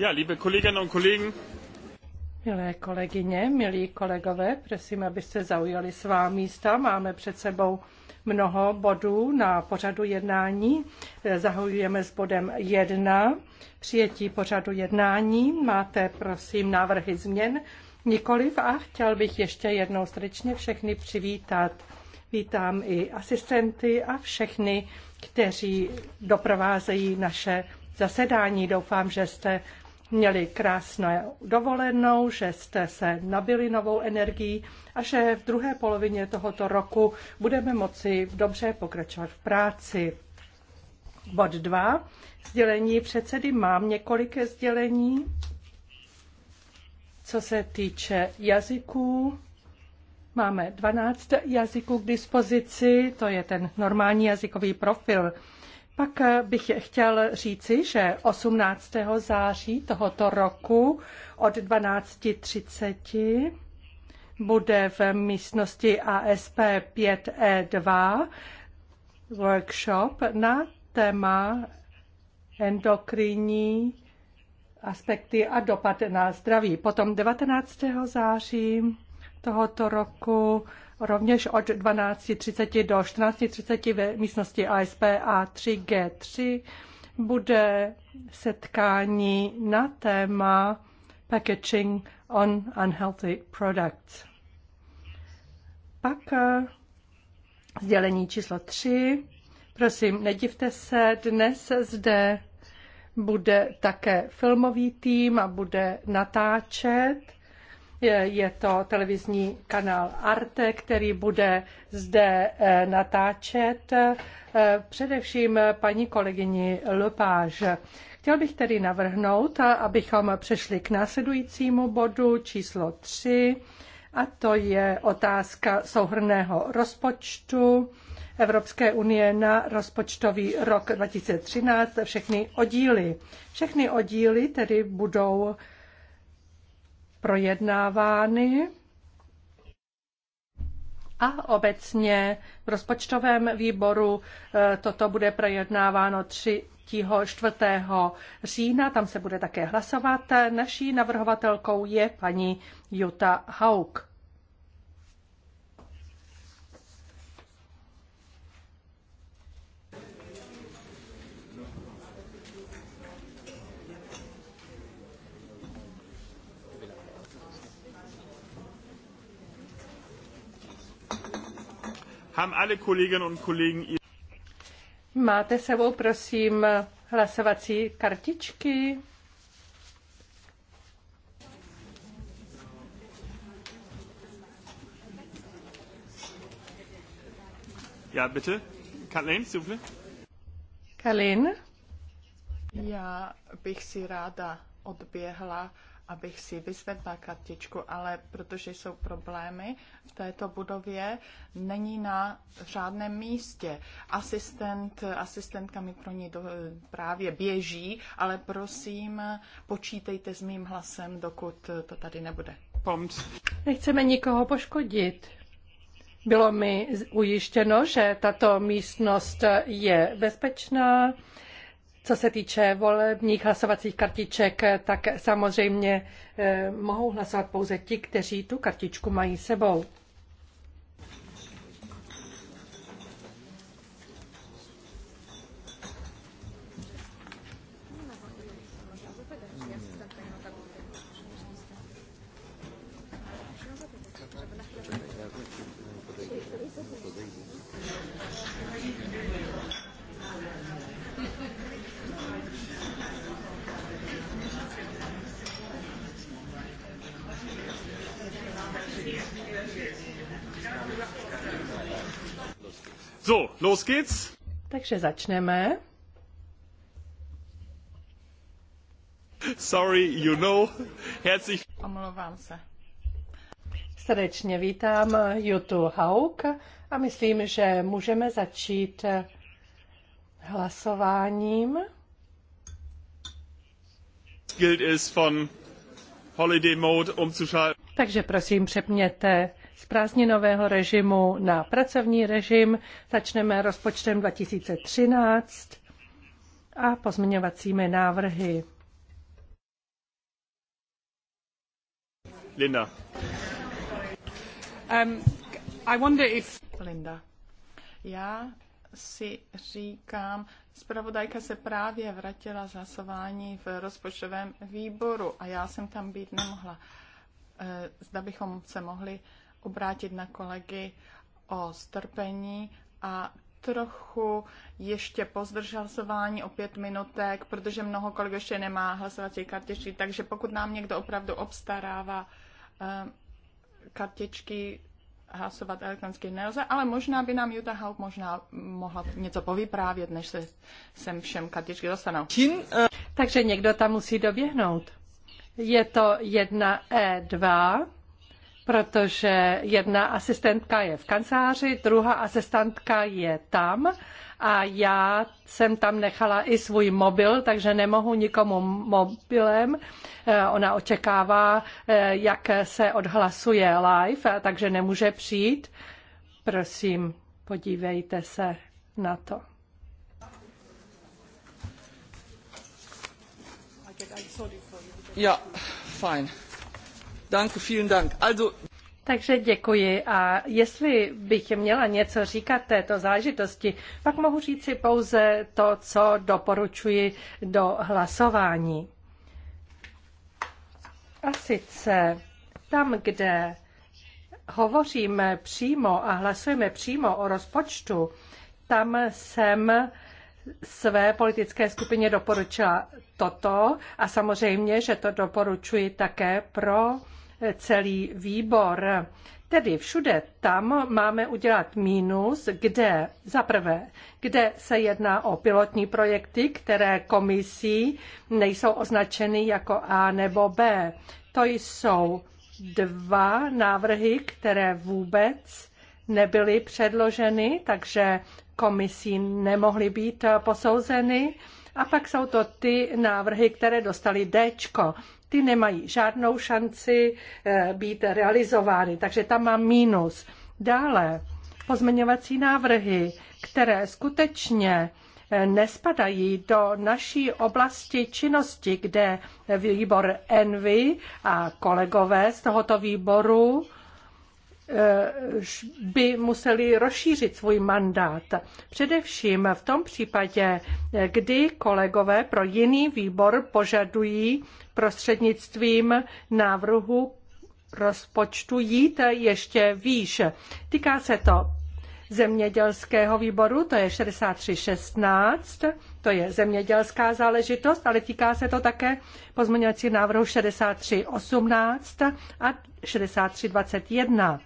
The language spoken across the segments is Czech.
Ja, liebe Kolleginnen und Kollegen. Milé kolegyně, milí kolegové, prosím, abyste zaujali svá místa. Máme před sebou mnoho bodů na pořadu jednání. Eh, zahajujeme s bodem 1. Přijetí pořadu jednání. Máte, prosím, návrhy změn? Nikoliv a chtěl bych ještě jednou srdečně všechny přivítat. Vítám i asistenty a všechny, kteří doprovázejí naše zasedání. Doufám, že jste měli krásné dovolenou, že jste se nabili novou energií a že v druhé polovině tohoto roku budeme moci dobře pokračovat v práci. Bod 2. Sdělení předsedy. Mám několik sdělení. Co se týče jazyků, máme 12 jazyků k dispozici, to je ten normální jazykový profil. Pak eh, bych chtěl říci, že 18. září tohoto roku od 12.30 bude v místnosti ASP 5E2 workshop na téma endokrinní aspekty a dopad na zdraví. Potom 19. září tohoto roku rovněž od 12.30 do 14.30 ve místnosti ASP a 3G3 bude setkání na téma Packaging on Unhealthy Products. Pak eh, sdělení číslo 3. Prosím, nedivte se, dnes zde bude také filmový tým a bude natáčet je to televizní kanál Arte, který bude zde eh, natáčet eh, především paní kolegyni Lepage. Chtěl bych tedy navrhnout, abychom přešli k následujícímu bodu číslo 3, a to je otázka souhrného rozpočtu Evropské unie na rozpočtový rok 2013, všechny oddíly. Všechny oddíly tedy budou projednávány a obecně v rozpočtovém výboru e, toto bude projednáváno 3. 4. října. Tam se bude také hlasovat. Naší navrhovatelkou je paní Jutta Haug. Haben alle Kolleginnen und Kollegen ihr Máte sebou, prosím, hlasovací kartičky? Ja, bitte. Kalin, souple. Kalin? Já bych si ráda odběhla abych si vyzvedla kartičku, ale protože jsou problémy v této budově, není na žádném místě. Asistent, asistentka mi pro ní do, právě běží, ale prosím, počítejte s mým hlasem, dokud to tady nebude. Nechceme nikoho poškodit. Bylo mi ujištěno, že tato místnost je bezpečná co se týče volebních hlasovacích kartiček, tak samozřejmě eh, mohou hlasovat pouze ti, kteří tu kartičku mají sebou. los Takže začneme. Sorry, you know. Herzlich. Omlouvám se. Srdečně vítám Jutu Hauk a myslím, že můžeme začít hlasováním. Gilt von Holiday Mode umzuschalten. Takže prosím přepněte z prázdninového režimu na pracovní režim. Začneme rozpočtem 2013 a pozměňovacími návrhy. Linda. Um, I wonder if... Linda. Já si říkám, zpravodajka se právě vrátila z hlasování v rozpočtovém výboru a já jsem tam být nemohla. Eh, zda bychom se mohli obrátit na kolegy o strpení a trochu ještě pozdržasování o pět minutek, protože mnoho kolegů ještě nemá hlasovací kartičky, takže pokud nám někdo opravdu obstarává eh, kartičky, hlasovat elektronicky nelze, ale možná by nám Jutta Haup možná mohla něco povyprávět, než se sem všem kartičky dostanou. Eh, takže někdo tam musí doběhnout. Je to 1E2 protože jedna asistentka je v kanceláři, druhá asistentka je tam a já jsem tam nechala i svůj mobil, takže nemohu nikomu mobilem. Eh, ona očekává, eh, jak se odhlasuje live, takže nemůže přijít. Prosím, podívejte se na to. yeah, fajn. Danke, vielen Dank. Also... Takže děkuji a jestli bych měla něco říkat této záležitosti, pak mohu říci pouze to, co doporučuji do hlasování. A sice tam, kde hovoříme přímo a hlasujeme přímo o rozpočtu, tam jsem své politické skupině doporučila toto a samozřejmě, že to doporučuji také pro celý výbor. Tedy všude tam máme udělat mínus, kde za prvé, kde se jedná o pilotní projekty, které komisí nejsou označeny jako A nebo B. To jsou dva návrhy, které vůbec nebyly předloženy, takže komisí nemohly být posouzeny. A pak jsou to ty návrhy, které dostali Dčko ty nemají žádnou šanci eh, být realizovány, takže tam mám mínus. Dále pozměňovací návrhy, které skutečně eh, nespadají do naší oblasti činnosti, kde výbor Envy a kolegové z tohoto výboru Eh, by museli rozšířit svůj mandát. Především v tom případě, eh, kdy kolegové pro jiný výbor požadují prostřednictvím návrhu rozpočtu jít ještě výš. Týká se to zemědělského výboru, to je 6316, to je zemědělská záležitost, ale týká se to také pozměňovací návrhu 6318 a 6321.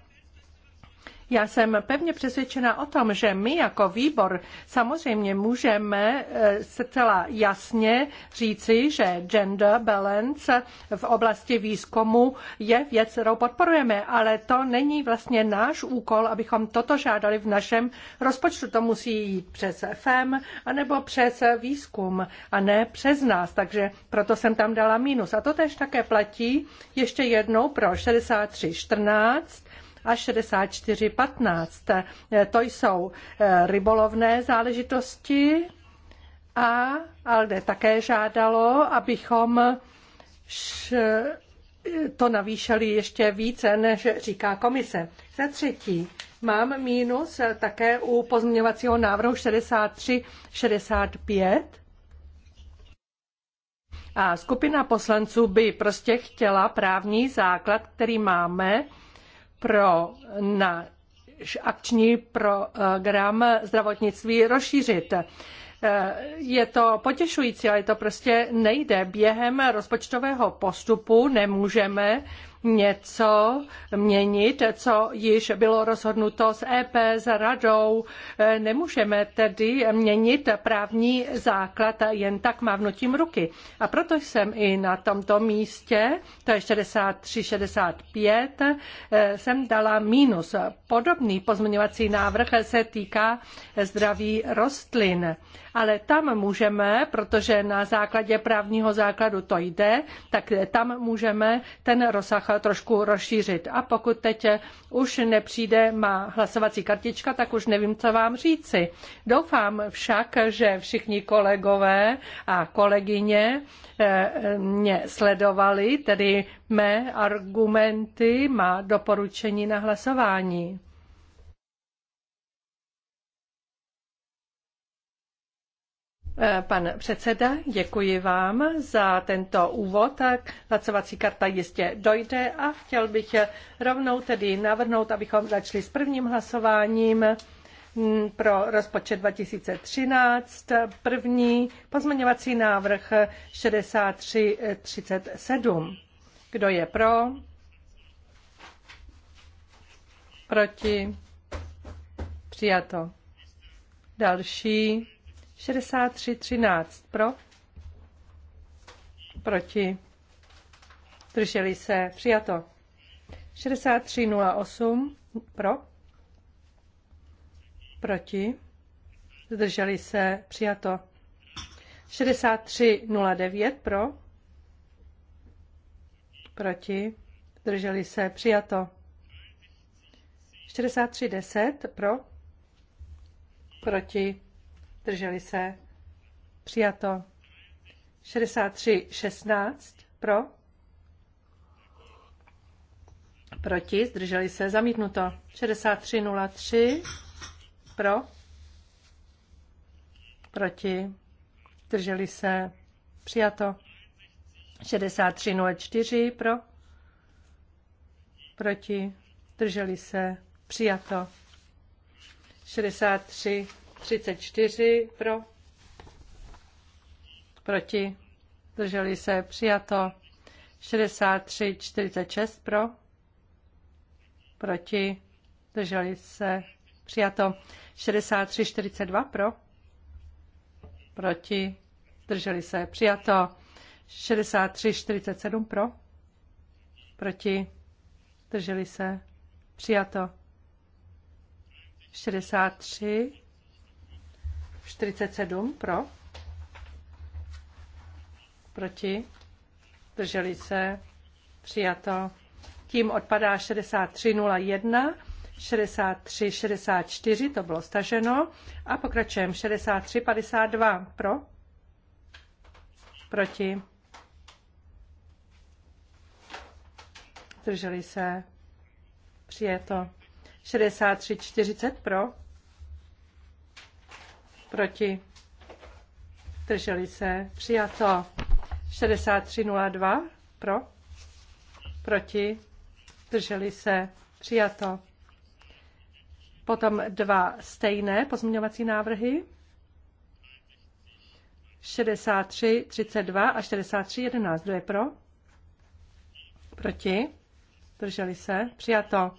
Já jsem pevně přesvědčena o tom, že my jako výbor samozřejmě můžeme eh, zcela jasně říci, že gender balance v oblasti výzkumu je věc, kterou podporujeme, ale to není vlastně náš úkol, abychom toto žádali v našem rozpočtu. To musí jít přes FM anebo přes výzkum a ne přes nás, takže proto jsem tam dala mínus. A to tež také platí ještě jednou pro 6314 a 6415. To jsou eh, rybolovné záležitosti a Alde také žádalo, abychom to navýšili ještě více, než říká komise. Za třetí, mám mínus také u pozměňovacího návrhu 63-65. A skupina poslanců by prostě chtěla právní základ, který máme, pro na akční program zdravotnictví rozšířit. Eh, je to potěšující, ale to prostě nejde. Během rozpočtového postupu nemůžeme něco měnit, co již bylo rozhodnuto s EP, s radou. E, nemůžeme tedy měnit právní základ jen tak mávnutím ruky. A proto jsem i na tomto místě, to je 63-65, e, jsem dala mínus. Podobný pozměňovací návrh se týká zdraví rostlin. Ale tam můžeme, protože na základě právního základu to jde, tak tam můžeme ten rozsah trošku rozšířit. A pokud teď už nepřijde má hlasovací kartička, tak už nevím, co vám říci. Doufám však, že všichni kolegové a kolegyně eh, mě sledovali, tedy mé argumenty, má doporučení na hlasování. Eh, pan předseda, děkuji vám za tento úvod. Hlasovací karta jistě dojde a chtěl bych rovnou tedy navrhnout, abychom začali s prvním hlasováním mm, pro rozpočet 2013. První pozměňovací návrh 6337. Kdo je pro? Proti? Přijato. Další 63-13 pro, proti, drželi se, přijato. 63-08 pro, proti, zdrželi se, přijato. 63.09 pro, proti, zdrželi se, přijato. 43.10 pro, proti, Drželi se? Přijato. 63, 16 pro. Proti, zdrželi se, zamítnuto. 63 3, pro. Proti, zdrželi se, přijato. 4, pro. Proti, zdrželi se, přijato. 63 34 pro, proti, drželi se, přijato. 63, 46 pro, proti, drželi se, přijato. 63, 42 pro, proti, drželi se, přijato. 63, 47 pro, proti, drželi se, přijato. 63, 47 pro, proti, drželi se, přijato. Tím odpadá 63.01, 63.64, to bylo staženo. A pokračujeme 63.52 pro, proti, drželi se, přijeto. 63.40 pro, Proti? Drželi se. Přijato. 6302. Pro? Proti? Drželi se. Přijato. Potom dva stejné pozměňovací návrhy. 63, 32 a 63, 11. Kdo je pro? Proti? Drželi se? Přijato.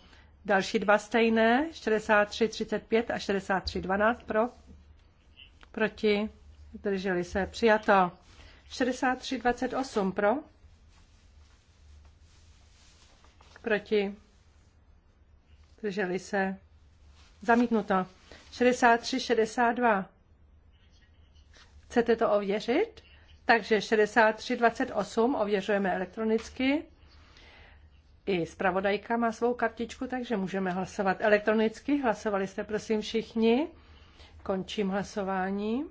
Další dva stejné, 63, 35 a 63, 12 pro? Proti? Zdrželi se. Přijato. 6328 pro. Proti? Zdrželi se. Zamítnuto. 6362. Chcete to ověřit? Takže 6328 ověřujeme elektronicky. I zpravodajka má svou kartičku, takže můžeme hlasovat elektronicky. Hlasovali jste prosím všichni. Končím hlasování.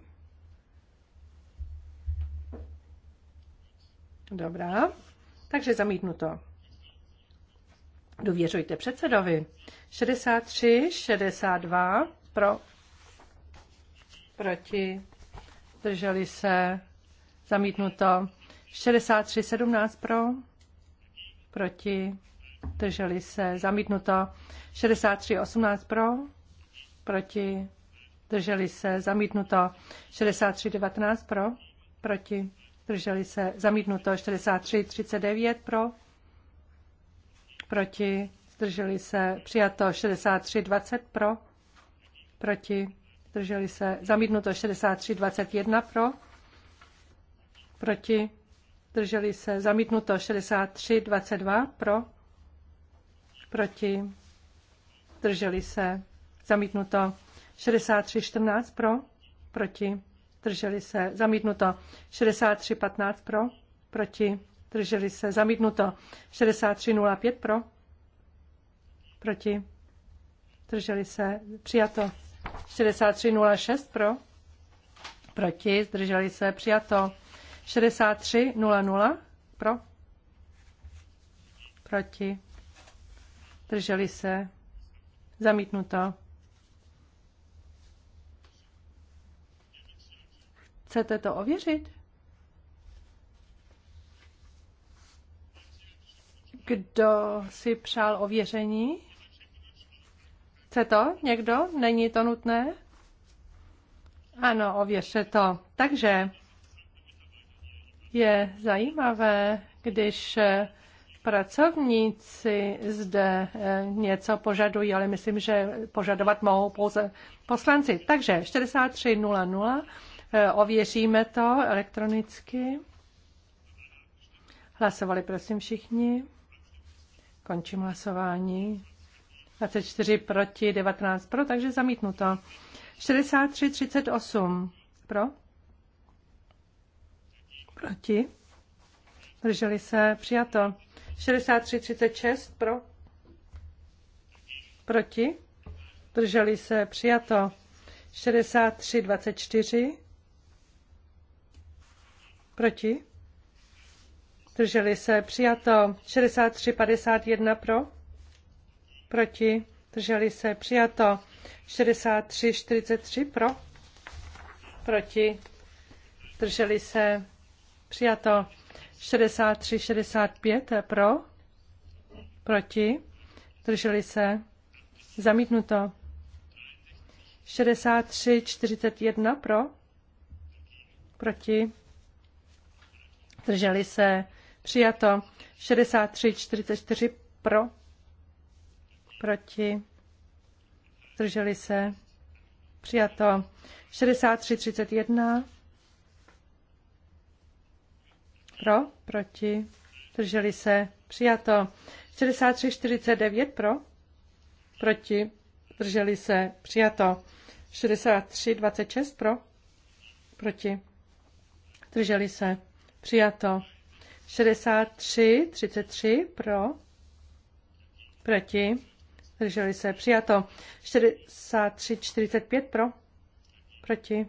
Dobrá, takže zamítnu to. Důvěřujte předsedovi. 63, 62 pro, proti, drželi se, zamítnuto. 63, 17 pro, proti, drželi se, zamítnuto. 63, 18 pro, proti, zdrželi se, zamítnuto 63.19 pro, proti, zdrželi se, zamítnuto 63.39 pro, proti, zdrželi se, přijato 63.20 pro, proti, zdrželi se, zamítnuto 63.21 pro, proti, zdrželi se, zamítnuto 63.22 pro, proti, zdrželi se, zamítnuto 63-14 pro, proti, drželi se, zamítnuto. 63-15 pro, proti, drželi se, zamítnuto. 63-05 pro, proti, drželi se, přijato. 63-06 pro, proti, zdrželi se, přijato. 63-00 pro, proti, drželi se, zamítnuto. Chcete to ověřit? Kdo si přál ověření? Chce to někdo? Není to nutné? Ano, ověřte to. Takže je zajímavé, když pracovníci zde eh, něco požadují, ale myslím, že požadovat mohou pouze poslanci. Takže 43.00 Eh, ověříme to elektronicky. Hlasovali prosím všichni. Končím hlasování. 24 proti, 19 pro, takže zamítnuto. 63, 38 pro. Proti. Drželi se, přijato. 63, 36 pro. Proti. Drželi se, přijato. 63, 24 Proti? Drželi se. Přijato. 63,51 pro. Proti? Drželi se. Přijato. 63,43 pro. Proti? Drželi se. Přijato. 63,65 pro. Proti? Drželi se. Zamítnuto. 63,41 pro. Proti? Zdrželi se. Přijato. 63, 44 pro. Proti. Zdrželi se. Přijato. 63, 31 pro. Proti. Zdrželi se. Přijato. 63, 49 pro. Proti. Zdrželi se. Přijato. 63, 26 pro. Proti. Zdrželi se. Přijato. 63, 33 pro, proti, Drželi se. Přijato. 63, 45 pro, proti,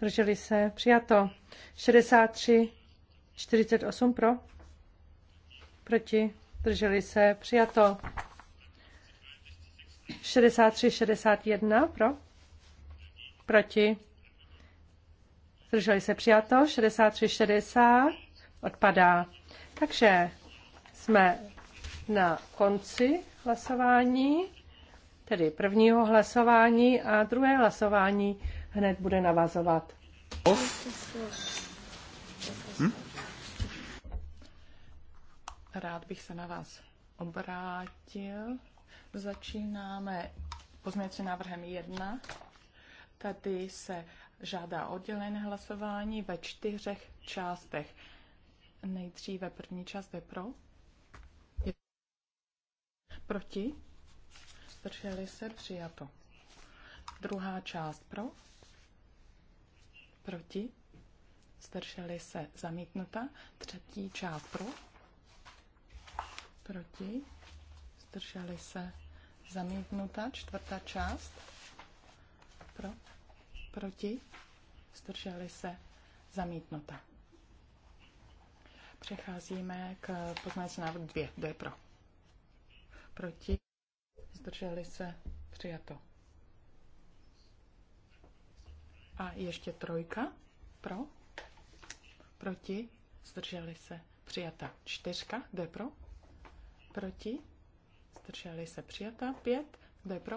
Drželi se. Přijato. 63, 48 pro, proti, Drželi se. Přijato. 63, 61 pro, proti, Zdrželi se přijato. 63-60, odpadá. Takže jsme na konci hlasování, tedy prvního hlasování a druhé hlasování hned bude navazovat. Hm? Rád bych se na vás obrátil. Začínáme pozměňovacím návrhem 1. Tady se žádá oddělené hlasování ve čtyřech částech. Nejdříve první část je pro, je proti, zdrželi se, přijato. Druhá část pro, proti, zdrželi se, zamítnuta. Třetí část pro, proti, zdrželi se, zamítnuta. Čtvrtá část pro, proti, zdrželi se, zamítnuta. Přecházíme k poznávacímu návrhu 2. Kdo je pro? Proti, zdrželi se, přijato. A ještě trojka, pro, proti, zdrželi se, přijata. Čtyřka, kdo je pro? Proti, zdrželi se, přijata. Pět, kdo je pro?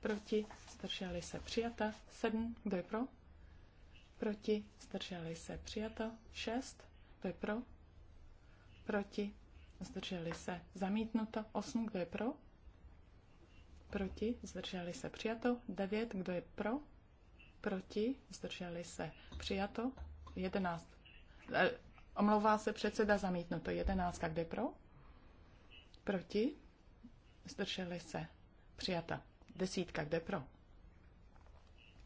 Proti, zdrželi se přijata, 7, kdo je pro, proti, zdrželi se přijato, 6, kdo je pro, proti, zdrželi se zamítnuto, 8, kdo je pro, proti, zdrželi se přijato, 9, kdo je pro, proti, zdrželi se přijato, 11, e, omlouvá se předseda zamítnuto, 11, kde je pro, proti, zdrželi se přijata, desítka, kde pro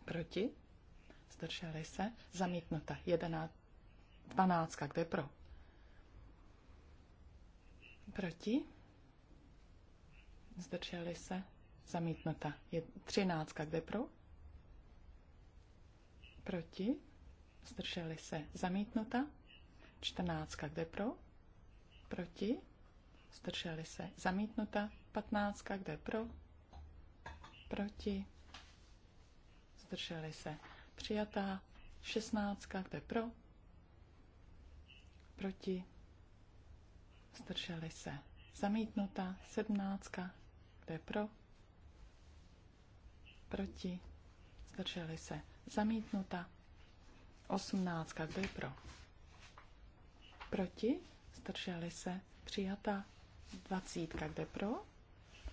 Proti? Zdrželi se? Zamítnuta. 11. 12. Kde pro? Proti? Zdrželi se? Zamítnuta. Je 13. Kde pro? Proti? Zdrželi se? Zamítnuta. 14. Kde pro? Proti? Zdrželi se? Zamítnuta. 15. Kde pro? Proti? zdrželi se přijatá. 16, kde pro, proti, zdrželi se Zamítnutá 17, kde pro, proti, zdrželi se Zamítnutá 18, kde pro, proti, zdrželi se Přijatá 20, kde pro,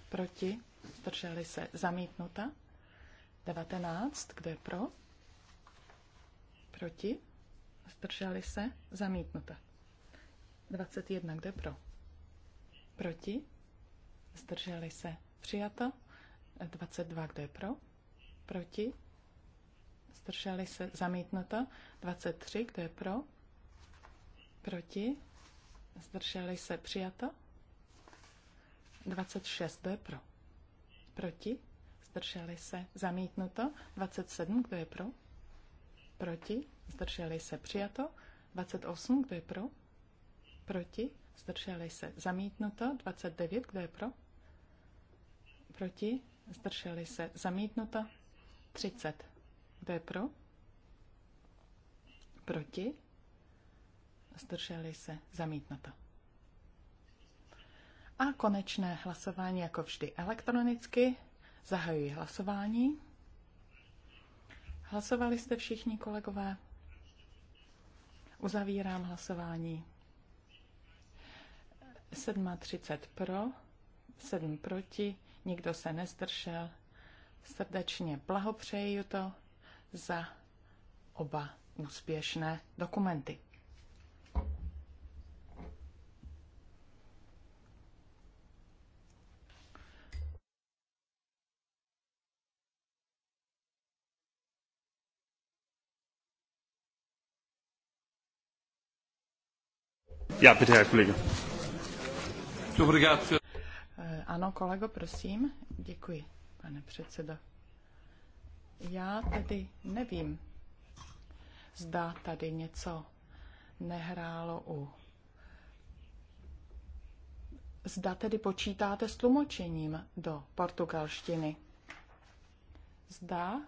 proti, zdrželi se zamítnuta. 19. Kdo je pro? Proti? Zdrželi se? Zamítnuto. 21. Kdo je pro? Proti? Zdrželi se? Přijato. 22. Kdo je pro? Proti? Zdrželi se? Zamítnuto. 23. Kdo je pro? Proti? Zdrželi se? Přijato. 26. Kdo je pro? Proti? zdrželi se, zamítnuto. 27, kdo je pro, proti, zdrželi se, přijato. 28, kdo je pro, proti, zdrželi se, zamítnuto. 29, kdo je pro, proti, zdrželi se, zamítnuto. 30, kdo je pro, proti, zdrželi se, zamítnuto. A konečné hlasování jako vždy elektronicky. Zahajuji hlasování. Hlasovali jste všichni kolegové? Uzavírám hlasování. 7.30 pro, 7 proti, nikdo se nezdržel. Srdečně blahopřeji to za oba úspěšné dokumenty. Já, eh, Ano, kolego, prosím. Děkuji, pane předsedo. Já tedy nevím, zda tady něco nehrálo u. Zda tedy počítáte s tlumočením do portugalštiny. Zda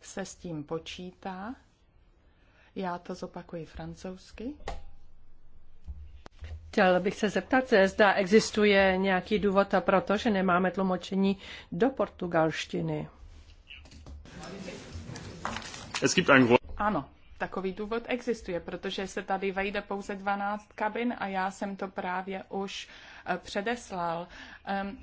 se s tím počítá. Já to zopakuji francouzsky. Chtěl bych se zeptat, zda existuje nějaký důvod a proto, že nemáme tlumočení do portugalštiny. Ano, takový důvod existuje, protože se tady vejde pouze 12 kabin a já jsem to právě už Eh, předeslal.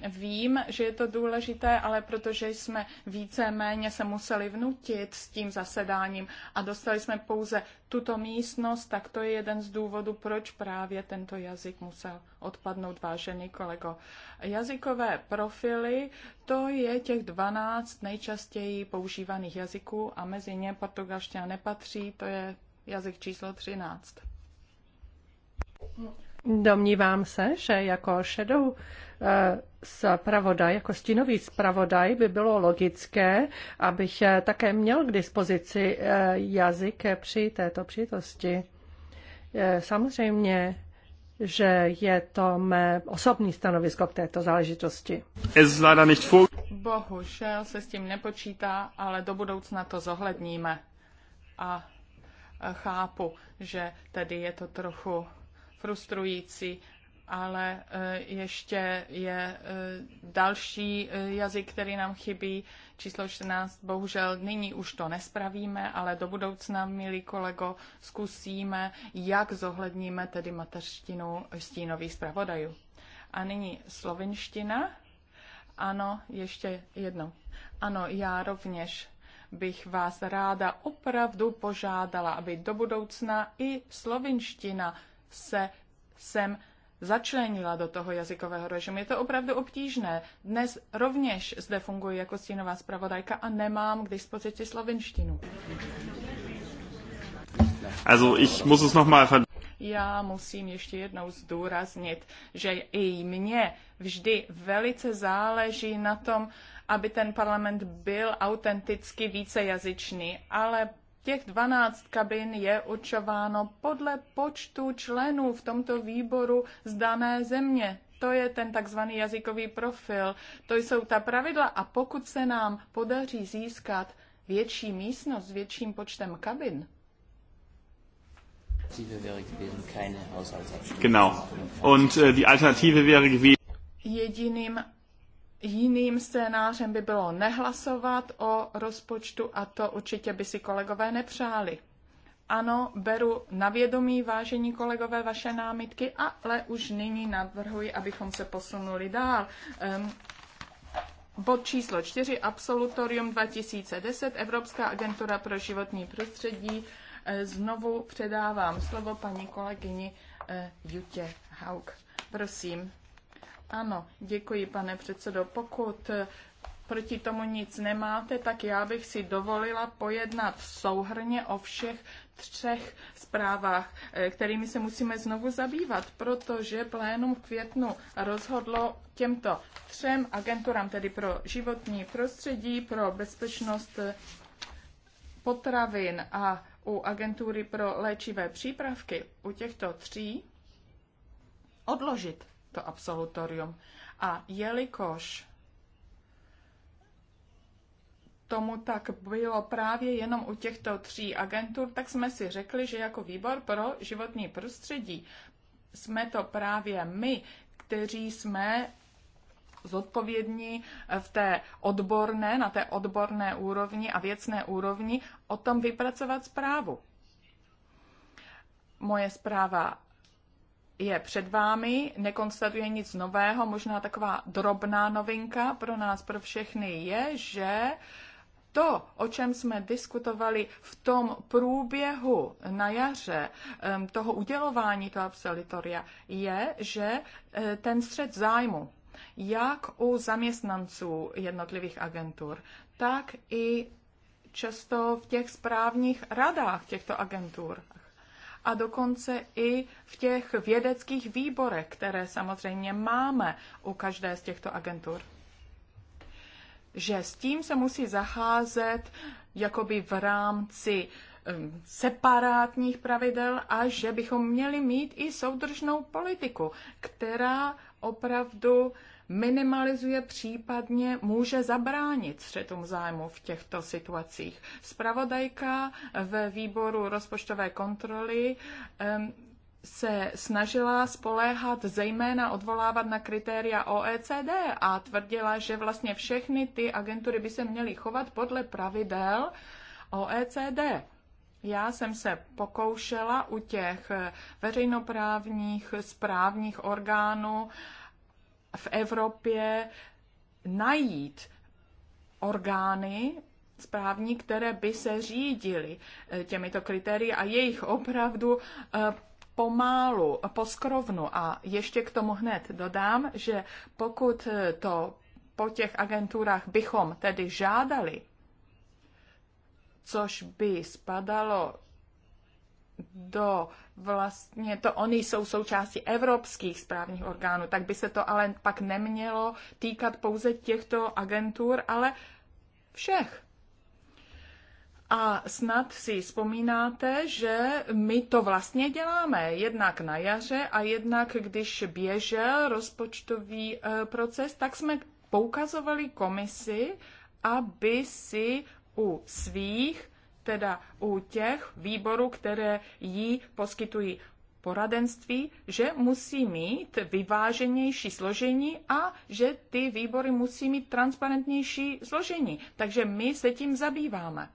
Vím, že je to důležité, ale protože jsme víceméně se museli vnutit s tím zasedáním a dostali jsme pouze tuto místnost, tak to je jeden z důvodů, proč právě tento jazyk musel odpadnout, vážený kolego. Jazykové profily, to je těch 12 nejčastěji používaných jazyků a mezi ně portugalština nepatří, to je jazyk číslo 13. Domnívám se, že jako šedou zpravodaj, eh, jako stínový zpravodaj by bylo logické, abych eh, také měl k dispozici eh, jazyk při této přítosti. Samozřejmě, že je to mé osobní stanovisko k této záležitosti. Bohužel se s tím nepočítá, ale do budoucna to zohledníme. A chápu, že tedy je to trochu frustrující, ale eh, ještě je eh, další eh, jazyk, který nám chybí, číslo 14. Bohužel nyní už to nespravíme, ale do budoucna, milí kolego, zkusíme, jak zohledníme tedy mateřštinu stínových zpravodajů. A nyní slovinština. Ano, ještě jednou. Ano, já rovněž bych vás ráda opravdu požádala, aby do budoucna i slovinština se sem začlenila do toho jazykového režimu. Je to opravdu obtížné. Dnes rovněž zde funguji jako stínová zpravodajka a nemám k dispozici slovinštinu. Also ich muss es noch mal já musím ještě jednou zdůraznit, že i mně vždy velice záleží na tom, aby ten parlament byl autenticky vícejazyčný, ale Těch 12 kabin je určováno podle počtu členů v tomto výboru z dané země. To je ten takzvaný jazykový profil. To jsou ta pravidla a pokud se nám podaří získat větší místnost s větším počtem kabin, Genau. Und uh, die Alternative wäre gewesen. Jediným Jiným scénářem by bylo nehlasovat o rozpočtu a to určitě by si kolegové nepřáli. Ano, beru na vědomí, vážení kolegové, vaše námitky, ale už nyní navrhuji, abychom se posunuli dál. Um, bod číslo 4, Absolutorium 2010, Evropská agentura pro životní prostředí. E, znovu předávám slovo paní kolegyni e, Jutě Haug. Prosím. Ano, děkuji, pane předsedo. Pokud proti tomu nic nemáte, tak já bych si dovolila pojednat souhrně o všech třech zprávách, eh, kterými se musíme znovu zabývat, protože plénum v květnu rozhodlo těmto třem agenturám, tedy pro životní prostředí, pro bezpečnost eh, potravin a u agentury pro léčivé přípravky, u těchto tří odložit to absolutorium. A jelikož tomu tak bylo právě jenom u těchto tří agentur, tak jsme si řekli, že jako výbor pro životní prostředí jsme to právě my, kteří jsme zodpovědní v té odborné, na té odborné úrovni a věcné úrovni o tom vypracovat zprávu. Moje zpráva je před vámi, nekonstatuje nic nového, možná taková drobná novinka pro nás, pro všechny je, že to, o čem jsme diskutovali v tom průběhu na jaře toho udělování toho absolutoria, je, že e, ten střed zájmu, jak u zaměstnanců jednotlivých agentur, tak i často v těch správních radách těchto agentur, a dokonce i v těch vědeckých výborech, které samozřejmě máme u každé z těchto agentur. Že s tím se musí zacházet jakoby v rámci separátních pravidel a že bychom měli mít i soudržnou politiku, která opravdu minimalizuje, případně může zabránit střetům zájmu v těchto situacích. Spravodajka ve výboru rozpočtové kontroly se snažila spoléhat zejména odvolávat na kritéria OECD a tvrdila, že vlastně všechny ty agentury by se měly chovat podle pravidel OECD. Já jsem se pokoušela u těch veřejnoprávních správních orgánů v Evropě najít orgány správní, které by se řídily eh, těmito kritérii a jejich opravdu eh, pomálu, poskrovnu. A ještě k tomu hned dodám, že pokud eh, to po těch agenturách bychom tedy žádali, což by spadalo do vlastně, to oni jsou součástí evropských správních orgánů, tak by se to ale pak nemělo týkat pouze těchto agentur, ale všech. A snad si vzpomínáte, že my to vlastně děláme jednak na jaře a jednak když běžel rozpočtový eh, proces, tak jsme poukazovali komisi, aby si u svých teda u těch výborů, které jí poskytují poradenství, že musí mít vyváženější složení a že ty výbory musí mít transparentnější složení. Takže my se tím zabýváme.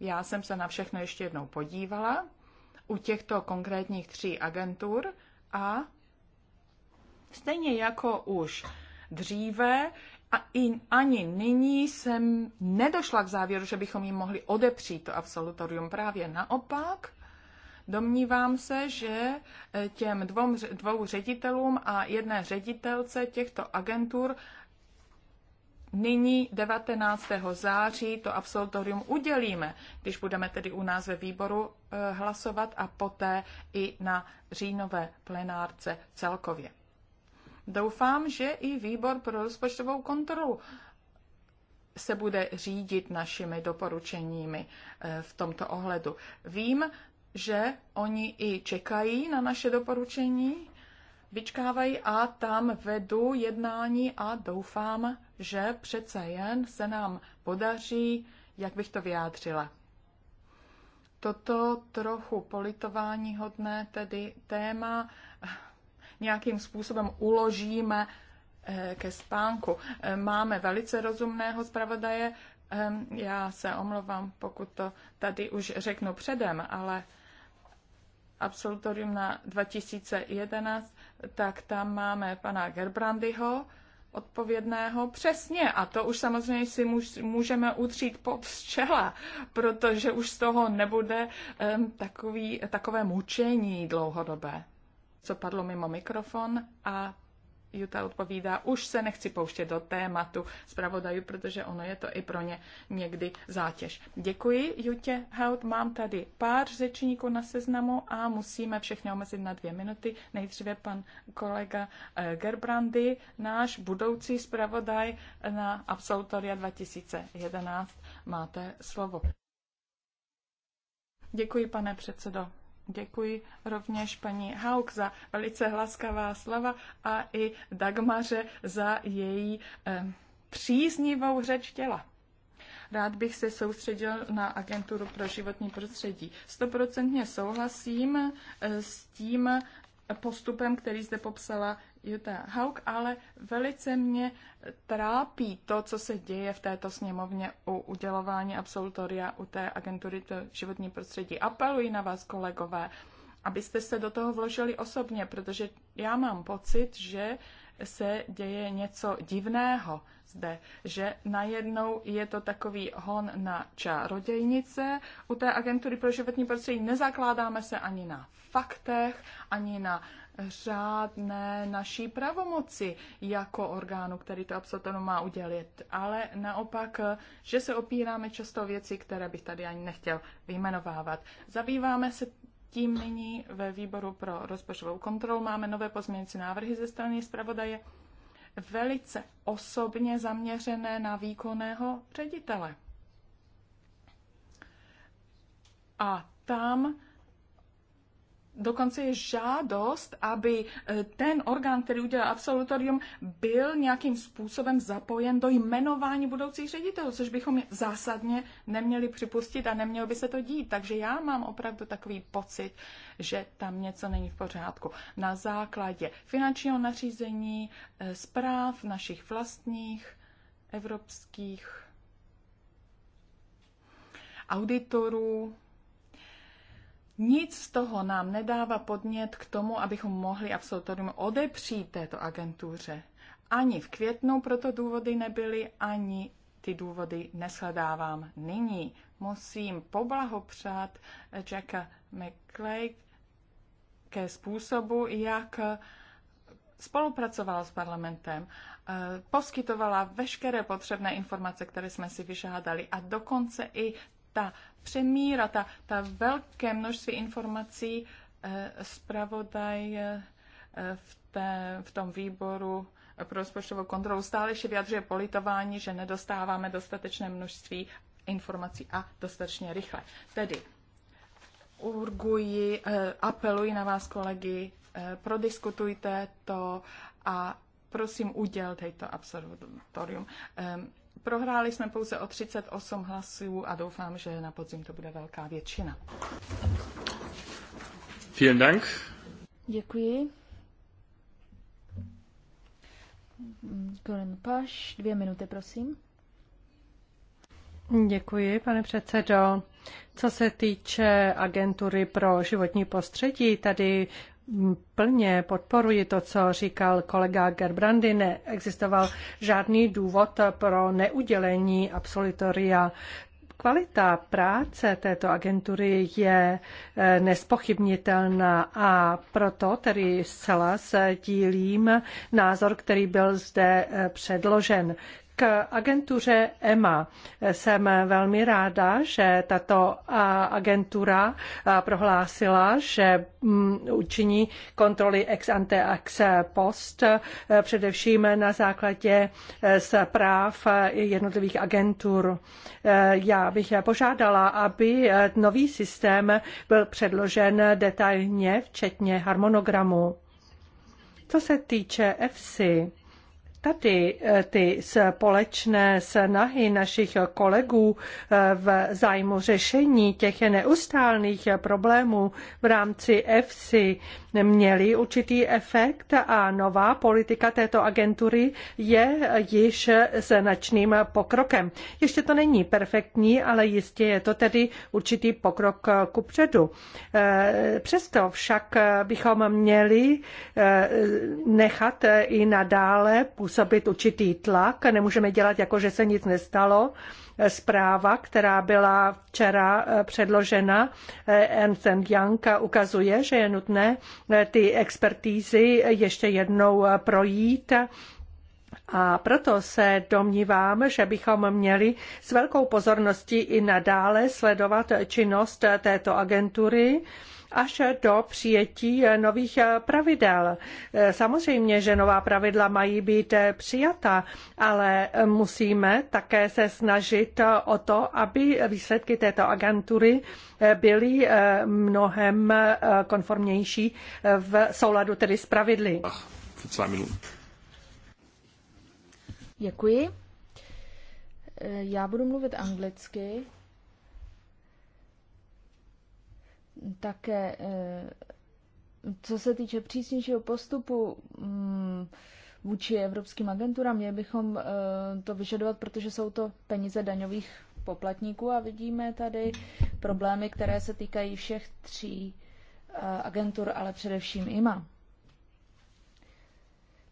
Já jsem se na všechno ještě jednou podívala u těchto konkrétních tří agentur a stejně jako už dříve a i, ani nyní jsem nedošla k závěru, že bychom jim mohli odepřít to absolutorium. Právě naopak, Domnívám se, že e, těm dvou, dvou ředitelům a jedné ředitelce těchto agentur nyní 19. září to absolutorium udělíme, když budeme tedy u nás ve výboru e, hlasovat a poté i na říjnové plenárce celkově. Doufám, že i výbor pro rozpočtovou kontrolu se bude řídit našimi doporučeními eh, v tomto ohledu. Vím, že oni i čekají na naše doporučení, vyčkávají a tam vedu jednání a doufám, že přece jen se nám podaří, jak bych to vyjádřila. Toto trochu politování hodné tedy téma nějakým způsobem uložíme eh, ke spánku. Eh, máme velice rozumného zpravodaje, eh, já se omlouvám, pokud to tady už řeknu předem, ale absolutorium na 2011, tak tam máme pana Gerbrandyho, odpovědného. Přesně, a to už samozřejmě si můžeme utřít pod čela, protože už z toho nebude takový, takové mučení dlouhodobé co padlo mimo mikrofon a Juta odpovídá, už se nechci pouštět do tématu zpravodajů, protože ono je to i pro ně někdy zátěž. Děkuji, Jutě Haut. Mám tady pár řečníků na seznamu a musíme všechny omezit na dvě minuty. Nejdříve pan kolega eh, Gerbrandy, náš budoucí zpravodaj na Absolutoria 2011. Máte slovo. Děkuji, pane předsedo. Děkuji rovněž paní Hauk za velice hlaskavá slova a i Dagmaře za její eh, příznivou řeč těla. Rád bych se soustředil na agenturu pro životní prostředí. Stoprocentně souhlasím eh, s tím eh, postupem, který zde popsala Jutta Hauk, ale velice mě trápí to, co se děje v této sněmovně u udělování absolutoria u té agentury to životní prostředí. Apeluji na vás, kolegové, abyste se do toho vložili osobně, protože já mám pocit, že se děje něco divného zde, že najednou je to takový hon na čarodějnice. U té agentury pro životní prostředí nezakládáme se ani na faktech, ani na řádné naší pravomoci jako orgánu, který to absolutně má udělit, ale naopak, že se opíráme často věci, které bych tady ani nechtěl vyjmenovávat. Zabýváme se tím nyní ve výboru pro rozpočtovou kontrolu. Máme nové pozměňující návrhy ze strany zpravodaje, velice osobně zaměřené na výkonného ředitele. A tam dokonce je žádost, aby eh, ten orgán, který udělal absolutorium, byl nějakým způsobem zapojen do jmenování budoucích ředitelů, což bychom zásadně neměli připustit a nemělo by se to dít. Takže já mám opravdu takový pocit, že tam něco není v pořádku. Na základě finančního nařízení, eh, zpráv našich vlastních, evropských auditorů, nic z toho nám nedává podnět k tomu, abychom mohli absolutorium odepřít této agentuře. Ani v květnu proto důvody nebyly, ani ty důvody neshledávám nyní. Musím poblahopřát Jacka McClay ke způsobu, jak spolupracovala s parlamentem, eh, poskytovala veškeré potřebné informace, které jsme si vyžádali a dokonce i ta přemíra. Ta, ta velké množství informací eh, zpravodaj eh, v, té, v tom výboru pro rozpočtovou kontrolu stále ještě vyjadřuje politování, že nedostáváme dostatečné množství informací a dostatečně rychle. Tedy urguji, eh, apeluji na vás, kolegy, prodiskutujte to a prosím, udělte to absolutorium. Ehm, Prohráli jsme pouze o 38 hlasů a doufám, že na podzim to bude velká většina. Vielen Dank. Děkuji. Colin Paš, dvě minuty, prosím. Děkuji, pane předsedo. Co se týče agentury pro životní prostředí, tady Plně podporuji to, co říkal kolega Gerbrandy. Neexistoval žádný důvod pro neudělení absolutoria. Kvalita práce této agentury je eh, nespochybnitelná a proto tedy zcela sdílím názor, který byl zde eh, předložen. K agentuře EMA jsem velmi ráda, že tato agentura prohlásila, že mm, učiní kontroly ex ante ex post, e, především na základě e, zpráv e, jednotlivých agentur. Já bych požádala, aby nový systém byl předložen detailně, včetně harmonogramu. Co se týče EFSI, Tady eh, ty společné snahy našich kolegů eh, v zájmu řešení těch neustálých problémů v rámci EFSI měly určitý efekt a nová politika této agentury je již značným pokrokem. Ještě to není perfektní, ale jistě je to tedy určitý pokrok kupředu. Eh, přesto však bychom měli eh, nechat i nadále působit určitý tlak. Nemůžeme dělat jako, že se nic nestalo Zpráva, která byla včera eh, předložena eh, Ernst Young, ukazuje, že je nutné eh, ty expertízy ještě jednou projít a proto se domnívám, že bychom měli s velkou pozorností i nadále sledovat činnost této agentury až do přijetí nových pravidel. Samozřejmě, že nová pravidla mají být přijata, ale musíme také se snažit o to, aby výsledky této agentury byly mnohem konformnější v souladu tedy s pravidly. Děkuji. Já budu mluvit anglicky. také, eh, co se týče přísnějšího postupu mm, vůči evropským agenturám, měli bychom eh, to vyžadovat, protože jsou to peníze daňových poplatníků a vidíme tady problémy, které se týkají všech tří eh, agentur, ale především IMA.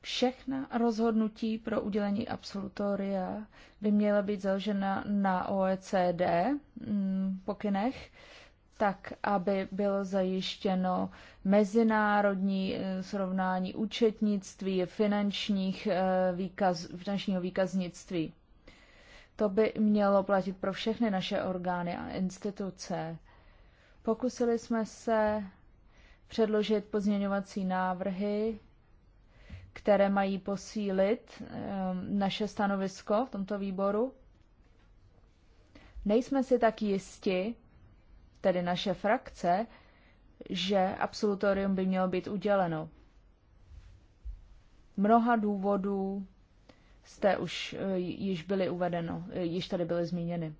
Všechna rozhodnutí pro udělení absolutoria by měla být založena na OECD mm, pokynech tak aby bylo zajištěno mezinárodní eh, srovnání účetnictví, finančních eh, výkaz, finančního výkaznictví. To by mělo platit pro všechny naše orgány a instituce. Pokusili jsme se předložit pozměňovací návrhy, které mají posílit ehm, naše stanovisko v tomto výboru. Nejsme si tak jisti, tedy naše frakce, že absolutorium by mělo být uděleno. Mnoha důvodů jste už eh, již byly uvedeno, eh, již tady byly zmíněny.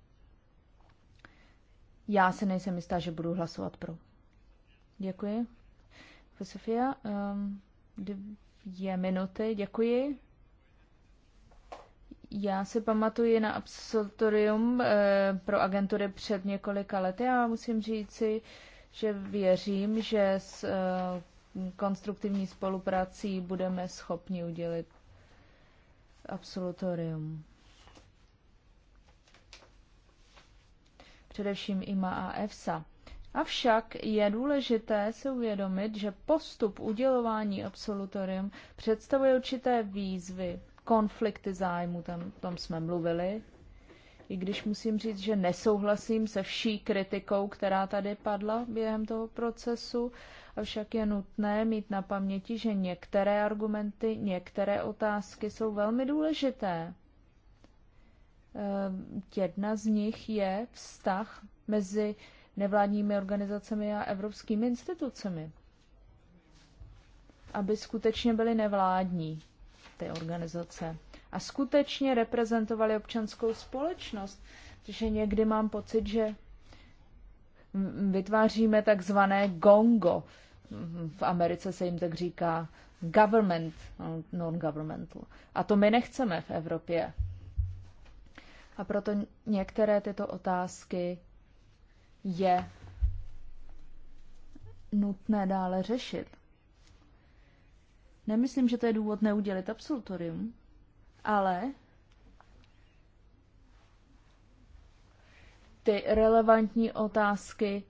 Já se nejsem jistá, že budu hlasovat pro. Děkuji. Sofia, um, ehm, dvě minuty, děkuji. Já si pamatuji na absolutorium e, pro agentury před několika lety a musím říci, že věřím, že s e, konstruktivní spoluprací budeme schopni udělit absolutorium. Především IMA a EFSA. Avšak je důležité si uvědomit, že postup udělování absolutorium představuje určité výzvy konflikty zájmu, tam, tom jsme mluvili. I když musím říct, že nesouhlasím se vší kritikou, která tady padla během toho procesu, avšak je nutné mít na paměti, že některé argumenty, některé otázky jsou velmi důležité. Ehm, jedna z nich je vztah mezi nevládními organizacemi a evropskými institucemi. Aby skutečně byly nevládní, ty organizace. A skutečně reprezentovali občanskou společnost, protože někdy mám pocit, že vytváříme takzvané gongo. V Americe se jim tak říká government, non-governmental. A to my nechceme v Evropě. A proto některé tyto otázky je nutné dále řešit. Nemyslím, že to je důvod neudělit absolutorium, ale ty relevantní otázky,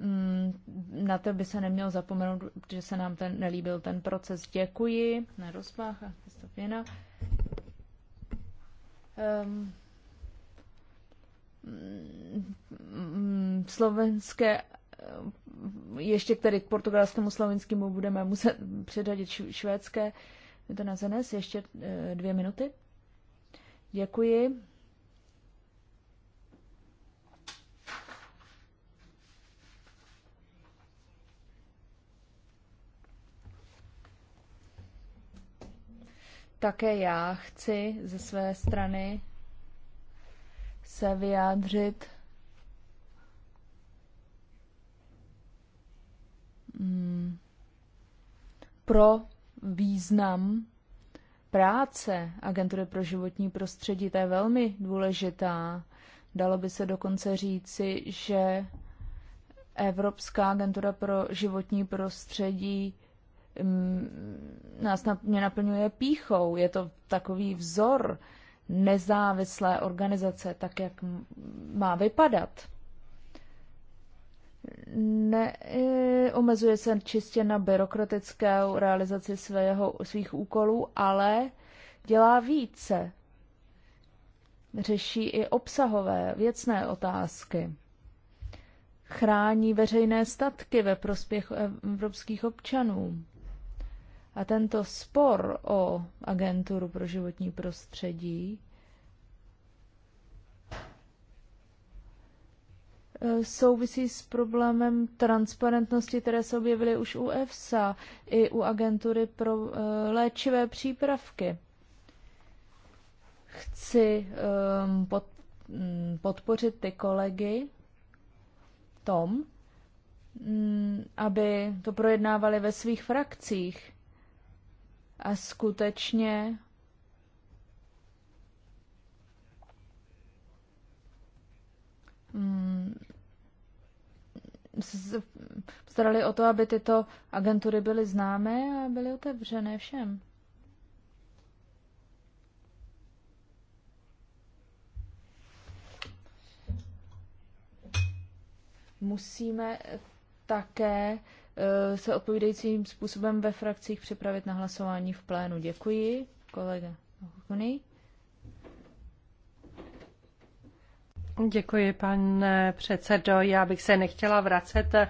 mm, na to by se neměl zapomenout, že se nám ten nelíbil ten proces. Děkuji na rozpách a Um, slovenské ještě k tedy k portugalskému slovenskému budeme muset předadit švédské. Je to na zenes, ještě eh, dvě minuty. Děkuji. Také já chci ze své strany se vyjádřit Mm. pro význam práce Agentury pro životní prostředí, to je velmi důležitá. Dalo by se dokonce říci, že Evropská agentura pro životní prostředí mm, nás mě naplňuje píchou. Je to takový vzor nezávislé organizace, tak jak má vypadat neomezuje se čistě na byrokratickou realizaci svého, svých úkolů, ale dělá více. Řeší i obsahové, věcné otázky. Chrání veřejné statky ve prospěch evropských občanů. A tento spor o agenturu pro životní prostředí souvisí s problémem transparentnosti, které se objevily už u EFSA i u agentury pro eh, léčivé přípravky. Chci ehm, mm, podpořit ty kolegy tom, mm, aby to projednávali ve svých frakcích a skutečně Mm, starali o to, aby tyto agentury byly známé a byly otevřené všem. Musíme také eh, se odpovídajícím způsobem ve frakcích připravit na hlasování v plénu. Děkuji, kolega Hukuny. Děkuji, pane předsedo. Já bych se nechtěla vracet eh,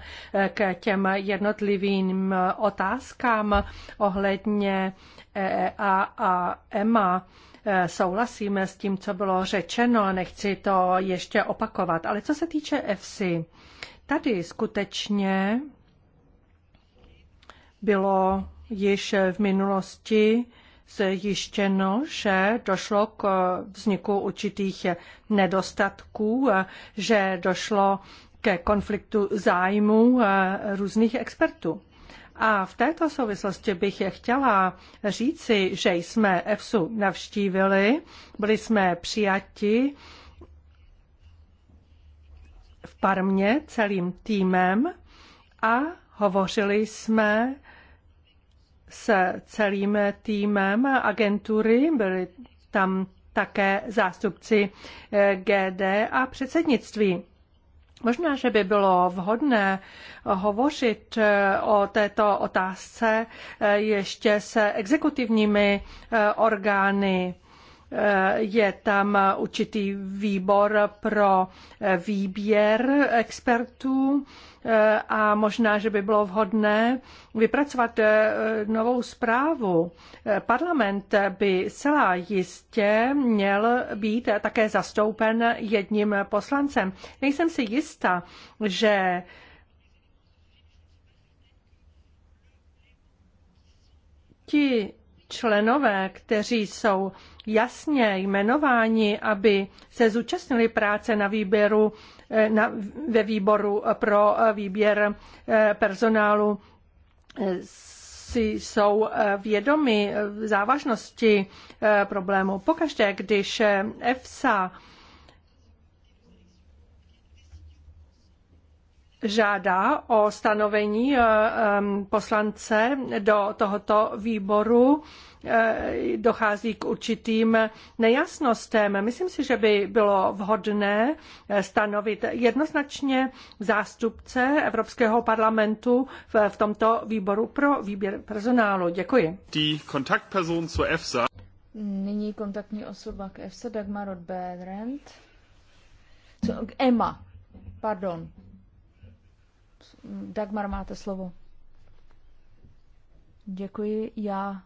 k těm jednotlivým eh, otázkám ohledně EEA eh, a EMA souhlasím s tím, co bylo řečeno, nechci to ještě opakovat. Ale co se týče EFSI, tady skutečně bylo již v minulosti zjištěno, že došlo k vzniku určitých nedostatků, že došlo ke konfliktu zájmů eh, různých expertů. A v této souvislosti bych je chtěla říci, že jsme EFSU navštívili, byli jsme přijati v Parmě celým týmem a hovořili jsme s celým týmem agentury. Byli tam také zástupci eh, GD a předsednictví. Možná, že by bylo vhodné hovořit eh, o této otázce eh, ještě se exekutivními orgány. Je tam určitý výbor pro výběr expertů Eh, a možná, že by bylo vhodné vypracovat eh, novou zprávu. Eh, parlament by celá jistě měl být také zastoupen jedním poslancem. Nejsem si jista, že ti členové, kteří jsou jasně jmenováni, aby se zúčastnili práce na výběru, eh, na, ve výboru pro eh, výběr eh, personálu, si jsou vědomi závažnosti problému. Pokaždé, když EFSA žádá o stanovení eh, poslance do tohoto výboru. Eh, dochází k určitým nejasnostem. Myslím si, že by bylo vhodné eh, stanovit jednoznačně zástupce Evropského parlamentu v tomto výboru pro výběr personálu. Děkuji. Die Kontaktperson zur EFSA. Nyní kontaktní osoba k EFSA Dagmar Rodberend. K EMA, pardon, Dagmar, máte slovo. Děkuji. Já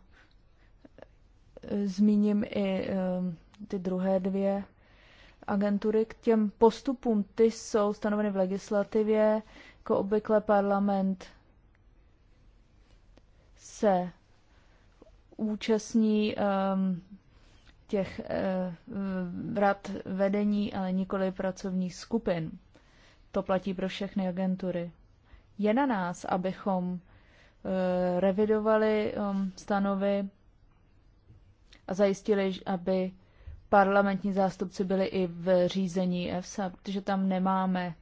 eh, zmíním i eh, ty druhé dvě agentury. K těm postupům ty jsou stanoveny v legislativě. Jako obvykle parlament se účastní ehm, těch eh, rad vedení, ale nikoli pracovních skupin. To platí pro všechny agentury. Je na nás, abychom eh, revidovali um, stanovy a zajistili, aby parlamentní zástupci byli i v řízení EFSA, protože tam nemáme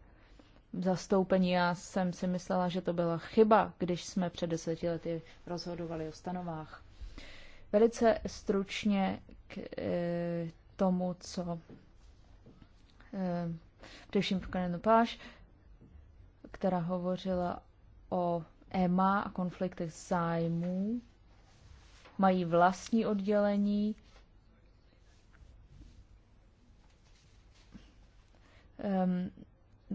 zastoupení. Já jsem si myslela, že to byla chyba, když jsme před deseti lety rozhodovali o stanovách. Velice stručně k eh, tomu, co eh, především pro Páš, která hovořila o EMA a konfliktech zájmů. Mají vlastní oddělení. Um,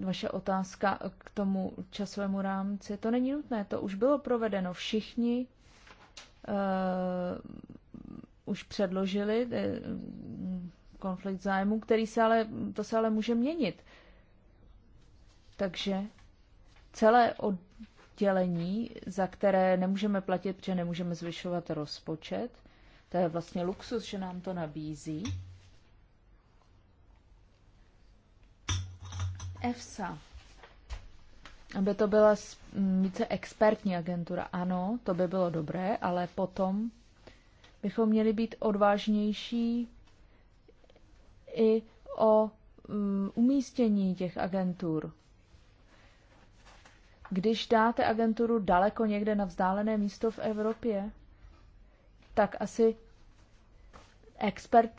vaše otázka k tomu časovému rámci, to není nutné, to už bylo provedeno. Všichni uh, už předložili uh, konflikt zájmu, který se ale, to se ale může měnit. Takže celé oddělení, za které nemůžeme platit, že nemůžeme zvyšovat rozpočet. To je vlastně luxus, že nám to nabízí. EFSA. Aby to byla více expertní agentura. Ano, to by bylo dobré, ale potom bychom měli být odvážnější i o mm, umístění těch agentur. Když dáte agenturu daleko někde na vzdálené místo v Evropě, tak asi expert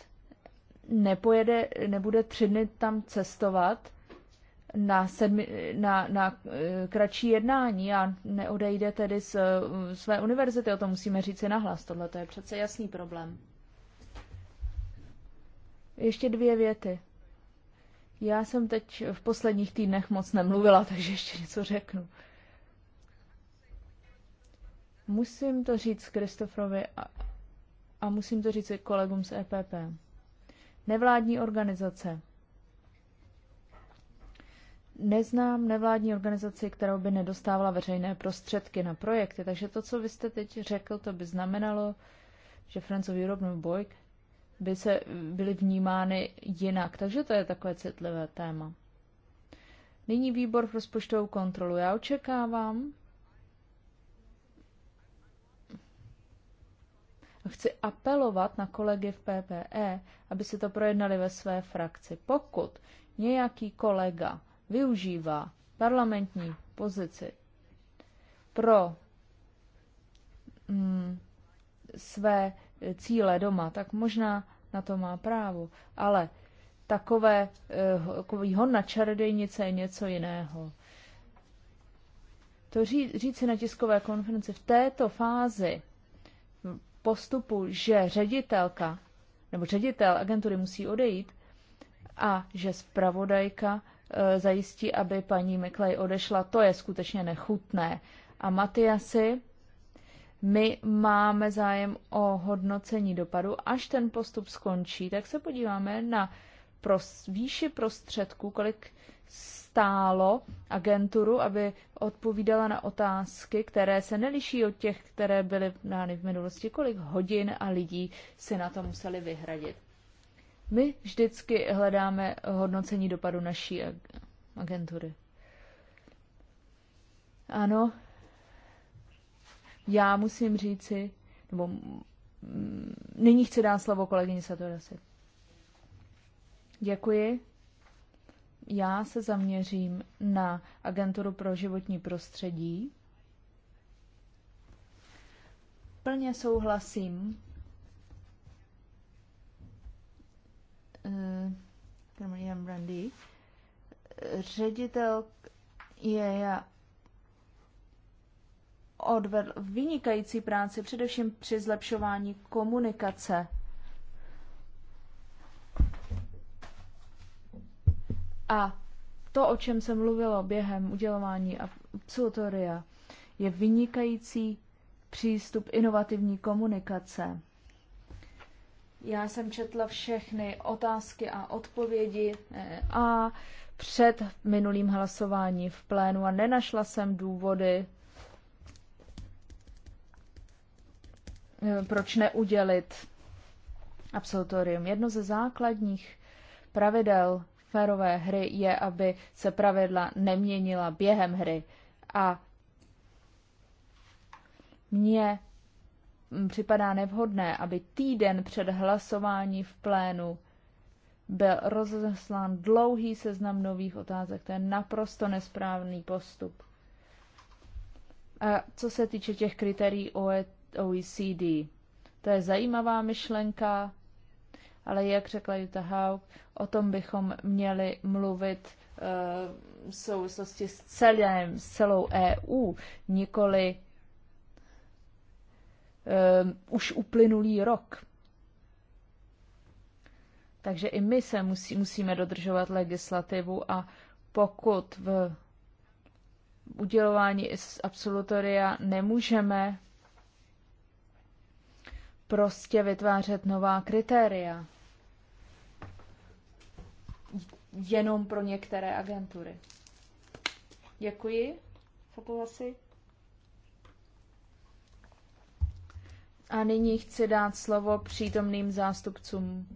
nepojede, nebude tři dny tam cestovat na, sedmi, na, na eh, kratší jednání a neodejde tedy z eh, své univerzity. O tom musíme říct si nahlas. Tohle to je přece jasný problém. Ještě dvě věty. Já jsem teď v posledních týdnech moc nemluvila, takže ještě něco řeknu. Musím to říct Kristofrovi a, a musím to říct i kolegům z EPP. Nevládní organizace. Neznám nevládní organizaci, kterou by nedostávala veřejné prostředky na projekty, takže to, co vy jste teď řekl, to by znamenalo, že Friends of Europe nebo Bojk by se byly vnímány jinak. Takže to je takové citlivé téma. Nyní výbor pro rozpočtovou kontrolu. Já očekávám, chci apelovat na kolegy v PPE, aby si to projednali ve své frakci. Pokud nějaký kolega využívá parlamentní pozici pro mm, své cíle doma, tak možná na to má právo. Ale takové, eh, takový hon na čarodějnice je něco jiného. To ří, říci na tiskové konferenci v této fázi postupu, že ředitelka nebo ředitel agentury musí odejít a že zpravodajka e, zajistí, aby paní McLeay odešla, to je skutečně nechutné. A Matiasi, my máme zájem o hodnocení dopadu. Až ten postup skončí, tak se podíváme na pros- výši prostředků, kolik stálo agenturu, aby odpovídala na otázky, které se neliší od těch, které byly dány v minulosti, kolik hodin a lidí si na to museli vyhradit. My vždycky hledáme hodnocení dopadu naší agentury. Ano, já musím říci, nebo nyní chci dát slovo kolegyni Satorasi. Děkuji. Já se zaměřím na agenturu pro životní prostředí. Plně souhlasím. Eh, Brandy. Ředitel je odvedl vynikající práci, především při zlepšování komunikace. A to, o čem se mluvilo během udělování absolutoria, je vynikající přístup inovativní komunikace. Já jsem četla všechny otázky a odpovědi eh, a před minulým hlasování v plénu a nenašla jsem důvody Eh, proč neudělit absolutorium. Jedno ze základních pravidel férové hry je, aby se pravidla neměnila během hry. A mně mm, připadá nevhodné, aby týden před hlasování v plénu byl rozeslán dlouhý seznam nových otázek. To je naprosto nesprávný postup. A co se týče těch kritérií OET, OECD. To je zajímavá myšlenka, ale jak řekla Jutta Haug, o tom bychom měli mluvit eh, v souvislosti s, celém, s celou EU, nikoli um, už uplynulý rok. Takže i my se musí, musíme dodržovat legislativu a pokud v udělování absolutoria nemůžeme prostě vytvářet nová kritéria jenom pro některé agentury. Děkuji. Fatulasi. A nyní chci dát slovo přítomným zástupcům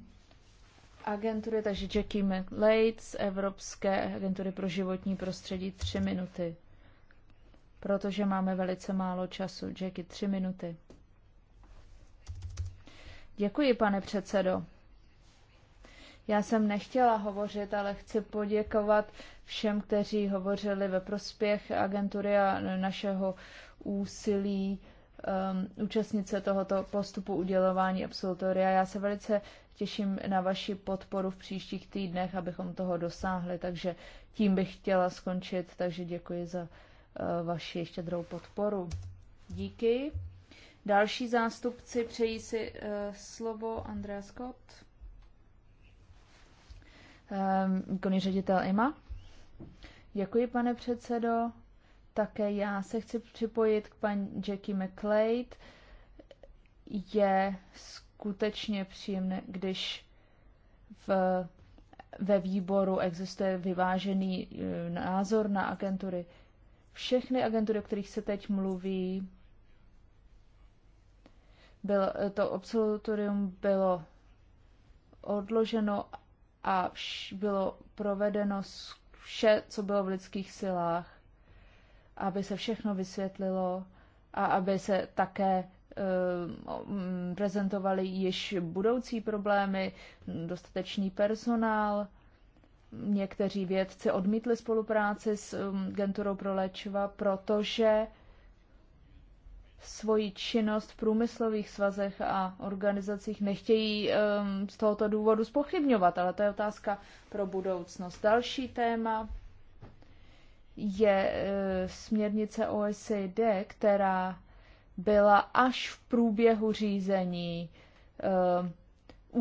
agentury, takže Jackie McLeod z Evropské agentury pro životní prostředí tři minuty. Protože máme velice málo času. Jackie, tři minuty. Děkuji, pane předsedo. Já jsem nechtěla hovořit, ale chci poděkovat všem, kteří hovořili ve prospěch agentury a našeho úsilí um, účastnit se tohoto postupu udělování absolutoria. Já se velice těším na vaši podporu v příštích týdnech, abychom toho dosáhli, takže tím bych chtěla skončit, takže děkuji za uh, vaši štědrou podporu. Díky. Další zástupci přejí si uh, slovo Andrea Scott, eh, výkonný um, ředitel IMA. E Děkuji, pane předsedo. Také já se chci připojit k paní Jackie McLeod. Je skutečně příjemné, když v, ve výboru existuje vyvážený eh, názor na agentury. Všechny agentury, o kterých se teď mluví, bylo, to absolutorium bylo odloženo a vš, bylo provedeno vše, co bylo v lidských silách, aby se všechno vysvětlilo a aby se také eh, mm, prezentovali již budoucí problémy, dostatečný personál. Někteří vědci odmítli spolupráci s mm, Genturou pro léčiva, protože svoji činnost v průmyslových svazech a organizacích nechtějí um, z tohoto důvodu spochybňovat, ale to je otázka pro budoucnost. Další téma je uh, směrnice OECD, která byla až v průběhu řízení um,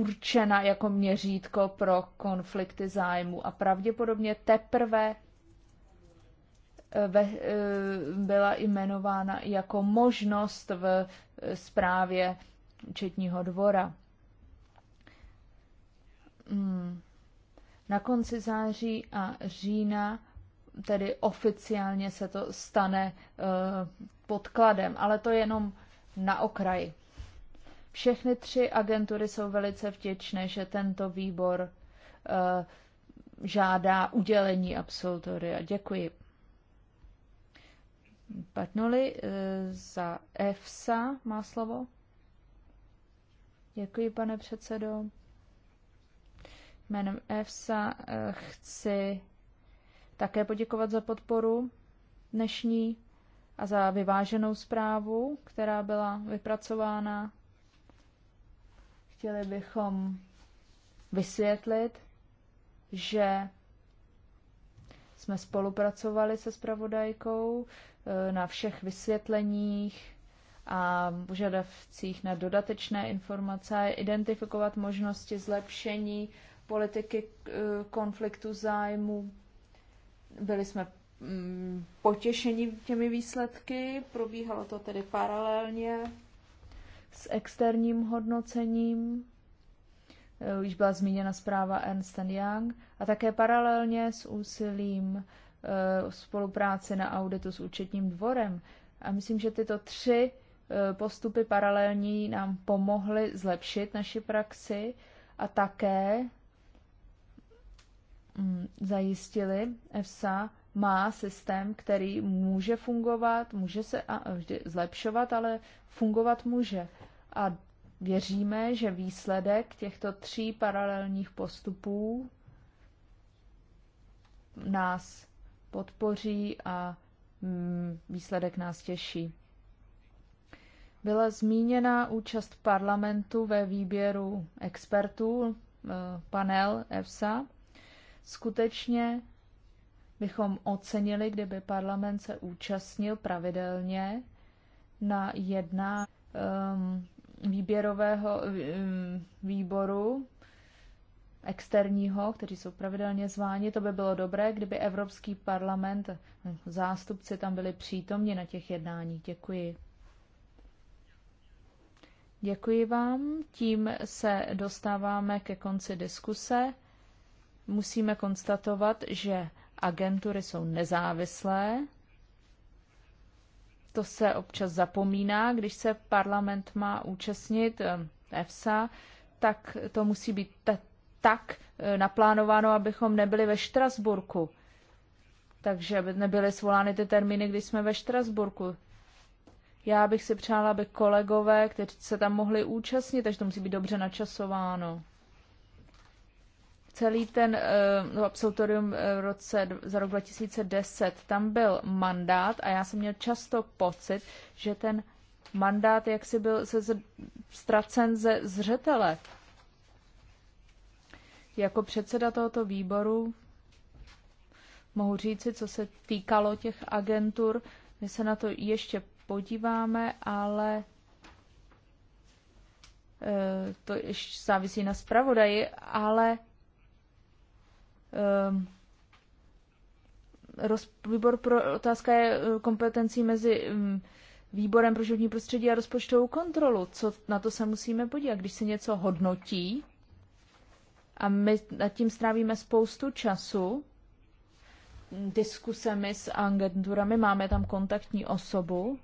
určena jako měřítko pro konflikty zájmu a pravděpodobně teprve ve, eh, byla jmenována jako možnost v zprávě eh, Četního dvora. Hmm. Na konci září a října tedy oficiálně se to stane eh, podkladem, ale to jenom na okraji. Všechny tři agentury jsou velice vděčné, že tento výbor žádá udělení absolutoria. Děkuji. Patnoli eh, za EFSA má slovo. Děkuji, pane předsedo. Jménem EFSA eh, chci také poděkovat za podporu dnešní a za vyváženou zprávu, která byla vypracována. Chtěli bychom vysvětlit, že jsme spolupracovali se spravodajkou eh, na všech vysvětleních a požadavcích na dodatečné informace, identifikovat možnosti zlepšení politiky eh, konfliktu zájmu. Byli jsme mm, potěšeni těmi výsledky, probíhalo to tedy paralelně s externím hodnocením už eh, byla zmíněna zpráva Ernst Young a také paralelně s úsilím eh, spolupráce na auditu s účetním dvorem. A myslím, že tyto tři eh, postupy paralelní nám pomohly zlepšit naši praxi a také mm, zajistili EFSA má systém, který může fungovat, může se a, vždy zlepšovat, ale fungovat může. A Věříme, že výsledek těchto tří paralelních postupů nás podpoří a mm, výsledek nás těší. Byla zmíněna účast parlamentu ve výběru expertů, e, panel EFSA. Skutečně bychom ocenili, kdyby parlament se účastnil pravidelně na jedná výběrového eh, výboru externího, kteří jsou pravidelně zváni. To by bylo dobré, kdyby Evropský parlament, hm, zástupci tam byli přítomni na těch jednáních. Děkuji. Děkuji vám. Tím se dostáváme ke konci diskuse. Musíme konstatovat, že agentury jsou nezávislé, to se občas zapomíná, když se parlament má účastnit eh, EFSA, tak to musí být tak eh, naplánováno, abychom nebyli ve Štrasburku. Takže aby nebyly svolány ty termíny, když jsme ve Štrasburku. Já bych si přála, aby kolegové, kteří se tam mohli účastnit, takže to musí být dobře načasováno celý ten uh, absolutorium eh, v roce, za rok 2010, tam byl mandát a já jsem měl často pocit, že ten mandát jaksi byl se, z, ztracen ze zřetele. Jako předseda tohoto výboru mohu říci, co se týkalo těch agentur, my se na to ještě podíváme, ale eh, to ještě závisí na zpravodaji, ale um, roz, výbor pro otázka je eh, kompetencí mezi um, výborem pro životní prostředí a rozpočtovou kontrolu. Co na to se musíme podívat, když se něco hodnotí a my nad tím strávíme spoustu času mm, diskusemi s agenturami, máme tam kontaktní osobu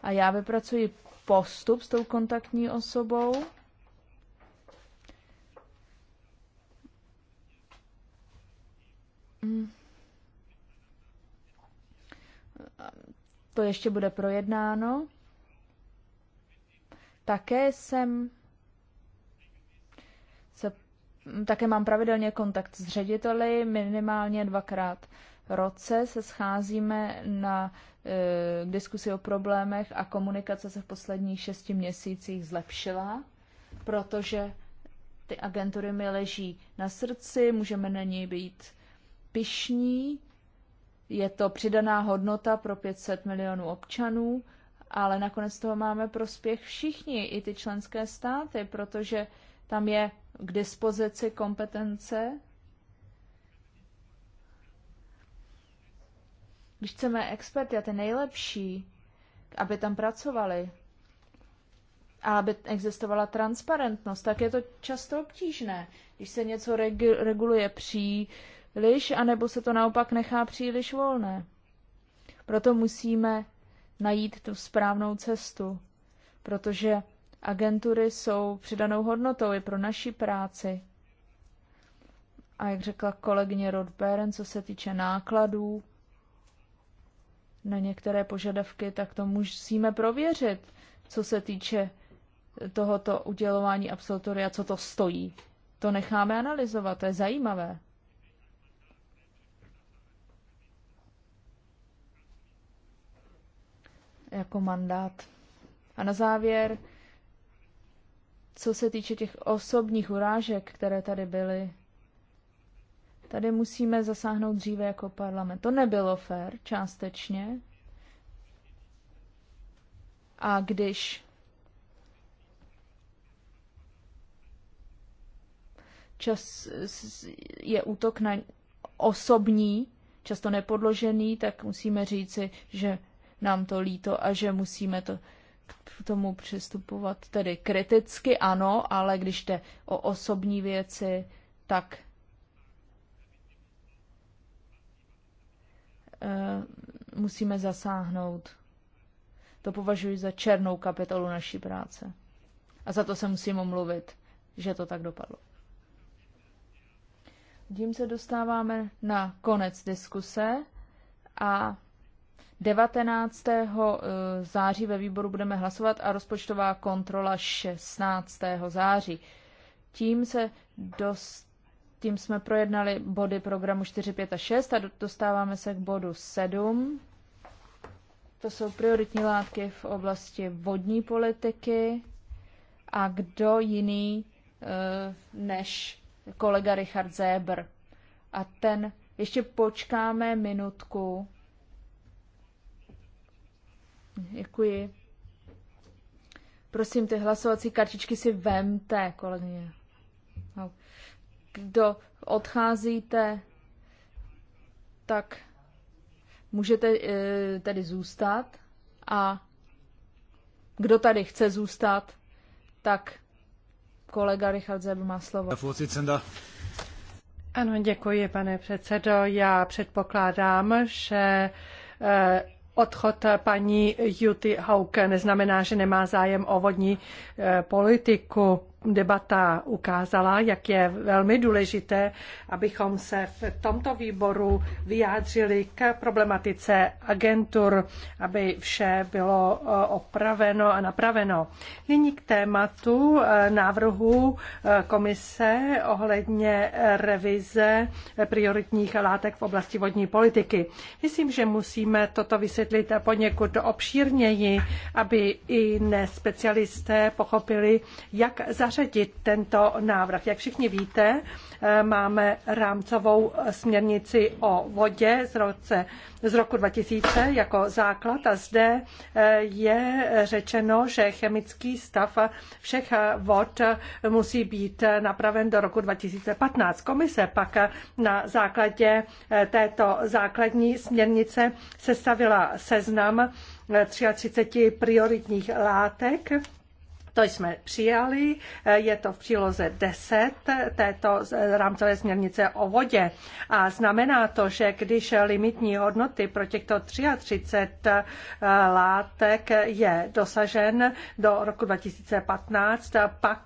a já vypracuji postup s tou kontaktní osobou To ještě bude projednáno. Také jsem se, také mám pravidelně kontakt s řediteli, minimálně dvakrát roce se scházíme na e, diskusi o problémech a komunikace se v posledních šesti měsících zlepšila, protože ty agentury mi leží na srdci, můžeme na něj být pišní, je to přidaná hodnota pro 500 milionů občanů, ale nakonec toho máme prospěch všichni, i ty členské státy, protože tam je k dispozici kompetence. Když chceme experty a ty nejlepší, aby tam pracovali a aby existovala transparentnost, tak je to často obtížné. Když se něco regu- reguluje pří, liš, anebo se to naopak nechá příliš volné. Proto musíme najít tu správnou cestu, protože agentury jsou přidanou hodnotou i pro naši práci. A jak řekla kolegyně Rodberen, co se týče nákladů na některé požadavky, tak to musíme prověřit, co se týče tohoto udělování absolutoria, co to stojí. To necháme analyzovat, to je zajímavé. jako mandát. A na závěr, co se týče těch osobních urážek, které tady byly, tady musíme zasáhnout dříve jako parlament. To nebylo fér, částečně. A když čas je útok na osobní, často nepodložený, tak musíme říci, že nám to líto a že musíme to k tomu přistupovat tedy kriticky, ano, ale když jde o osobní věci, tak eh, musíme zasáhnout. To považuji za černou kapitolu naší práce. A za to se musím omluvit, že to tak dopadlo. Tím se dostáváme na konec diskuse a 19. Eh, září ve výboru budeme hlasovat a rozpočtová kontrola 16. září. Tím se dost, tím jsme projednali body programu 4, 5 a 6 a dostáváme se k bodu 7. To jsou prioritní látky v oblasti vodní politiky a kdo jiný eh, než kolega Richard Zébr. A ten ještě počkáme minutku, Děkuji. Prosím, ty hlasovací kartičky si vemte, kolegyně. No. Kdo odcházíte, tak můžete eh, tedy zůstat a kdo tady chce zůstat, tak kolega Richard Zeb má slovo. Ano, děkuji, pane předsedo. Já předpokládám, že eh, Odchod paní Juty Hauke neznamená, že nemá zájem o vodní eh, politiku debata ukázala, jak je velmi důležité, abychom se v tomto výboru vyjádřili k problematice agentur, aby vše bylo eh, opraveno a napraveno. Nyní k tématu eh, návrhu eh, komise ohledně revize prioritních látek v oblasti vodní politiky. Myslím, že musíme toto vysvětlit poněkud obšírněji, aby i nespecialisté pochopili, jak za zařadit tento návrh. Jak všichni víte, eh, máme rámcovou směrnici o vodě z, roce, z roku 2000 jako základ a zde eh, je řečeno, že chemický stav všech vod musí být napraven do roku 2015. Komise pak na základě eh, této základní směrnice sestavila seznam 33 prioritních látek, to jsme přijali, eh, je to v příloze 10 této eh, rámcové směrnice o vodě. A znamená to, že když limitní hodnoty pro těchto 33 eh, látek je dosažen do roku 2015, pak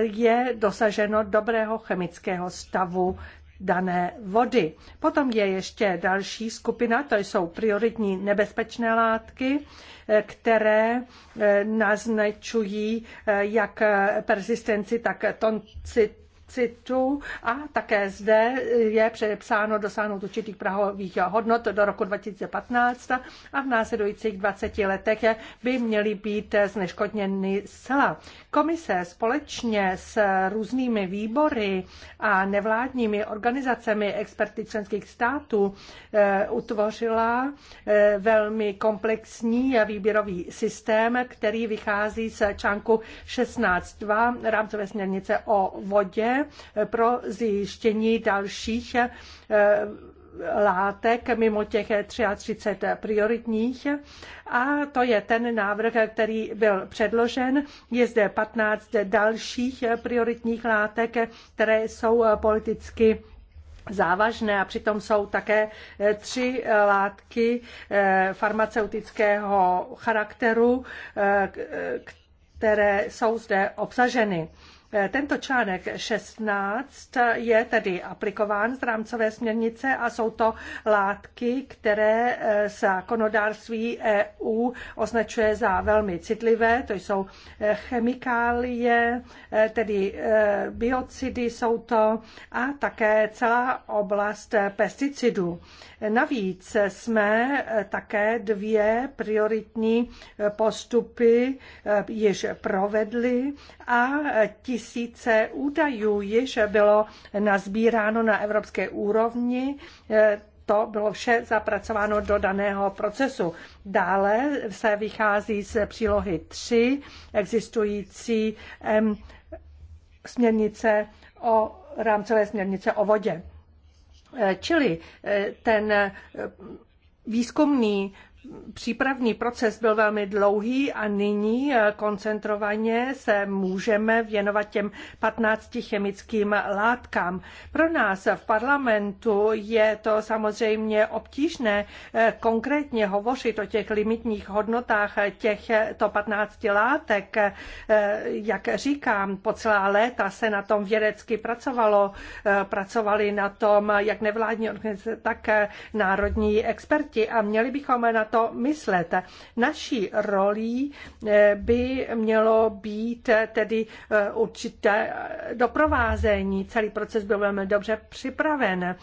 je dosaženo dobrého chemického stavu dané vody. Potom je ještě další skupina, to jsou prioritní nebezpečné látky, eh, které eh, naznačují eh, jak persistenci, tak toncit citu a také zde je předepsáno dosáhnout určitých prahových hodnot do roku 2015 a v následujících 20 letech by měly být zneškodněny zcela. Komise společně s různými výbory a nevládními organizacemi experty členských států eh, utvořila eh, velmi komplexní výběrový systém, který vychází z článku 16.2 rámcové směrnice o vodě pro zjištění dalších eh, látek mimo těch 33 prioritních. A to je ten návrh, který byl předložen. Je zde 15 dalších prioritních látek, které jsou politicky závažné a přitom jsou také tři látky eh, farmaceutického charakteru, eh, které jsou zde obsaženy. Eh, tento článek 16 je tedy aplikován z rámcové směrnice a jsou to látky, které eh, zákonodárství EU označuje za velmi citlivé. To jsou eh, chemikálie, tedy biocidy jsou to a také celá oblast pesticidů. Navíc jsme také dvě prioritní postupy již provedli a ti tisíce údajů již bylo nazbíráno na evropské úrovni e, to bylo vše zapracováno do daného procesu. Dále se vychází z přílohy 3 existující um, směrnice o rámcové směrnice o vodě. E, čili e, ten výzkumný přípravný proces byl velmi dlouhý a nyní eh, koncentrovaně se můžeme věnovat těm 15 chemickým látkám. Pro nás v parlamentu je to samozřejmě obtížné eh, konkrétně hovořit o těch limitních hodnotách těchto 15 látek. Eh, jak říkám, po celá léta se na tom vědecky pracovalo. Pracovali na tom jak nevládní organizace, tak národní experti a měli bychom na to myslet. Naší rolí eh, by mělo být eh, tedy eh, určité doprovázení. Celý proces byl velmi dobře připraven.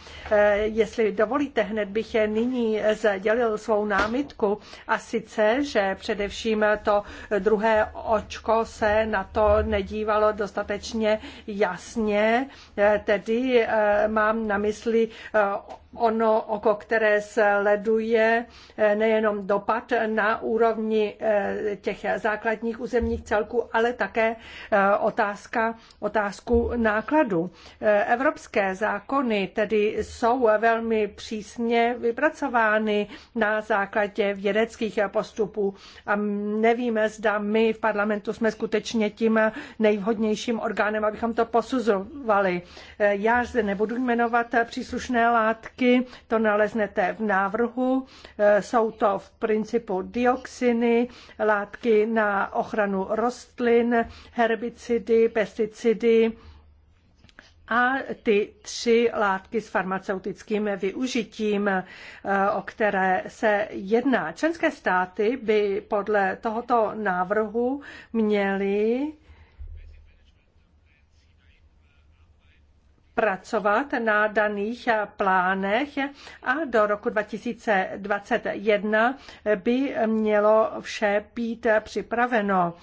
Jestli dovolíte, hned bych je nyní sdělil svou námitku a sice, že především to druhé očko se na to nedívalo dostatečně jasně, tedy mám na mysli ono oko, které sleduje eh, nejenom dopad na úrovni eh, těch základních územních celků, ale také eh, otázka, otázku nákladu. Evropské zákony tedy jsou velmi přísně vypracovány na základě vědeckých postupů a nevíme, zda my v parlamentu jsme skutečně tím nejvhodnějším orgánem, abychom to posuzovali. Já zde nebudu jmenovat příslušné látky, látky, to naleznete v návrhu. E, jsou to v principu dioxiny, látky na ochranu rostlin, herbicidy, pesticidy, a ty tři látky s farmaceutickým využitím, e, o které se jedná. Členské státy by podle tohoto návrhu měly pracovat na daných plánech a do roku 2021 by mělo vše být připraveno.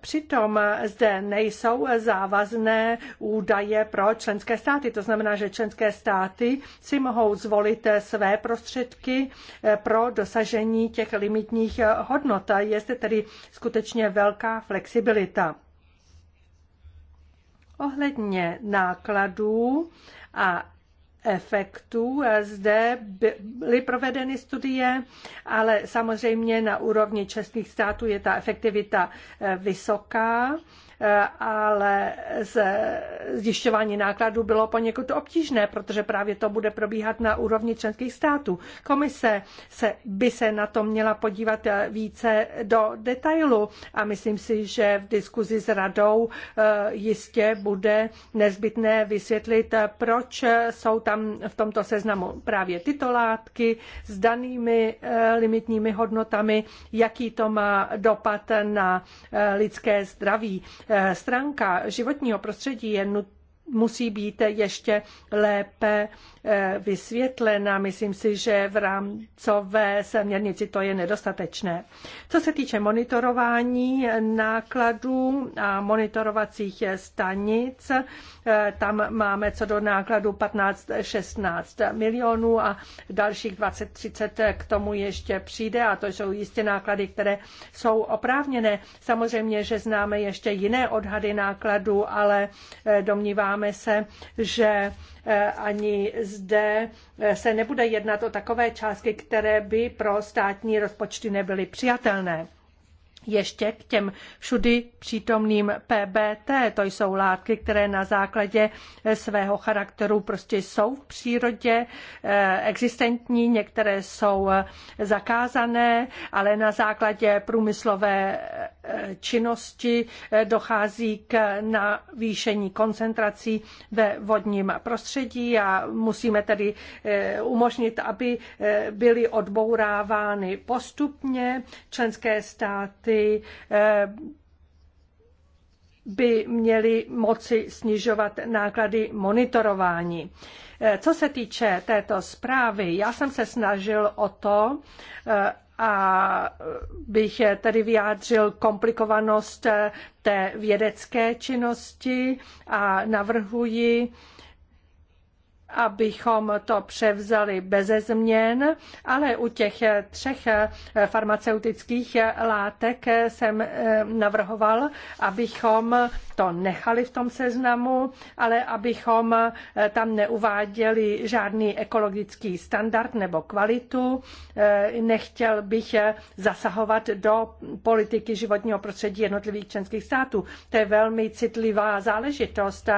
Přitom zde nejsou závazné údaje pro členské státy. To znamená, že členské státy si mohou zvolit své prostředky pro dosažení těch limitních hodnot. Je zde tedy skutečně velká flexibilita. Ohledně nákladů a efektů. Eh, zde byly provedeny studie, ale samozřejmě na úrovni českých států je ta efektivita eh, vysoká Eh, ale zjišťování nákladů bylo poněkud obtížné, protože právě to bude probíhat na úrovni členských států. Komise se, by se na to měla podívat eh, více do detailu a myslím si, že v diskuzi s radou eh, jistě bude nezbytné vysvětlit, proč jsou tam v tomto seznamu právě tyto látky s danými limitními hodnotami, jaký to má dopad na lidské zdraví. Eh, stránka životního prostředí je nut musí být ještě lépe Eh, vysvětlena. Myslím si, že v rámcové směrnici to je nedostatečné. Co se týče monitorování nákladů a monitorovacích stanic, eh, tam máme co do nákladů 15-16 milionů a dalších 20-30 k tomu ještě přijde a to jsou jistě náklady, které jsou oprávněné. Samozřejmě, že známe ještě jiné odhady nákladů, ale eh, domníváme se, že Eh, ani zde eh, se nebude jednat o takové částky, které by pro státní rozpočty nebyly přijatelné. Ještě k těm všudy přítomným PBT, to jsou látky, které na základě eh, svého charakteru prostě jsou v přírodě existentní, některé jsou zakázané, ale na základě průmyslové činnosti eh, dochází k navýšení koncentrací ve vodním prostředí a musíme tedy eh, umožnit, aby eh, byly odbourávány postupně. Členské státy by měly moci snižovat náklady monitorování. Co se týče této zprávy, já jsem se snažil o to, a bych tady vyjádřil komplikovanost té vědecké činnosti a navrhuji, abychom to převzali beze změn, ale u těch třech farmaceutických látek jsem eh, navrhoval, abychom to nechali v tom seznamu, ale abychom eh, tam neuváděli žádný ekologický standard nebo kvalitu. Eh, nechtěl bych eh, zasahovat do politiky životního prostředí jednotlivých členských států. To je velmi citlivá záležitost.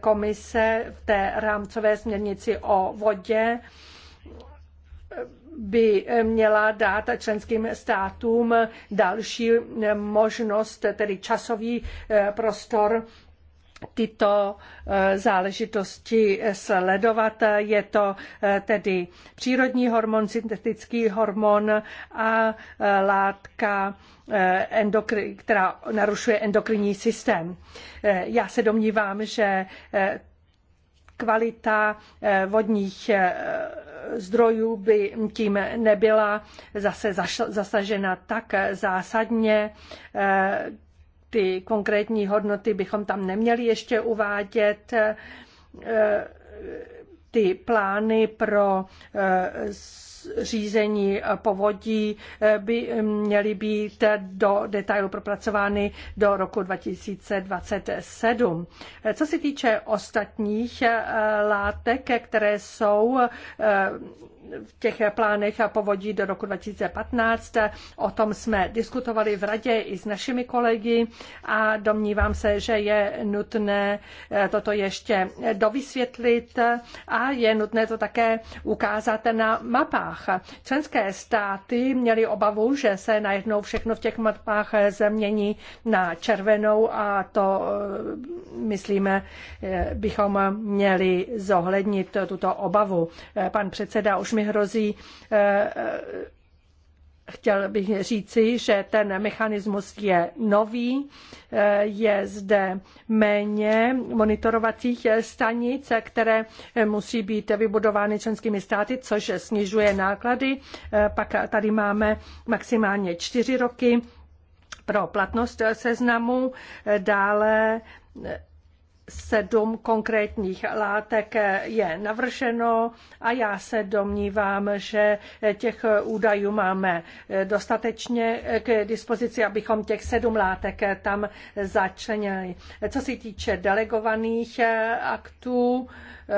Komise v té rámcové směrnici o vodě by eh, měla dát členským státům další eh, možnost, tedy časový eh, prostor tyto záležitosti sledovat. Je to tedy přírodní hormon, syntetický hormon a látka, která narušuje endokrinní systém. Já se domnívám, že kvalita eh, vodních eh, zdrojů by tím nebyla zase zasažena tak zásadně. Eh, ty konkrétní hodnoty bychom tam neměli ještě uvádět. Ty plány pro řízení povodí eh, by eh, měly být do detailu propracovány do roku 2027. Eh, co se týče ostatních látek, které jsou v těch plánech a povodí do roku 2015. O tom jsme diskutovali v radě i s našimi kolegy a domnívám se, že je nutné eh, toto ještě dovysvětlit a je nutné to také ukázat na mapách. Členské státy měly obavu, že se najednou všechno v těch mapách změní na červenou a to eh, myslíme, eh, bychom měli zohlednit tuto obavu. Pan předseda už mi hrozí eh, eh, chtěl bych říci, že ten mechanismus je nový, eh, je zde méně monitorovacích stanic, které musí být vybudovány členskými státy, což snižuje náklady. Pak tady máme maximálně čtyři roky pro platnost seznamu, dále sedm konkrétních látek je navrženo a já se domnívám, že těch údajů máme dostatečně k dispozici, abychom těch sedm látek tam začlenili. Co se týče delegovaných aktů,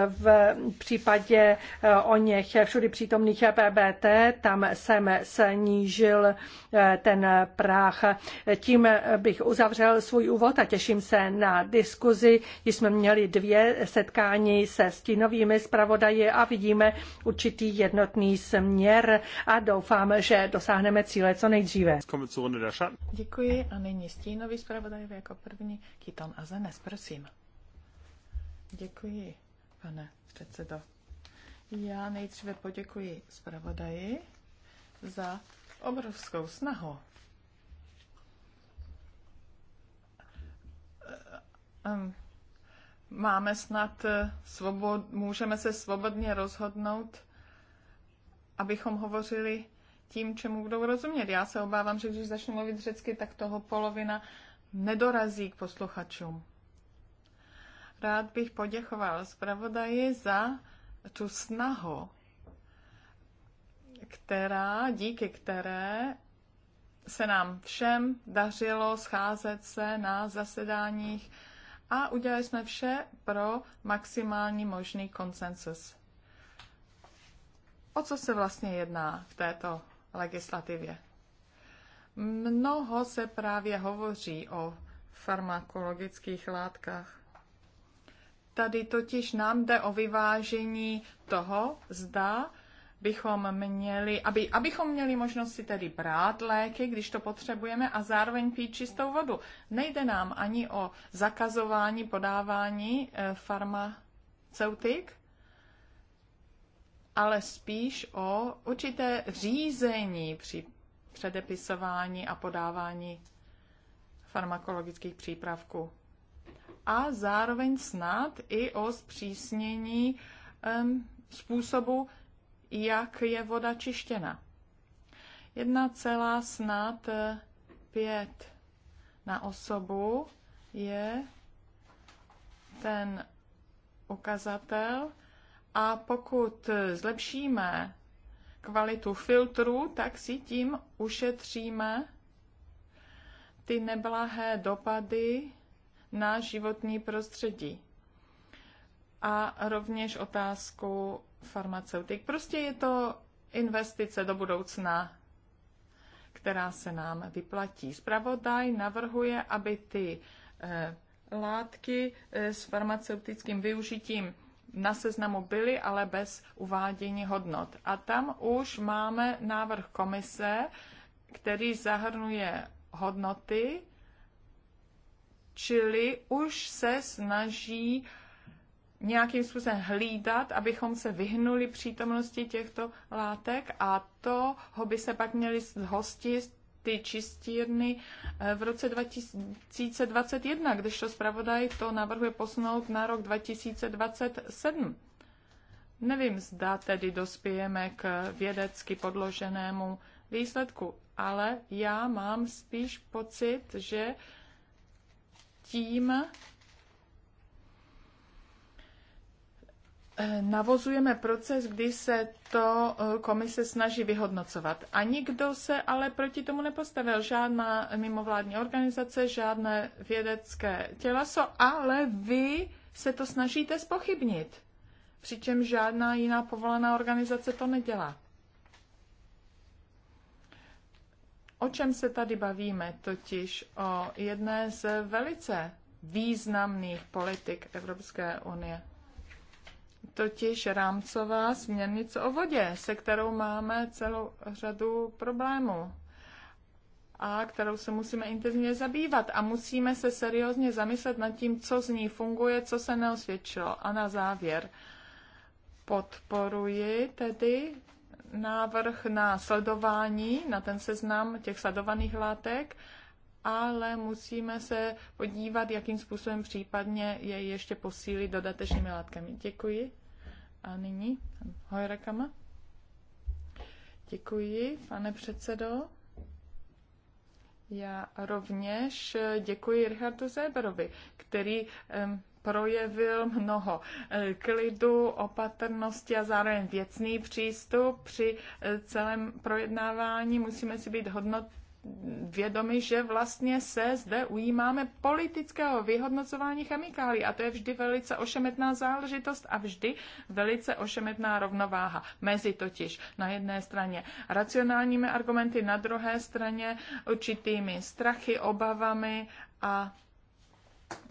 v případě eh, o něch všudy přítomných PBT, tam jsem snížil eh, ten práh. Tím bych uzavřel svůj úvod a těším se na diskuzi. Již jsme měli dvě setkání se stínovými zpravodaji a vidíme určitý jednotný směr a doufám, že dosáhneme cíle co nejdříve. Děkuji a nyní stínový zpravodaj jako první Kiton Azenes, prosím. Děkuji pane předsedo. Já nejdříve poděkuji zpravodaji za obrovskou snahu. Ehm, máme snad eh, svobod, můžeme se svobodně rozhodnout, abychom hovořili tím, čemu budou rozumět. Já se obávám, že když začnu mluvit řecky, tak toho polovina nedorazí k posluchačům. Rád bych poděkoval zpravodaji za tu snahu, která, díky které se nám všem dařilo scházet se na zasedáních a udělali jsme vše pro maximální možný konsensus. O co se vlastně jedná v této legislativě? Mnoho se právě hovoří o farmakologických látkách. Tady totiž nám jde o vyvážení toho, zda bychom měli, aby, abychom měli možnost si tedy brát léky, když to potřebujeme, a zároveň pít čistou vodu. Nejde nám ani o zakazování podávání eh, farmaceutik, ale spíš o určité řízení při předepisování a podávání farmakologických přípravků a zároveň snad i o zpřísnění um, způsobu, jak je voda čištěna. 1,5 eh, na osobu je ten ukazatel a pokud zlepšíme kvalitu filtru, tak si tím ušetříme ty neblahé dopady na životní prostředí a rovněž otázku farmaceutik. Prostě je to investice do budoucna, která se nám vyplatí. Spravodaj navrhuje, aby ty eh, látky eh, s farmaceutickým využitím na seznamu byly, ale bez uvádění hodnot. A tam už máme návrh komise, který zahrnuje hodnoty, čili už se snaží nějakým způsobem hlídat, abychom se vyhnuli přítomnosti těchto látek a to ho by se pak měli zhostit ty čistírny eh, v roce 2021, když to zpravodaj to navrhuje posunout na rok 2027. Nevím, zda tedy dospějeme k vědecky podloženému výsledku, ale já mám spíš pocit, že tím eh, navozujeme proces, kdy se to eh, komise snaží vyhodnocovat. A nikdo se ale proti tomu nepostavil. Žádná mimovládní organizace, žádné vědecké těleso, ale vy se to snažíte spochybnit. Přičem žádná jiná povolená organizace to nedělá. O čem se tady bavíme? Totiž o jedné z velice významných politik Evropské unie. Totiž rámcová směrnice o vodě, se kterou máme celou řadu problémů a kterou se musíme intenzivně zabývat a musíme se seriózně zamyslet nad tím, co z ní funguje, co se neosvědčilo. A na závěr podporuji tedy návrh na sledování, na ten seznam těch sledovaných látek, ale musíme se podívat, jakým způsobem případně je ještě posílit dodatečnými látkami. Děkuji. A nyní Hojrakama. Děkuji, pane předsedo. Já rovněž děkuji Richardu Zéberovi, který um, projevil mnoho eh, klidu, opatrnosti a zároveň věcný přístup při eh, celém projednávání. Musíme si být hodnot vědomi, že vlastně se zde ujímáme politického vyhodnocování chemikálí a to je vždy velice ošemetná záležitost a vždy velice ošemetná rovnováha mezi totiž na jedné straně racionálními argumenty, na druhé straně určitými strachy, obavami a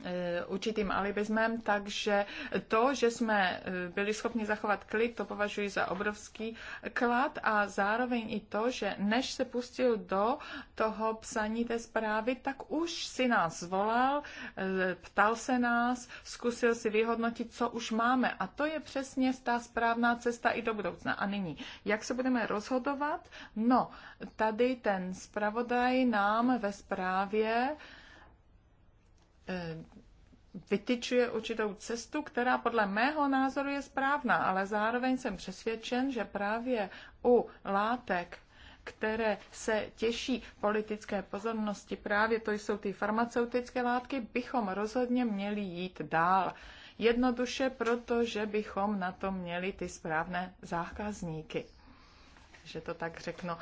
Eh, určitým alibismem, takže to, že jsme eh, byli schopni zachovat klid, to považuji za obrovský klad a zároveň i to, že než se pustil do toho psaní té zprávy, tak už si nás zvolal, eh, ptal se nás, zkusil si vyhodnotit, co už máme a to je přesně ta správná cesta i do budoucna. A nyní, jak se budeme rozhodovat? No, tady ten zpravodaj nám ve zprávě Eh, vytyčuje určitou cestu, která podle mého názoru je správná, ale zároveň jsem přesvědčen, že právě u látek, které se těší politické pozornosti, právě to jsou ty farmaceutické látky, bychom rozhodně měli jít dál. Jednoduše proto, že bychom na to měli ty správné zákazníky že to tak řeknu.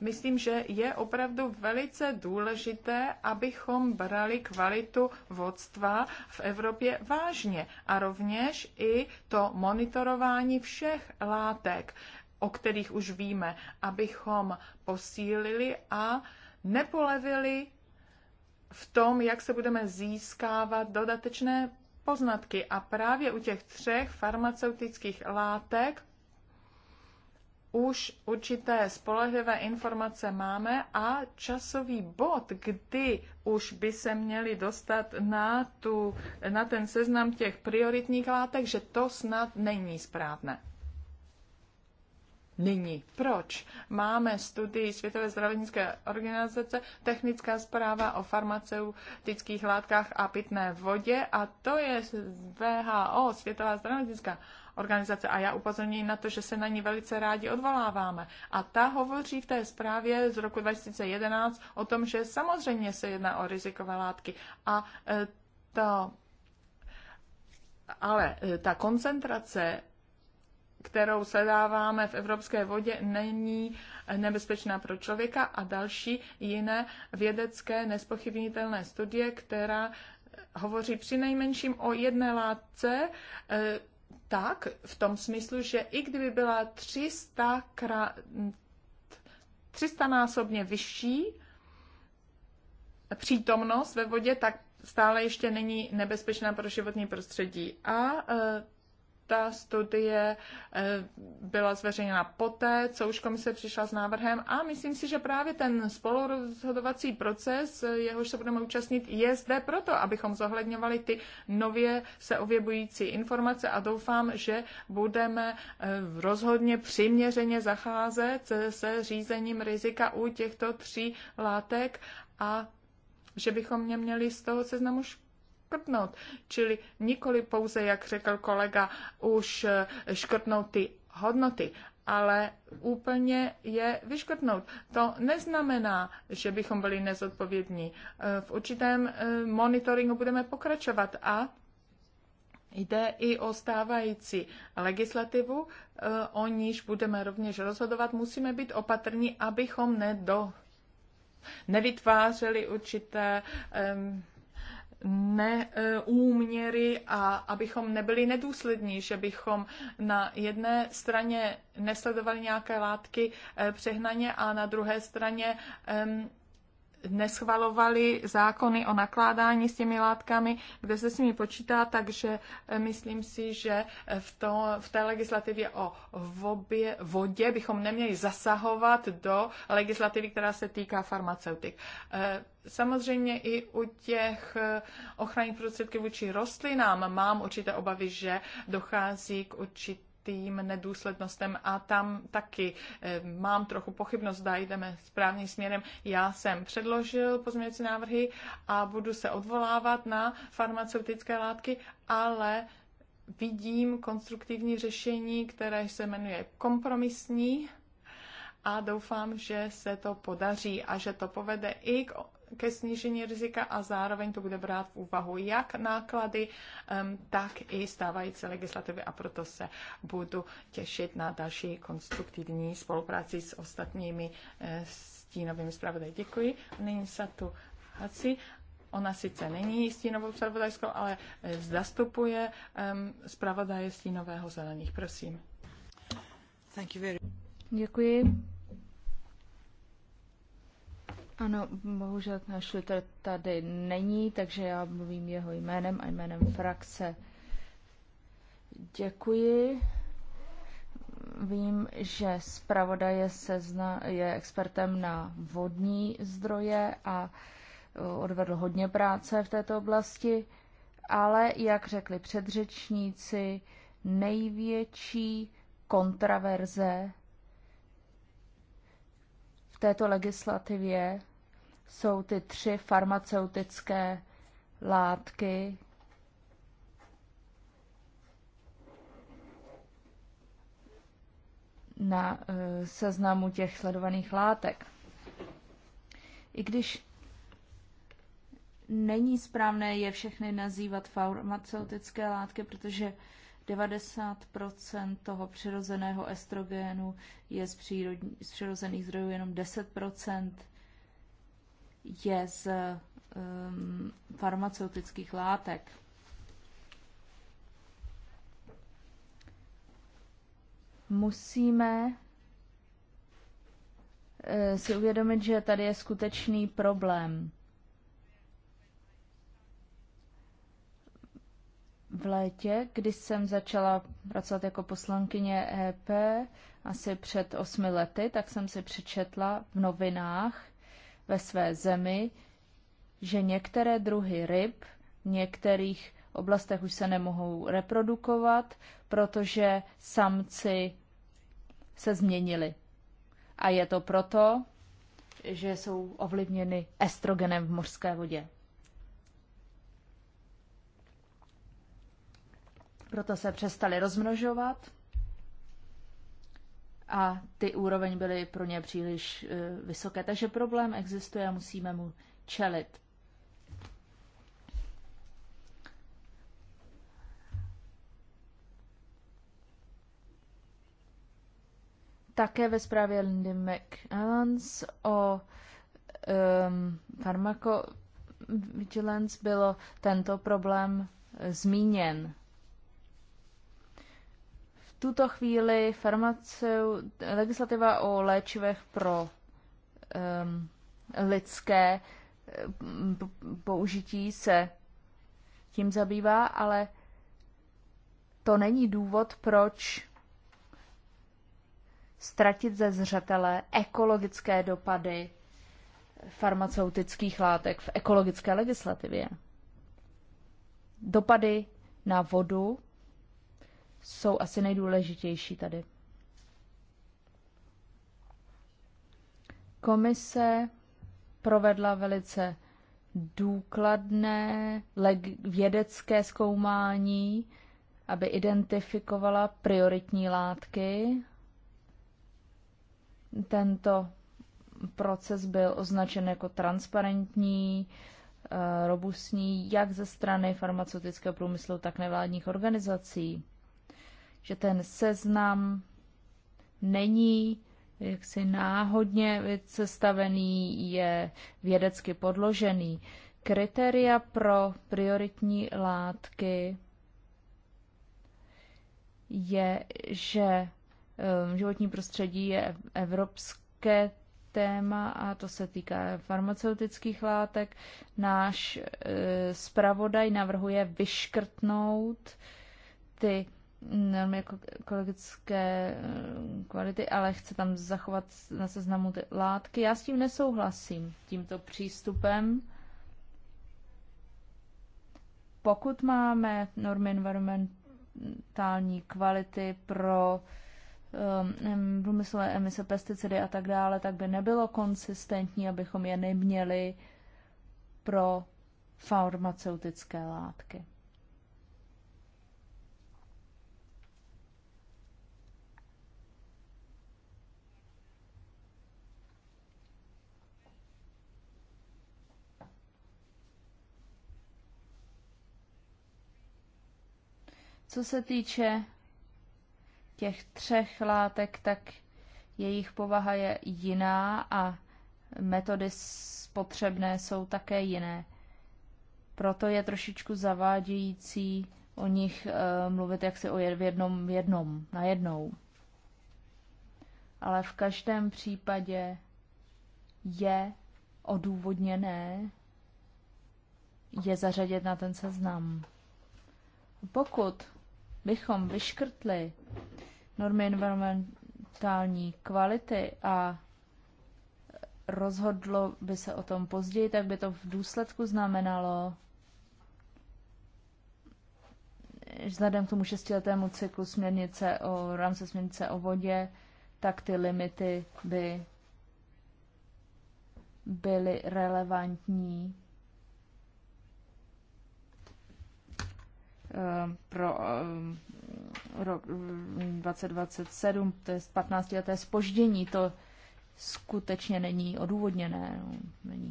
Myslím, že je opravdu velice důležité, abychom brali kvalitu vodstva v Evropě vážně a rovněž i to monitorování všech látek, o kterých už víme, abychom posílili a nepolevili v tom, jak se budeme získávat dodatečné poznatky. A právě u těch třech farmaceutických látek už určité spolehlivé informace máme a časový bod, kdy už by se měli dostat na, tu, na ten seznam těch prioritních látek, že to snad není správné. Nyní. Proč? Máme studii Světové zdravotnické organizace, technická zpráva o farmaceutických látkách a pitné vodě a to je VHO, Světová zdravotnická organizace a já upozorňuji na to, že se na ní velice rádi odvoláváme. A ta hovoří v té zprávě z roku 2011 o tom, že samozřejmě se jedná o rizikové látky. A e, to, ale e, ta koncentrace kterou sledáváme v evropské vodě, není nebezpečná pro člověka a další jiné vědecké nespochybnitelné studie, která e, hovoří při nejmenším o jedné látce, tak v tom smyslu, že i kdyby byla 300 krá... 300 násobně vyšší přítomnost ve vodě, tak stále ještě není nebezpečná pro životní prostředí. A e, ta studie eh, byla zveřejněna poté, co už komise přišla s návrhem a myslím si, že právě ten spolurozhodovací proces, eh, jehož se budeme účastnit, je zde proto, abychom zohledňovali ty nově se ověbující informace a doufám, že budeme eh, rozhodně přiměřeně zacházet se řízením rizika u těchto tří látek a že bychom mě měli z toho seznamu škrtnout. Čili nikoli pouze, jak řekl kolega, už eh, škrtnout ty hodnoty, ale úplně je vyškrtnout. To neznamená, že bychom byli nezodpovědní. Eh, v určitém eh, monitoringu budeme pokračovat a Jde i o stávající legislativu, o níž budeme rovněž rozhodovat. Musíme být opatrní, abychom nedo, nevytvářeli určité um, neúměry a abychom nebyli nedůslední, že bychom na jedné straně nesledovali nějaké látky eh, přehnaně a na druhé straně neschvalovali zákony o nakládání s těmi látkami, kde se s nimi počítá, takže eh, myslím si, že eh, v, to, v té legislativě o vobě, vodě bychom neměli zasahovat do legislativy, která se týká farmaceutik. Eh, samozřejmě i u těch ochranných prostředků vůči rostlinám mám určité obavy, že dochází k určitě tým nedůslednostem a tam taky eh, mám trochu pochybnost, zda jdeme správným směrem. Já jsem předložil pozměňující návrhy a budu se odvolávat na farmaceutické látky, ale vidím konstruktivní řešení, které se jmenuje kompromisní a doufám, že se to podaří a že to povede i k ke snížení rizika a zároveň to bude brát v úvahu jak náklady, tak i stávající legislativy a proto se budu těšit na další konstruktivní spolupráci s ostatními eh, stínovými zpravodaji. Děkuji. Nyní se tu Haci. Ona sice není stínovou zpravodajskou, ale eh, zastupuje zpravodaje stínového zelených. Prosím. Děkuji. Ano, bohužel náš Schlitter tady není, takže já mluvím jeho jménem a jménem frakce. Děkuji. Vím, že zpravodaj je, sezna, je expertem na vodní zdroje a e, odvedl hodně práce v této oblasti, ale jak řekli předřečníci, největší kontraverze této legislativě jsou ty tři farmaceutické látky, na eh, seznamu těch sledovaných látek. I když není správné je všechny nazývat farmaceutické látky, protože 90 toho přirozeného estrogenu je z, přírodní, z přirozených zdrojů, jenom 10 je z um, farmaceutických látek. Musíme eh, si uvědomit, že tady je skutečný problém. v létě, kdy jsem začala pracovat jako poslankyně EP asi před osmi lety, tak jsem si přečetla v novinách ve své zemi, že některé druhy ryb v některých oblastech už se nemohou reprodukovat, protože samci se změnili. A je to proto, že jsou ovlivněny estrogenem v mořské vodě. proto se přestali rozmnožovat a ty úroveň byly pro ně příliš e, vysoké. Takže problém existuje a musíme mu čelit. Také ve zprávě Lindy McAllans o um, farmakovigilance bylo tento problém zmíněn tuto chvíli farmaceu, legislativa o léčivech pro um, lidské použití se tím zabývá, ale to není důvod, proč ztratit ze zřetele ekologické dopady farmaceutických látek v ekologické legislativě. Dopady na vodu, jsou asi nejdůležitější tady. Komise provedla velice důkladné vědecké zkoumání, aby identifikovala prioritní látky. Tento proces byl označen jako transparentní, eh, robustní jak ze strany farmaceutického průmyslu, tak nevládních organizací že ten seznam není jaksi náhodně sestavený, je vědecky podložený. Kritéria pro prioritní látky je, že um, životní prostředí je evropské téma a to se týká farmaceutických látek. Náš uh, zpravodaj navrhuje vyškrtnout ty jako ekologické eh, kvality, ale chce tam zachovat na seznamu ty látky. Já s tím nesouhlasím, tímto přístupem. Pokud máme normy environmentální kvality pro um, emise, pesticidy a tak dále, tak by nebylo konsistentní, abychom je neměli pro farmaceutické látky. Co se týče těch třech látek, tak jejich povaha je jiná a metody potřebné jsou také jiné. Proto je trošičku zavádějící o nich e, mluvit jaksi o jed, v jednom, v jednom, na jednou. Ale v každém případě je odůvodněné je zařadit na ten seznam. Pokud bychom vyškrtli normy environmentální kvality a rozhodlo by se o tom později, tak by to v důsledku znamenalo, vzhledem k tomu šestiletému cyklu směrnice o rámce směrnice o vodě, tak ty limity by byly relevantní Eh, pro eh, rok 2027, mm, to je 15 leté spoždění, to skutečně není odůvodněné, no, není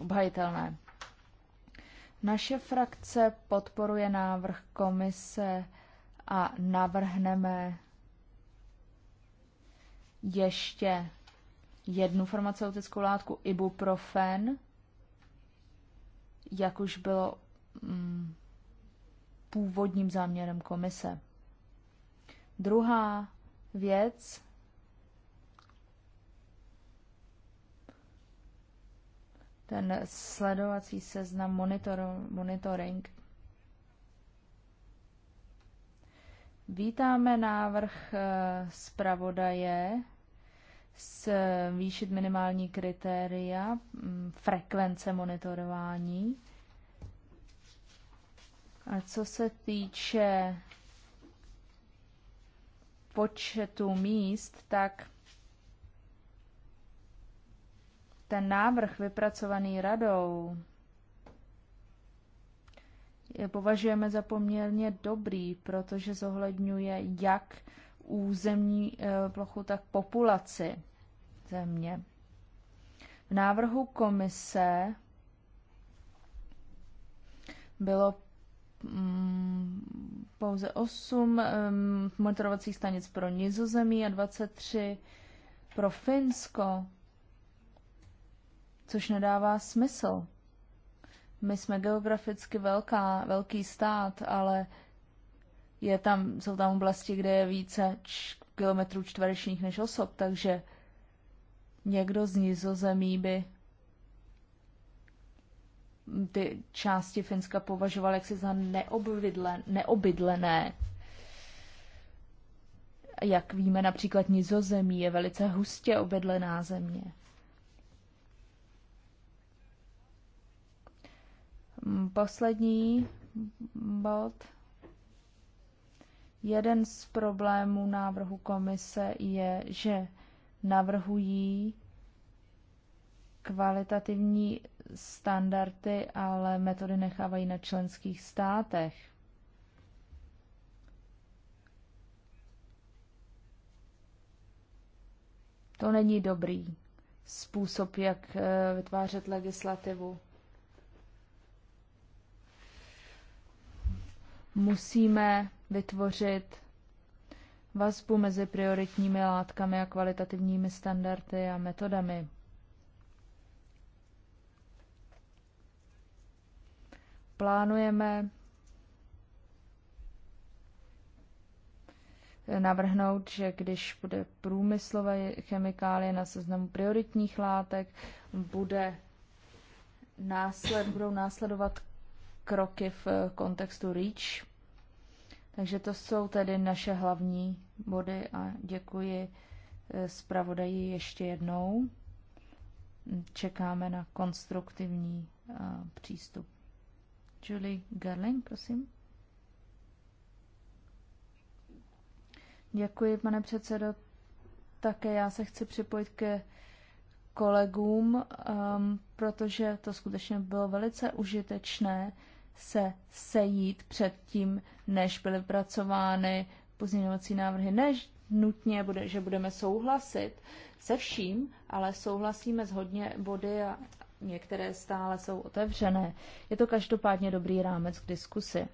obhajitelné. Naše frakce podporuje návrh komise a navrhneme ještě jednu farmaceutickou látku ibuprofen, jak už bylo mm, původním záměrem komise. Druhá věc, ten sledovací seznam monitor, monitoring. Vítáme návrh eh, zpravodaje výšit minimální kritéria mm, frekvence monitorování a co se týče počtu míst, tak ten návrh vypracovaný radou je považujeme za poměrně dobrý, protože zohledňuje jak územní eh, plochu, tak populaci země. V návrhu komise bylo Mm, pouze 8 monitorovacích stanic pro Nizozemí a 23 pro Finsko, což nedává smysl. My jsme geograficky velká, velký stát, ale je tam, jsou tam oblasti, kde je více kilometrů čtverečních než osob, takže někdo z Nizozemí by ty části Finska považoval jaksi za neobydlené. Jak víme, například Nizozemí je velice hustě obydlená země. Poslední bod. Jeden z problémů návrhu komise je, že navrhují kvalitativní standardy, ale metody nechávají na členských státech. To není dobrý způsob, jak eh, vytvářet legislativu. Musíme vytvořit vazbu mezi prioritními látkami a kvalitativními standardy a metodami. plánujeme navrhnout, že když bude průmyslové chemikálie na seznamu prioritních látek, bude násled, budou následovat kroky v kontextu REACH. Takže to jsou tedy naše hlavní body a děkuji eh, zpravodaji ještě jednou. Čekáme na konstruktivní eh, přístup. Julie Gerling, prosím. Děkuji, pane předsedo. Také já se chci připojit ke kolegům, um, protože to skutečně bylo velice užitečné se sejít před tím, než byly pracovány pozměňovací návrhy, než nutně, bude, že budeme souhlasit se vším, ale souhlasíme s hodně body a, některé stále jsou otevřené. Je to každopádně dobrý rámec k diskusi.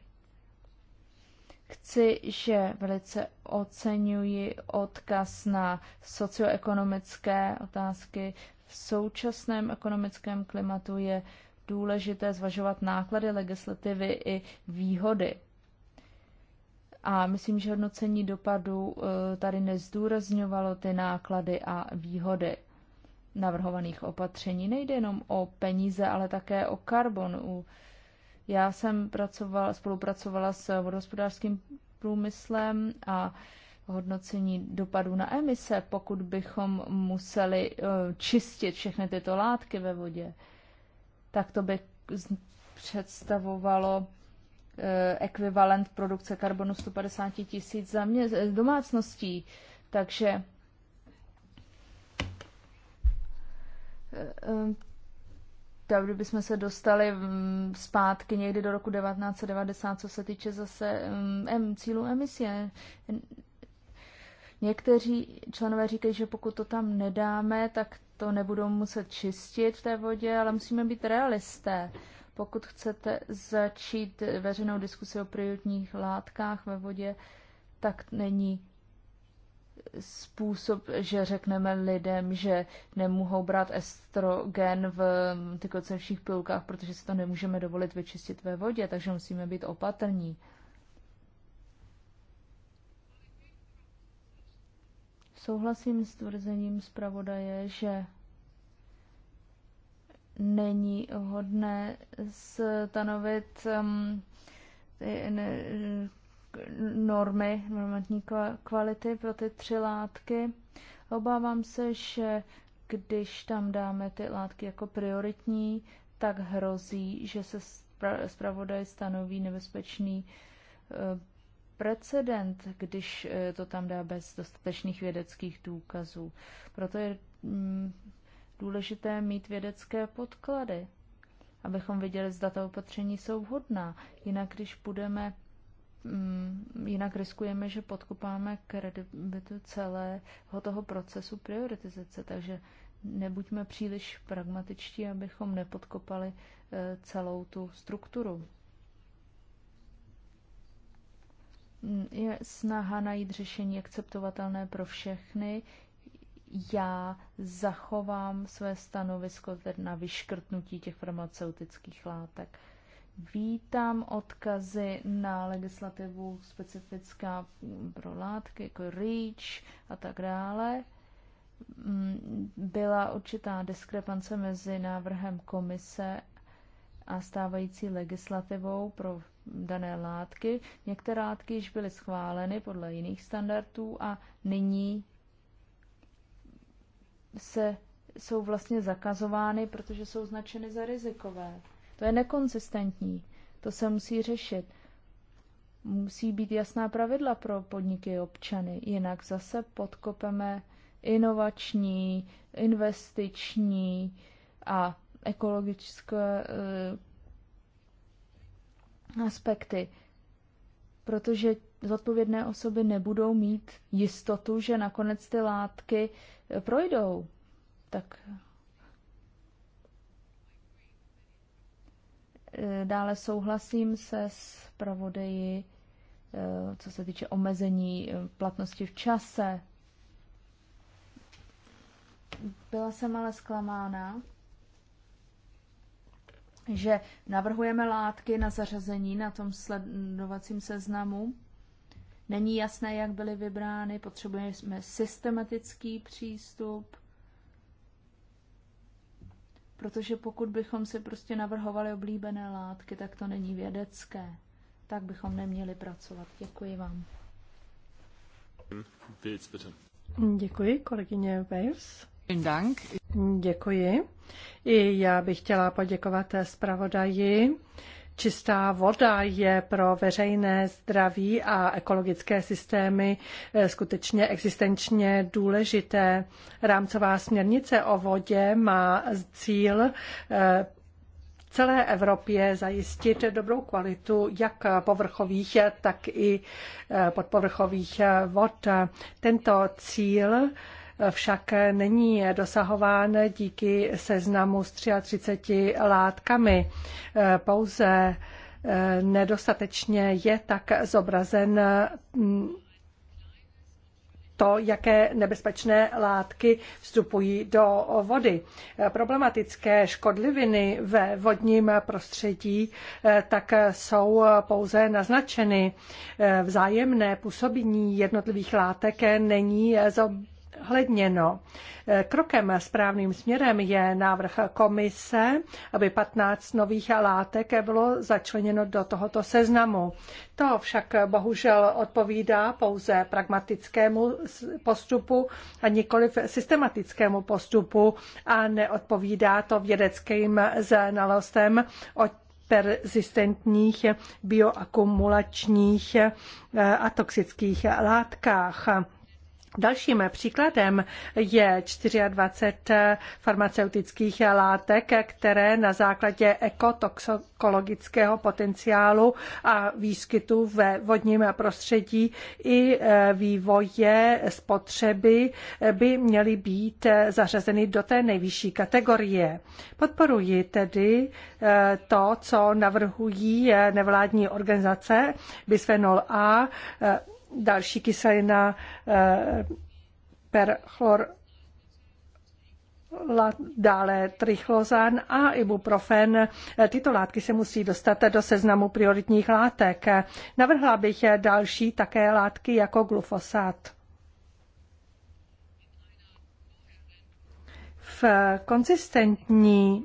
Chci, že velice oceňuji odkaz na socioekonomické otázky. V současném ekonomickém klimatu je důležité zvažovat náklady legislativy i výhody. A myslím, že hodnocení dopadu eh, tady nezdůrazňovalo ty náklady a výhody navrhovaných opatření. Nejde jenom o peníze, ale také o karbon. Já jsem pracovala, spolupracovala s vodospodářským průmyslem a hodnocení dopadů na emise, pokud bychom museli eh, čistit všechny tyto látky ve vodě, tak to by představovalo eh, ekvivalent produkce karbonu 150 tisíc domácností. Takže tam, eh, eh, kdybychom se dostali mm, zpátky někdy do roku 1990, co se týče zase mm, em, cílu emisie. Někteří členové říkají, že pokud to tam nedáme, tak to nebudou muset čistit v té vodě, ale musíme být realisté. Pokud chcete začít veřejnou diskusi o prioritních látkách ve vodě, tak není způsob, že řekneme lidem, že nemohou brát estrogen v mm, tykocenčních pilkách, protože si to nemůžeme dovolit vyčistit ve vodě, takže musíme být opatrní. Souhlasím s tvrzením zpravodaje, že není hodné stanovit um, normy normatní kvality pro ty tři látky. Obávám se, že když tam dáme ty látky jako prioritní, tak hrozí, že se zpravodaj stanoví nebezpečný eh, precedent, když eh, to tam dá bez dostatečných vědeckých důkazů. Proto je mm, důležité mít vědecké podklady, abychom viděli, zda ta opatření jsou vhodná. Jinak, když budeme Mm, jinak riskujeme, že podkopáme kredibilitu celého toho procesu prioritizace, takže nebuďme příliš pragmatičtí, abychom nepodkopali eh, celou tu strukturu. Mm, je snaha najít řešení akceptovatelné pro všechny. Já zachovám své stanovisko na vyškrtnutí těch farmaceutických látek Vítám odkazy na legislativu specifická pro látky, jako REACH a tak dále. Mm, byla určitá diskrepance mezi návrhem komise a stávající legislativou pro dané látky. Některé látky již byly schváleny podle jiných standardů a nyní se, jsou vlastně zakazovány, protože jsou značeny za rizikové. To je nekonsistentní. To se musí řešit. Musí být jasná pravidla pro podniky občany, jinak zase podkopeme inovační, investiční a ekologické eh, aspekty, protože zodpovědné osoby nebudou mít jistotu, že nakonec ty látky projdou. Tak Dále souhlasím se s pravodeji, eh, co se týče omezení eh, platnosti v čase. Byla jsem ale zklamána, že navrhujeme látky na zařazení na tom sledovacím seznamu. Není jasné, jak byly vybrány, potřebujeme systematický přístup Protože pokud bychom si prostě navrhovali oblíbené látky, tak to není vědecké. Tak bychom neměli pracovat. Děkuji vám. Děkuji, kolegyně Waves. Děkuji. I já bych chtěla poděkovat zpravodaji Čistá voda je pro veřejné zdraví a ekologické systémy eh, skutečně existenčně důležité. Rámcová směrnice o vodě má cíl eh, celé Evropě zajistit dobrou kvalitu jak povrchových, tak i eh, podpovrchových vod. Tento cíl však není dosahován díky seznamu s 33 látkami. Pouze eh, nedostatečně je tak zobrazen mm, to, jaké nebezpečné látky vstupují do vody. Problematické škodliviny ve vodním prostředí eh, tak jsou pouze naznačeny. Eh, vzájemné působení jednotlivých látek není zohledněno. Eh, krokem správným směrem je návrh komise, aby 15 nových látek bylo začleněno do tohoto seznamu. To však bohužel odpovídá pouze pragmatickému postupu a nikoli systematickému postupu a neodpovídá to vědeckým znalostem o persistentních bioakumulačních eh, a toxických látkách. Dalším příkladem je 24 farmaceutických látek, které na základě ekotoxikologického potenciálu a výskytu ve vodním prostředí i e, vývoje spotřeby by měly být zařazeny do té nejvyšší kategorie. Podporuji tedy e, to, co navrhují nevládní organizace Bisphenol A e, další kyselina eh, perchlor dále trichlozan a ibuprofen. Eh, tyto látky se musí dostat do seznamu prioritních látek. Navrhla bych další také látky jako glufosát. V konzistentní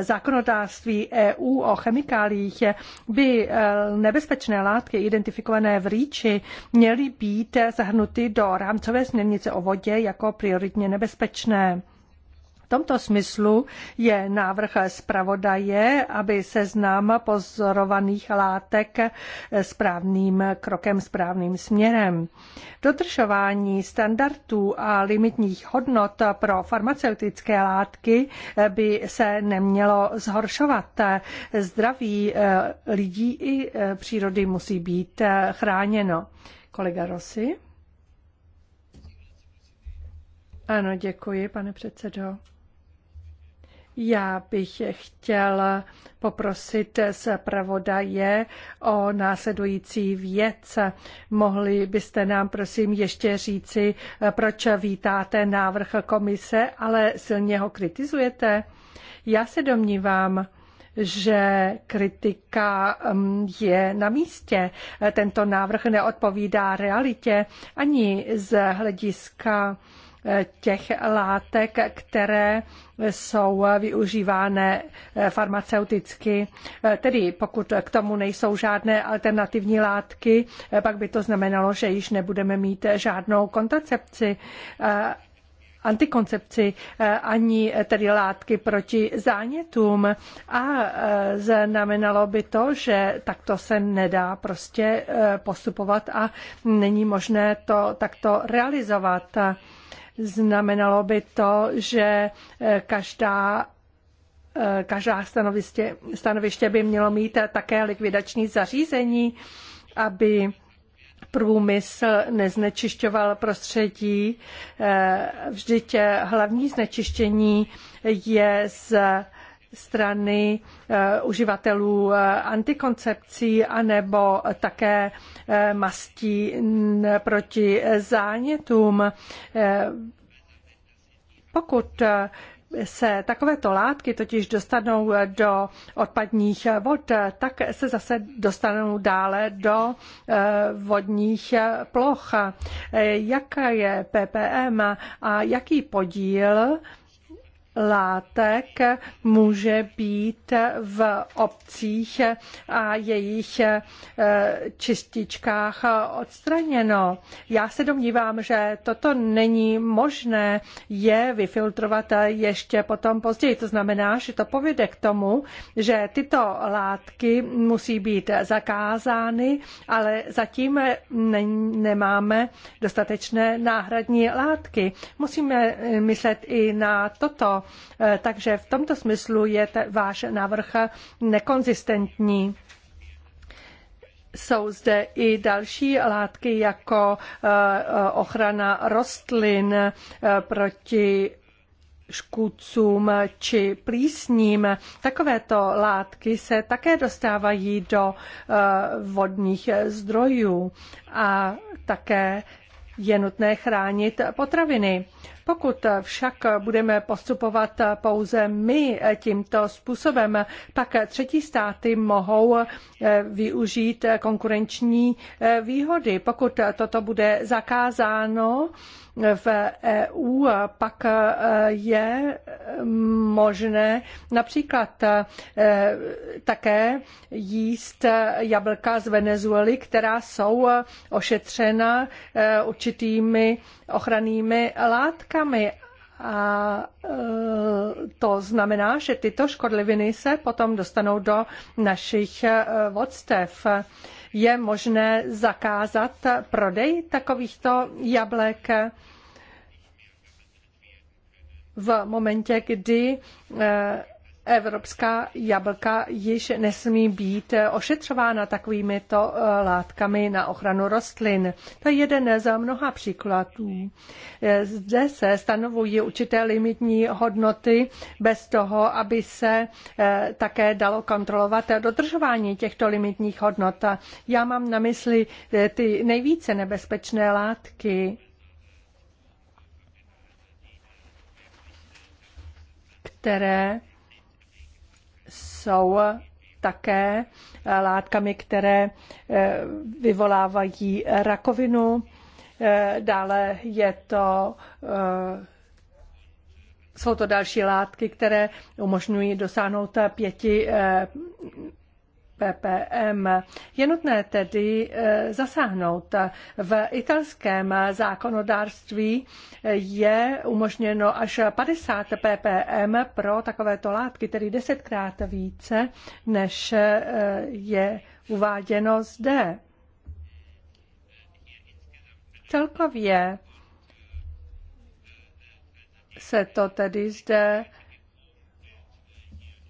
zákonodárství EU o chemikáliích by e, nebezpečné látky identifikované v rýči měly být zahrnuty do rámcové směrnice o vodě jako prioritně nebezpečné tomto smyslu je návrh zpravodaje, aby seznam pozorovaných látek správným krokem, správným směrem. Dodržování standardů a limitních hodnot pro farmaceutické látky by se nemělo zhoršovat. Zdraví eh, lidí i eh, přírody musí být eh, chráněno. Kolega Rossi? Ano, děkuji, pane předsedo. Já bych chtěl poprosit zpravodaje o následující věc. Mohli byste nám prosím ještě říci, proč vítáte návrh komise, ale silně ho kritizujete? Já se domnívám, že kritika mm, je na místě. Tento návrh neodpovídá realitě ani z hlediska těch látek, které jsou využívány farmaceuticky. Tedy pokud k tomu nejsou žádné alternativní látky, pak by to znamenalo, že již nebudeme mít žádnou kontracepci antikoncepci, ani tedy látky proti zánětům. A znamenalo by to, že takto se nedá prostě postupovat a není možné to takto realizovat. Znamenalo by to, že eh, každá eh, každá stanoviště, stanoviště by mělo mít také likvidační zařízení, aby průmysl neznečišťoval prostředí. Eh, vždyť hlavní znečištění je z strany eh, uživatelů eh, antikoncepcí anebo také eh, mastí proti zánětům. Pokud se takovéto látky totiž dostanou do odpadních vod, tak se zase dostanou dále do vodních ploch. Jaká je PPM a jaký podíl látek může být v obcích a jejich eh, čističkách odstraněno. Já se domnívám, že toto není možné je vyfiltrovat ještě potom později. To znamená, že to povede k tomu, že tyto látky musí být zakázány, ale zatím nemáme dostatečné náhradní látky. Musíme myslet i na toto Eh, takže v tomto smyslu je váš návrh nekonzistentní. Jsou zde i další látky jako eh, ochrana rostlin eh, proti škůdcům či plísním. Takovéto látky se také dostávají do vodních zdrojů a také je nutné chránit potraviny. Pokud však budeme postupovat pouze my tímto způsobem, pak třetí státy mohou eh, využít konkurenční eh, výhody. Pokud toto bude zakázáno, eh, v EU, pak je možné například také jíst jablka z Venezuely, která jsou ošetřena určitými ochrannými látkami a e, to znamená, že tyto škodliviny se potom dostanou do našich e, vodstev. Je možné zakázat prodej takovýchto jablek v momentě, kdy e, evropská jablka již nesmí být ošetřována takovýmito eh, látkami na ochranu rostlin. To je jeden z mnoha příkladů. Eh, zde se stanovují určité limitní hodnoty bez toho, aby se eh, také dalo kontrolovat dodržování těchto limitních hodnot. Já mám na mysli ty nejvíce nebezpečné látky, které jsou také látkami, které eh, vyvolávají rakovinu. Eh, dále je to eh, jsou to další látky, které umožňují dosáhnout pěti PPM. Je nutné tedy eh, zasáhnout. Eh, v italském zákonodárství eh, je umožněno až 50 PPM pro takovéto látky, tedy desetkrát více, než je uváděno zde. Celkově se to tedy zde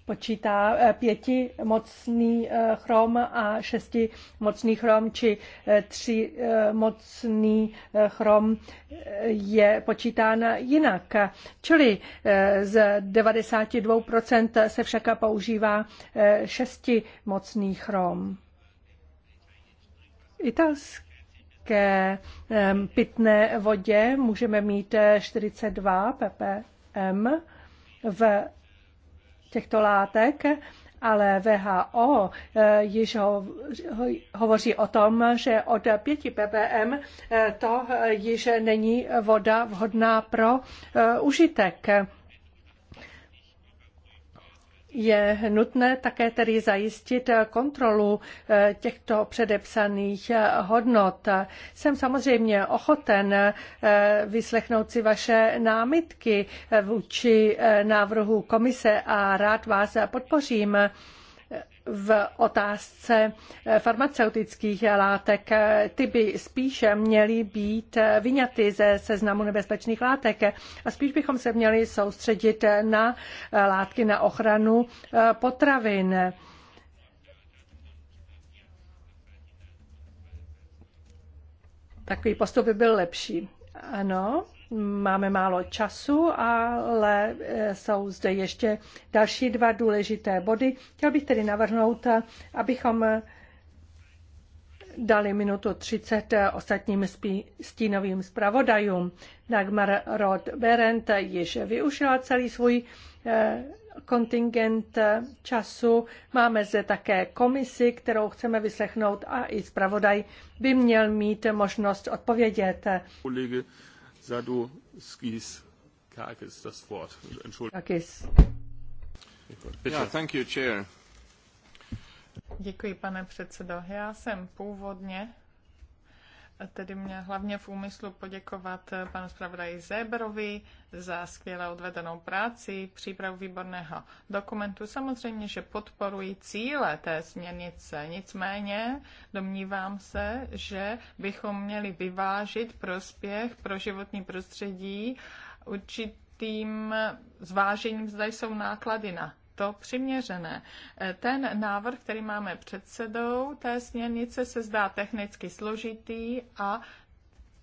počítá eh, pěti mocný eh, chrom a šesti mocný chrom, či eh, tři mocný chrom je počítán jinak. Čili z 92% se však používá šesti mocný chrom. Italský ke pitné vodě můžeme mít 42 ppm v těchto látek, ale VHO eh, již hovoří o tom, že od 5 ppm eh, to eh, již není voda vhodná pro užitek je nutné také tedy zajistit kontrolu eh, těchto předepsaných eh, hodnot. Jsem samozřejmě ochoten eh, vyslechnout si vaše námitky vůči návrhu komise a rád vás podpořím v otázce eh, farmaceutických látek. Ty by spíše měly být eh, vyňaty ze seznamu nebezpečných látek a spíš bychom se měli soustředit na eh, látky na ochranu potravin. Takový postup by byl lepší. Ano máme málo času, ale eh, jsou zde ještě další dva důležité body. Chtěl bych tedy navrhnout, abychom dali minutu 30 eh, ostatním stínovým zpravodajům. Dagmar Rod Berend již využila celý svůj eh, kontingent času. Máme zde také komisi, kterou chceme vyslechnout a i zpravodaj by měl mít možnost odpovědět. Kolege. Kakis das Wort. Entschuldigung. thank you, chair. Děkuji, pane předsedo. Já jsem původně tedy mě hlavně v úmyslu poděkovat eh, panu zpravodaji Zébrovi za skvěle odvedenou práci, přípravu výborného dokumentu. Samozřejmě, že podporuji cíle té směrnice, nicméně domnívám se, že bychom měli vyvážit prospěch pro životní prostředí určitým eh, zvážením, zda jsou náklady na to přiměřené. Eh, ten návrh, který máme před sebou, té směrnice se zdá technicky složitý a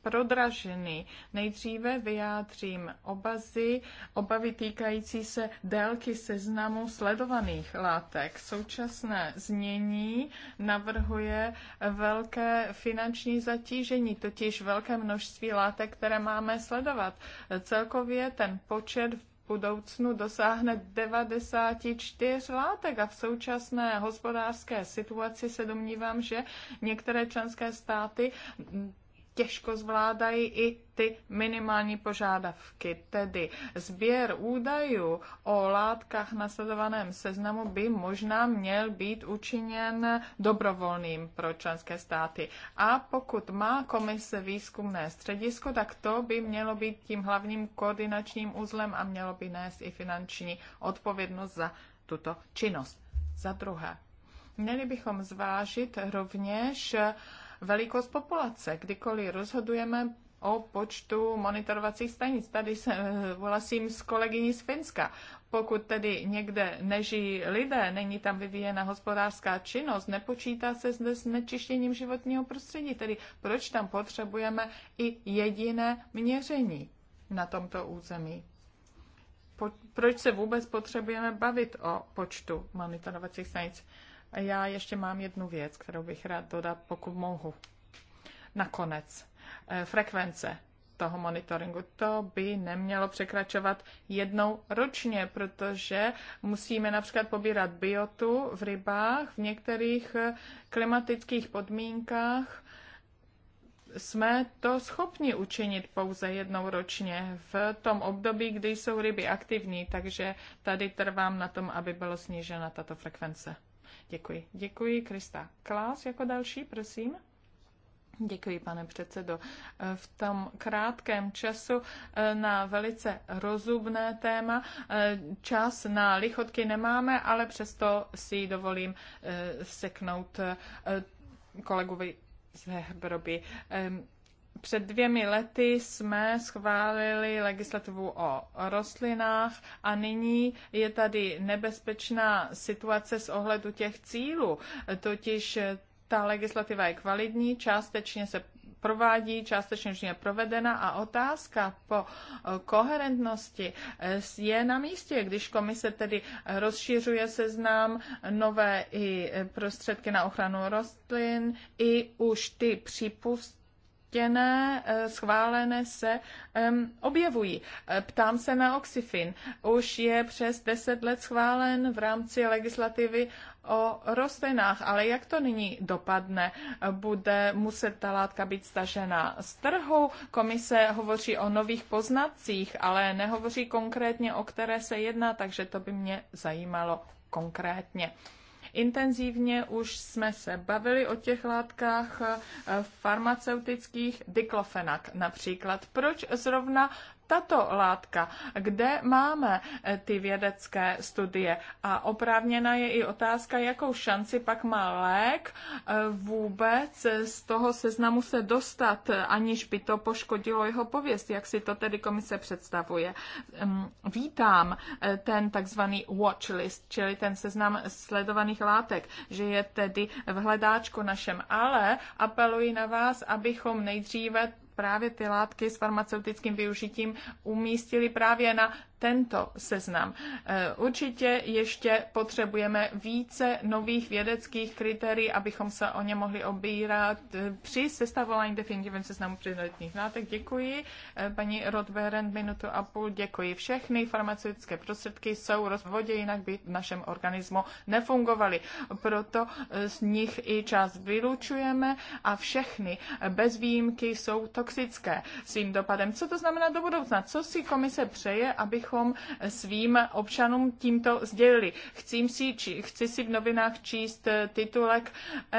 prodražený. Nejdříve vyjádřím obazy, obavy týkající se délky seznamu sledovaných látek. Současné znění navrhuje velké finanční zatížení, totiž velké množství látek, které máme sledovat. Eh, celkově ten počet v budoucnu dosáhne 94 látek a v současné hospodářské situaci se domnívám, že některé členské státy těžko zvládají i ty minimální požádavky. Tedy sběr údajů o látkách na sledovaném seznamu by možná měl být učiněn dobrovolným pro členské státy. A pokud má komise výzkumné středisko, tak to by mělo být tím hlavním koordinačním uzlem a mělo by nést i finanční odpovědnost za tuto činnost. Za druhé, měli bychom zvážit rovněž velikost populace. Kdykoliv rozhodujeme o počtu monitorovacích stanic. Tady se eh, volasím s kolegyní z Finska. Pokud tedy někde nežijí lidé, není tam vyvíjena hospodářská činnost, nepočítá se zde s nečištěním životního prostředí, tedy proč tam potřebujeme i jediné měření na tomto území? Po, proč se vůbec potřebujeme bavit o počtu monitorovacích stanic? A já ještě mám jednu věc, kterou bych rád dodat, pokud mohu. Nakonec, eh, frekvence toho monitoringu. To by nemělo překračovat jednou ročně, protože musíme například pobírat biotu v rybách v některých eh, klimatických podmínkách, jsme to schopni učinit pouze jednou ročně v tom období, kdy jsou ryby aktivní, takže tady trvám na tom, aby byla snížena tato frekvence. Děkuji. Děkuji, Krista. Klás jako další, prosím. Děkuji, pane předsedo. V tom krátkém času eh, na velice rozumné téma. Eh, čas na lichotky nemáme, ale přesto si dovolím eh, seknout kolegovi z Hebroby před dvěmi lety jsme schválili legislativu o rostlinách a nyní je tady nebezpečná situace z ohledu těch cílů, totiž eh, ta legislativa je kvalitní, částečně se provádí, částečně už je provedena a otázka po eh, koherentnosti eh, je na místě, když komise tedy rozšiřuje seznam nové i prostředky na ochranu rostlin, i už ty přípust zjištěné, eh, schválené se objevují. Eh, ptám se na oxyfin. Už je přes 10 let schválen v rámci legislativy o rostlinách, ale jak to nyní dopadne? Bude muset ta látka být stažena z trhu? Komise hovoří o nových poznacích, ale nehovoří konkrétně, o které se jedná, takže to by mě zajímalo konkrétně. Intenzivně už jsme se bavili o těch látkách eh, farmaceutických, diklofenak například. Proč zrovna tato látka, kde máme eh, ty vědecké studie. A oprávněna je i otázka, jakou šanci pak má lék eh, vůbec eh, z toho seznamu se dostat, aniž by to poškodilo jeho pověst, jak si to tedy komise představuje. Mm, vítám ten takzvaný watch list, čili ten seznam sledovaných látek, že je tedy v hledáčku našem, ale apeluji na vás, abychom nejdříve právě ty látky s farmaceutickým využitím umístili právě na tento seznam. E, určitě ještě potřebujeme více nových vědeckých kritérií, abychom se o ně mohli obírat e, při sestavování definitivního seznamu přidatných látek. Děkuji. E, paní Rodberen, minutu a půl. Děkuji. Všechny farmaceutické prostředky jsou rozvodě, jinak by v našem organismu nefungovaly. Proto z nich i čas vylučujeme a všechny bez výjimky jsou toxické svým dopadem. Co to znamená do budoucna? Co si komise přeje, abychom abychom svým občanům tímto sdělili. Chci si, či, chci si v novinách číst eh, titulek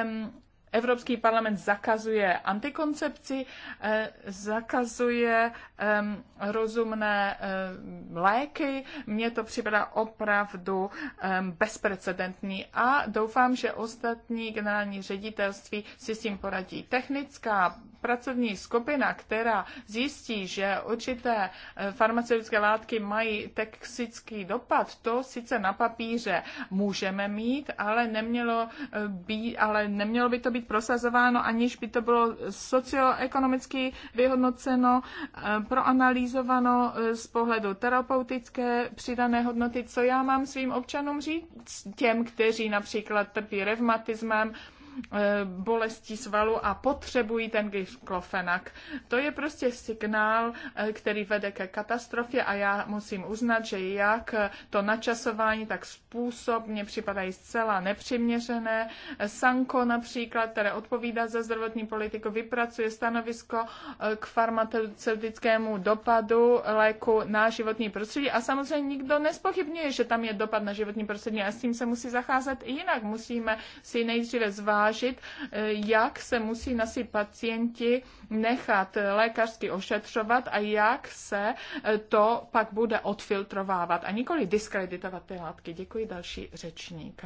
um, Evropský parlament zakazuje antikoncepci, eh, zakazuje rozumné eh, léky. Mně to připadá opravdu bezprecedentní a doufám, že ostatní generální ředitelství si s tím poradí. Technická pracovní skupina, která zjistí, že určité eh, farmaceutické látky mají toxický dopad, to sice na papíře můžeme mít, ale nemělo, eh, být, ale nemělo by to být prosazováno, aniž by to bylo socioekonomicky vyhodnoceno, eh, proanalýzováno z pohledu terapeutické přidané hodnoty, co já mám svým občanům říct, těm, kteří například trpí revmatismem, Eh, bolesti svalu a potřebují ten glyfofenak. To je prostě signál, eh, který vede ke katastrofě a já musím uznat, že jak to načasování, tak způsob mě připadají zcela nepřiměřené. Sanko například, které odpovídá za zdravotní politiku, vypracuje stanovisko eh, k farmaceutickému dopadu léku na životní prostředí a samozřejmě nikdo nespochybňuje, že tam je dopad na životní prostředí a s tím se musí zacházet i jinak. Musíme si nejdříve zvážit, zvážit, eh, jak se musí nasi pacienti nechat lékařsky ošetřovat a jak se eh, to pak bude odfiltrovávat a nikoli diskreditovat ty látky. Děkuji další řečník.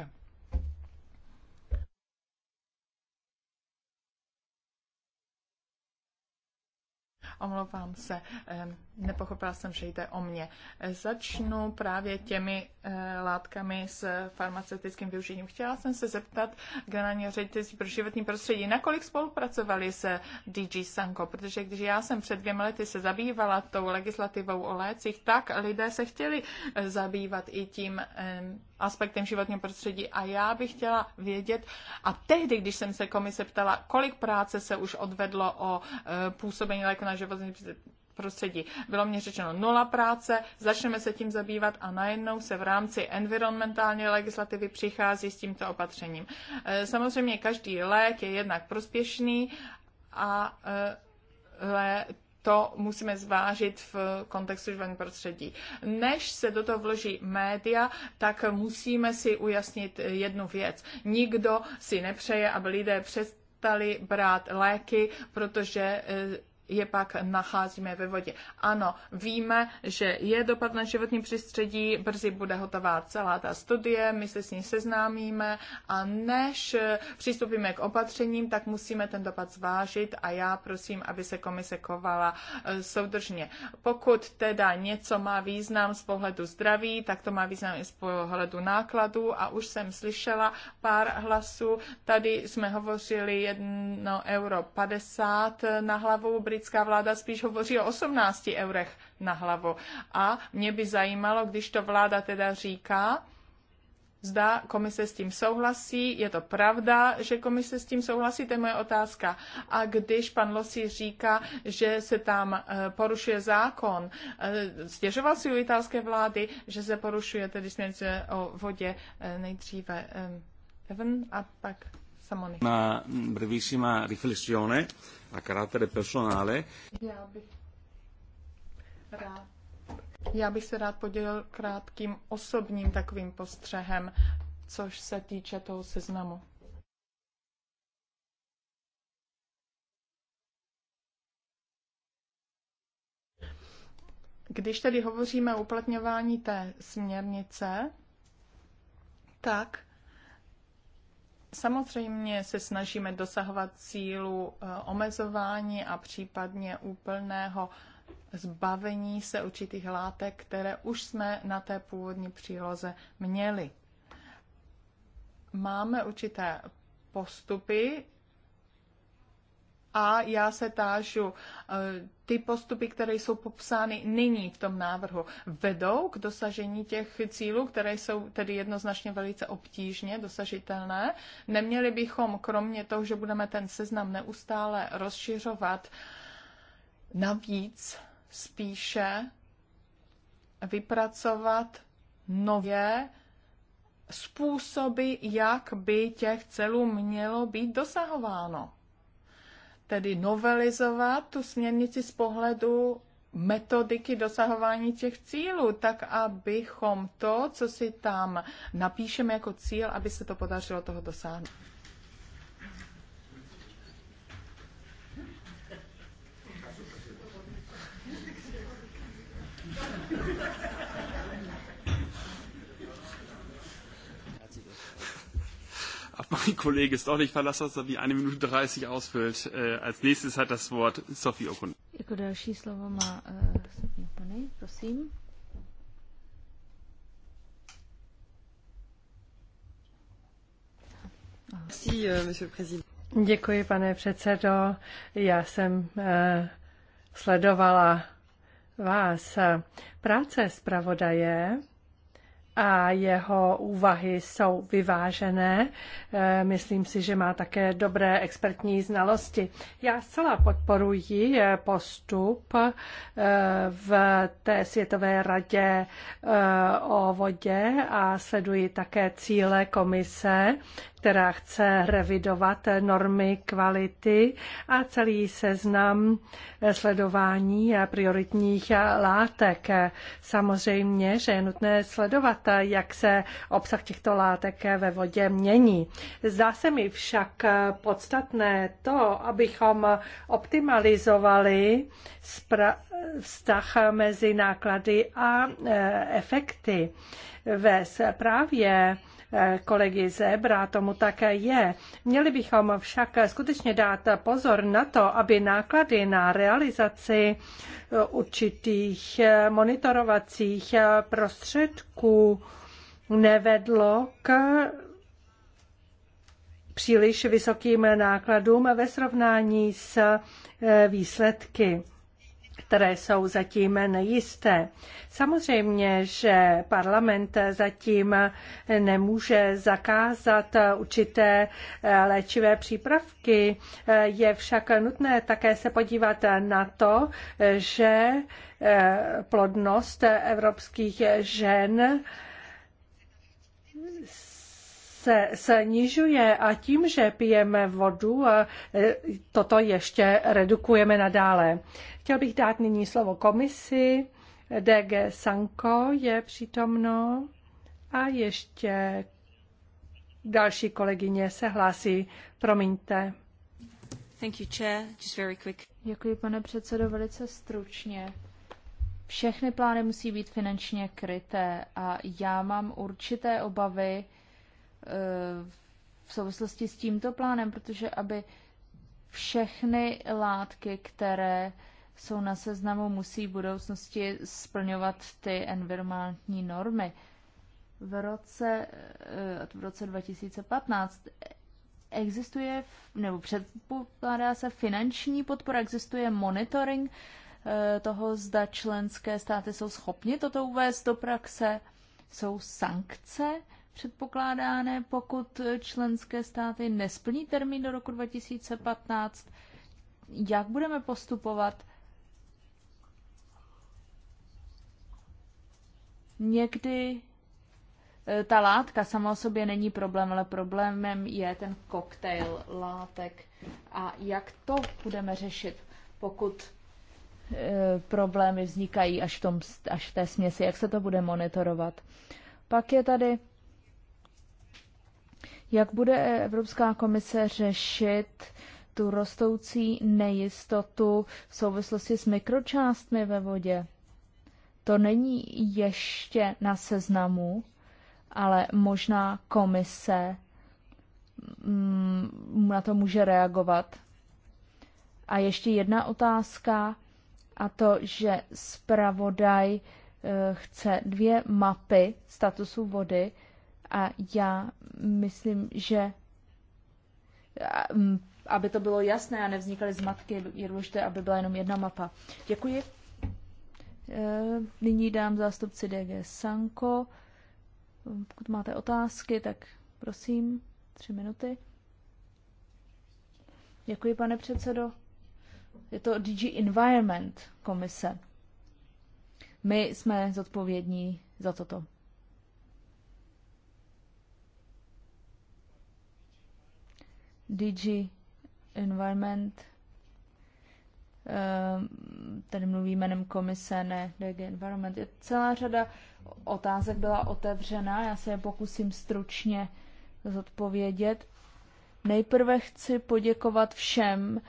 Omlouvám se. Eh, nepochopila jsem, že jde o mě. Začnu právě těmi e, látkami s farmaceutickým využitím. Chtěla jsem se zeptat generálního ředitelství pro životní prostředí, nakolik spolupracovali se DG Sanko, protože když já jsem před dvěma lety se zabývala tou legislativou o lécích, tak lidé se chtěli eh, zabývat i tím e, aspektem životního prostředí a já bych chtěla vědět, a tehdy, když jsem se komise ptala, kolik práce se už odvedlo o e, působení léku na životní prostředí. Bylo mě řečeno nula práce, začneme se tím zabývat a najednou se v rámci environmentální legislativy přichází s tímto opatřením. E, samozřejmě každý lék je jednak prospěšný, a e, to musíme zvážit v kontextu životního prostředí. Než se do toho vloží média, tak musíme si ujasnit jednu věc. Nikdo si nepřeje, aby lidé přestali brát léky, protože e, je pak nacházíme ve vodě. Ano, víme, že je dopad na životní přistředí, brzy bude hotová celá ta studie, my se s ní seznámíme a než přistupíme k opatřením, tak musíme ten dopad zvážit a já prosím, aby se komise kovala eh, soudržně. Pokud teda něco má význam z pohledu zdraví, tak to má význam i z pohledu nákladů a už jsem slyšela pár hlasů. Tady jsme hovořili 1,50 euro na hlavu, americká vláda spíš hovoří o 18 eurech na hlavu. A mě by zajímalo, když to vláda teda říká, Zda komise s tím souhlasí, je to pravda, že komise s tím souhlasí, to je moje otázka. A když pan Losi říká, že se tam e, porušuje zákon, e, stěžoval si u italské vlády, že se porušuje tedy směrnice o vodě e, nejdříve Evan a pak Samony. Una brevissima riflessione a carattere personale. Já bych, rád, já bych se rád podělil krátkým osobním takovým postřehem, což se týče toho seznamu. Když tedy hovoříme o uplatňování té směrnice, tak Samozřejmě se snažíme dosahovat cílu eh, omezování a případně úplného zbavení se určitých látek, které už jsme na té původní příloze měli. Máme určité postupy, a já se tážu, eh, ty postupy, které jsou popsány nyní v tom návrhu, vedou k dosažení těch cílů, které jsou tedy jednoznačně velice obtížně dosažitelné. Neměli bychom, kromě toho, že budeme ten seznam neustále rozšiřovat, navíc spíše vypracovat nové způsoby, jak by těch celů mělo být dosahováno tedy novelizovat tu směrnici z pohledu metodiky dosahování těch cílů, tak abychom to, co si tam napíšeme jako cíl, aby se to podařilo toho dosáhnout. auch mein Kollege nicht verlassen Storlich Verlassosser die eine Minute 30 ausfüllt. Äh, als nächstes hat das Wort Sophie Okun. Jako äh, euh, Děkuji, pane předsedo. Já jsem uh, sledovala vás. Práce zpravodaje a jeho úvahy jsou vyvážené. E, myslím si, že má také dobré expertní znalosti. Já zcela podporuji e, postup e, v té Světové radě o vodě a sleduji také cíle komise která chce revidovat normy kvality a celý seznam sledování prioritních látek. Samozřejmě, že je nutné sledovat, jak se obsah těchto látek ve vodě mění. Zdá se mi však podstatné to, abychom optimalizovali vztah mezi náklady a e, efekty. Ve zprávě Eh, kolegy Zebra, tomu také je. Měli bychom však skutečně dát pozor na to, aby náklady na realizaci eh, určitých eh, monitorovacích prostředků nevedlo k příliš vysokým nákladům ve srovnání s výsledky které jsou zatím nejisté. Samozřejmě, že parlament zatím nemůže zakázat určité eh, léčivé přípravky. Eh, je však nutné také se podívat na to, že eh, plodnost evropských žen se snižuje a tím, že pijeme vodu, toto ještě redukujeme nadále. Chtěl bych dát nyní slovo komisi. DG Sanko je přítomno a ještě další kolegyně se hlásí. Promiňte. Thank you, Chair. Just very quick. Děkuji, pane předsedo, velice stručně. Všechny plány musí být finančně kryté a já mám určité obavy eh, v souvislosti s tímto plánem, protože aby všechny látky, které jsou na seznamu, musí v budoucnosti splňovat ty environmentální normy. V roce, eh, v roce 2015 existuje, nebo předpokládá se finanční podpora, existuje monitoring eh, toho, zda členské státy jsou schopni toto uvést do praxe, jsou sankce předpokládány, pokud členské státy nesplní termín do roku 2015, jak budeme postupovat, Někdy e, ta látka sama o sobě není problém, ale problémem je ten koktejl látek. A jak to budeme řešit, pokud e, problémy vznikají až v, tom, až v té směsi, jak se to bude monitorovat. Pak je tady, jak bude Evropská komise řešit tu rostoucí nejistotu v souvislosti s mikročástmi ve vodě. To není ještě na seznamu, ale možná komise mm, na to může reagovat. A ještě jedna otázka, a to, že zpravodaj eh, chce dvě mapy statusu vody a já myslím, že mm, aby to bylo jasné a nevznikaly zmatky, je důležité, aby byla jenom jedna mapa. Děkuji. Eh, nyní dám zástupci DG Sanko. Pokud máte otázky, tak prosím, tři minuty. Děkuji, pane předsedo. Je to DG Environment komise. My jsme zodpovědní za toto. DG Environment Eh, tady mluví jménem komise, ne DG Environment. Celá řada otázek byla otevřena, já se je pokusím stručně zodpovědět. Nejprve chci poděkovat všem,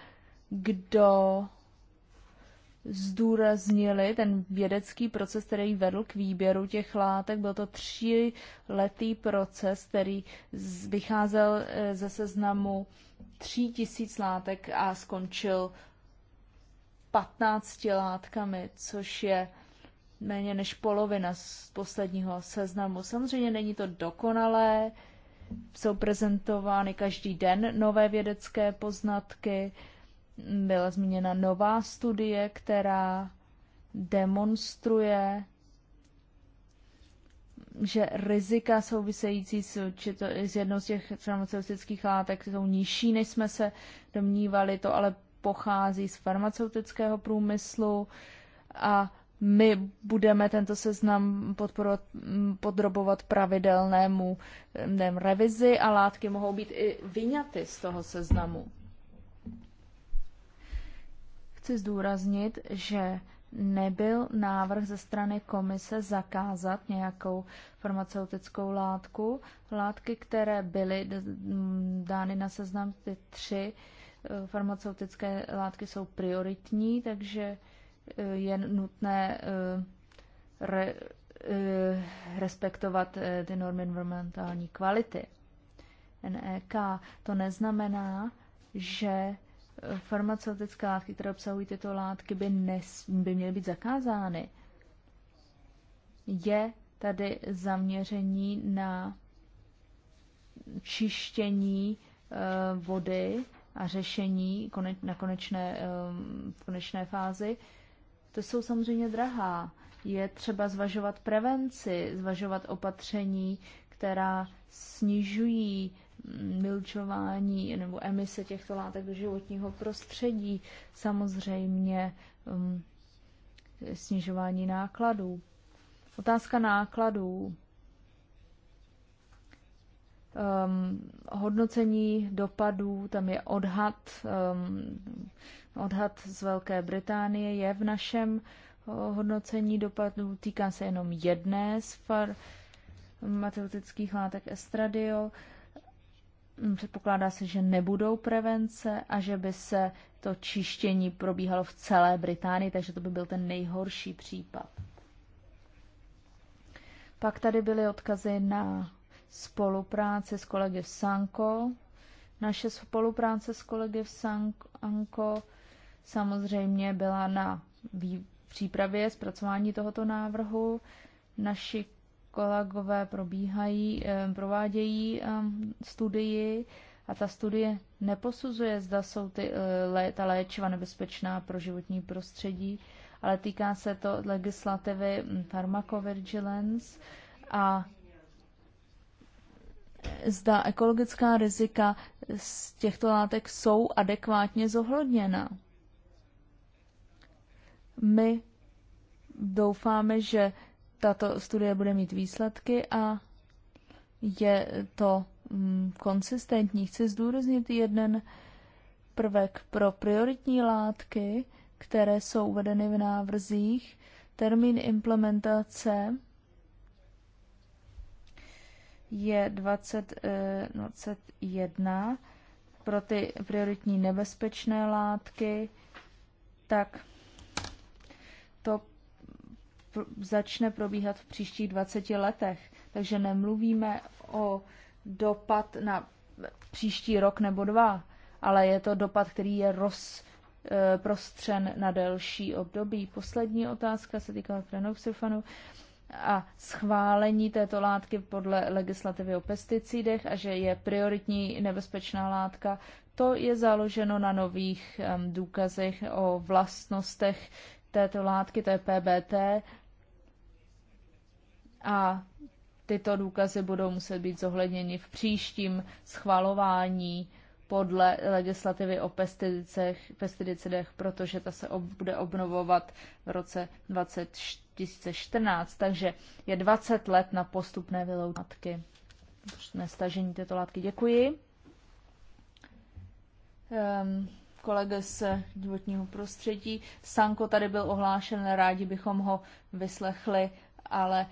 kdo zdůraznili ten vědecký proces, který vedl k výběru těch látek. Byl to tříletý proces, který vycházel eh, ze seznamu tří tisíc látek a skončil 15 látkami, což je méně než polovina z posledního seznamu. Samozřejmě není to dokonalé, jsou prezentovány každý den nové vědecké poznatky, byla zmíněna nová studie, která demonstruje, že rizika související s, to, s jednou z těch farmaceutických látek jsou nižší, než jsme se domnívali. To ale pochází z farmaceutického průmyslu a my budeme tento seznam podporovat, mm, podrobovat pravidelnému nevím, mm, revizi a látky mohou být i vyňaty z toho seznamu. Chci zdůraznit, že nebyl návrh ze strany komise zakázat nějakou farmaceutickou látku. Látky, které byly dány na seznam, ty tři, Eh, farmaceutické látky jsou prioritní, takže eh, je nutné eh, re, respektovat ty normy environmentální kvality. NEK. To neznamená, že farmaceutické látky, které obsahují tyto látky, by, nes, by měly být zakázány. Je tady zaměření na čištění vody a řešení na konečné, v konečné fázi, to jsou samozřejmě drahá. Je třeba zvažovat prevenci, zvažovat opatření, která snižují milčování mm, nebo emise těchto látek do životního prostředí, samozřejmě snižování nákladů. Otázka nákladů um, hodnocení dopadů, tam je odhad, um, odhad z Velké Británie je v našem uh, hodnocení dopadů, týká se jenom jedné z matematických látek estradiol. Mm, předpokládá se, že nebudou prevence a že by se to čištění probíhalo v celé Británii, takže to by byl ten nejhorší případ. Pak tady byly odkazy na spolupráce s kolegy v Sanko. Naše spolupráce s kolegy v Sanko samozřejmě byla na přípravě zpracování tohoto návrhu. Naši kolegové probíhají, eh, provádějí ehm, studii a ta studie neposuzuje, zda jsou ty, eh, ta léčiva nebezpečná pro životní prostředí, ale týká se to legislativy hm, pharmacovigilance a zda ekologická rizika z těchto látek jsou adekvátně zohledněna. My doufáme, že tato studie bude mít výsledky a je to mm, konsistentní. Chci zdůraznit jeden prvek pro prioritní látky, které jsou uvedeny v návrzích, termín implementace je 2021 eh, pro ty prioritní nebezpečné látky, tak to začne probíhat v příštích 20 letech. Takže nemluvíme o dopad na příští rok nebo dva, ale je to dopad, který je rozprostřen eh, na delší období. Poslední otázka se týká Frenoxifanu a schválení této látky podle legislativy o pesticidech a že je prioritní nebezpečná látka. To je založeno na nových důkazech o vlastnostech této látky, to je PBT. A tyto důkazy budou muset být zohledněny v příštím schvalování podle legislativy o pesticidech, pesticidech protože ta se ob, bude obnovovat v roce 2024. 2014, takže je 20 let na postupné vyloučení nestažení této látky. Děkuji. Um, ehm, kolega z životního prostředí. Sanko tady byl ohlášen, rádi bychom ho vyslechli, ale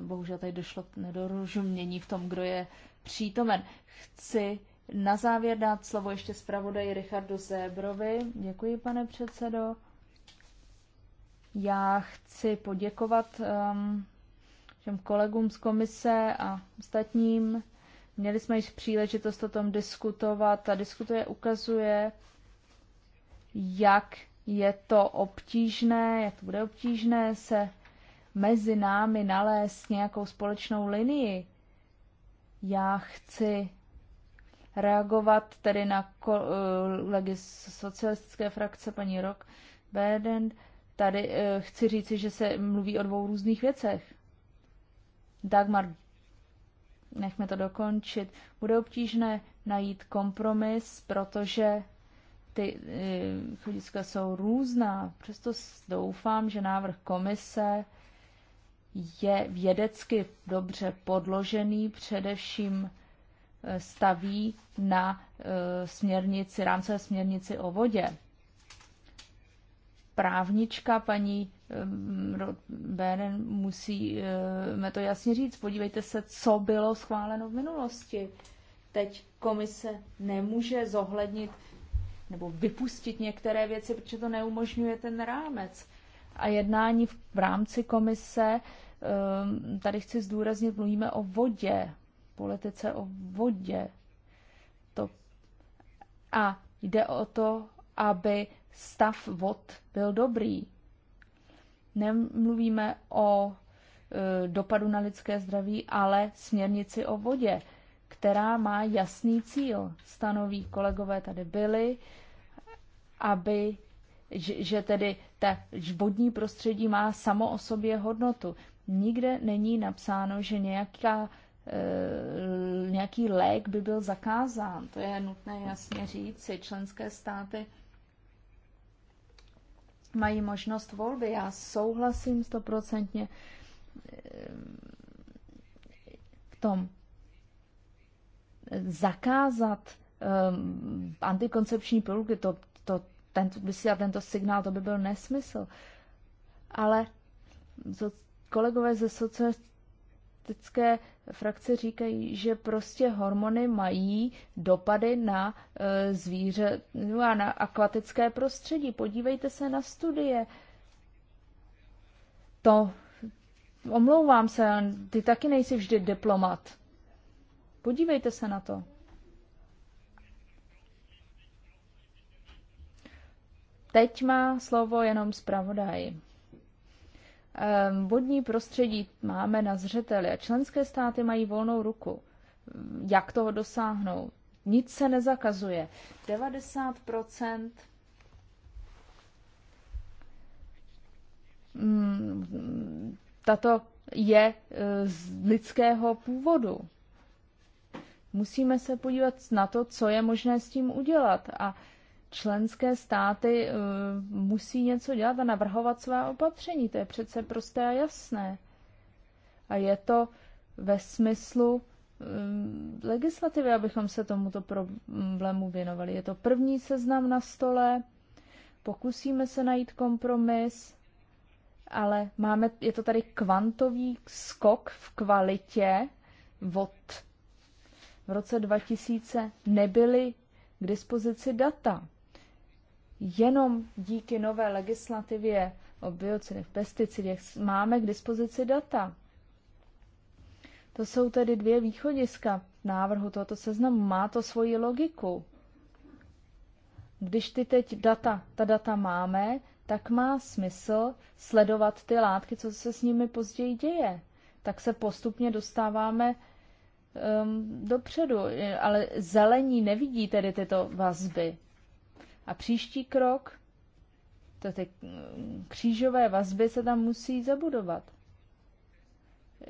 uh, bohužel tady došlo k nedorozumění v tom, kdo je přítomen. Chci na závěr dát slovo ještě zpravodaji Richardu Zébrovi. Děkuji, pane předsedo. Já chci poděkovat um, všem kolegům z komise a ostatním. Měli jsme již příležitost o tom diskutovat a diskutuje ukazuje, jak je to obtížné, jak to bude obtížné se mezi námi nalézt nějakou společnou linii. Já chci reagovat tedy na kolegy eh, socialistické frakce paní Rok Beden, Tady eh, chci říci, že se mluví o dvou různých věcech. Dagmar, nechme to dokončit. Bude obtížné najít kompromis, protože ty eh, chodiska jsou různá. Přesto doufám, že návrh komise je vědecky dobře podložený, především eh, staví na směrnici, rámcové směrnici o vodě právnička paní Beren, musíme to jasně říct. Podívejte se, co bylo schváleno v minulosti. Teď komise nemůže zohlednit nebo vypustit některé věci, protože to neumožňuje ten rámec. A jednání v, v rámci komise, tady chci zdůraznit, mluvíme o vodě, politice o vodě. To, a jde o to, aby stav vod byl dobrý. Nemluvíme o e, dopadu na lidské zdraví, ale směrnici o vodě, která má jasný cíl. Stanoví kolegové tady byli, aby že, že tedy ta vodní prostředí má samo o sobě hodnotu. Nikde není napsáno, že nějaká, e, nějaký lék by byl zakázán. To je nutné jasně říci. Členské státy mají možnost volby. Já souhlasím stoprocentně eh, v tom zakázat um, antikoncepční pilulky, to, to, ten, vysílat tento signál, to by byl nesmysl. Ale kolegové ze sociální feministické frakce říkají, že prostě hormony mají dopady na e, zvíře no, a na akvatické prostředí. Podívejte se na studie. To, omlouvám se, ty taky nejsi vždy diplomat. Podívejte se na to. Teď má slovo jenom zpravodaj. Ehm, vodní prostředí máme na zřeteli a členské státy mají volnou ruku. Hm, jak toho dosáhnout? Nic se nezakazuje. 90 hm, tato je eh, z lidského původu. Musíme se podívat na to, co je možné s tím udělat. A členské státy eh, musí něco dělat a navrhovat svá opatření. To je přece prosté a jasné. A je to ve smyslu eh, legislativy, abychom se tomuto problému věnovali. Je to první seznam na stole, pokusíme se najít kompromis, ale máme, je to tady kvantový skok v kvalitě od v roce 2000 nebyly k dispozici data jenom díky nové legislativě o biocidech, pesticidech máme k dispozici data. To jsou tedy dvě východiska návrhu tohoto seznamu. Má to svoji logiku. Když ty teď data, ta data máme, tak má smysl sledovat ty látky, co se s nimi později děje. Tak se postupně dostáváme um, dopředu. Ale zelení nevidí tedy tyto vazby. A příští krok, to ty mm, křížové vazby se tam musí zabudovat.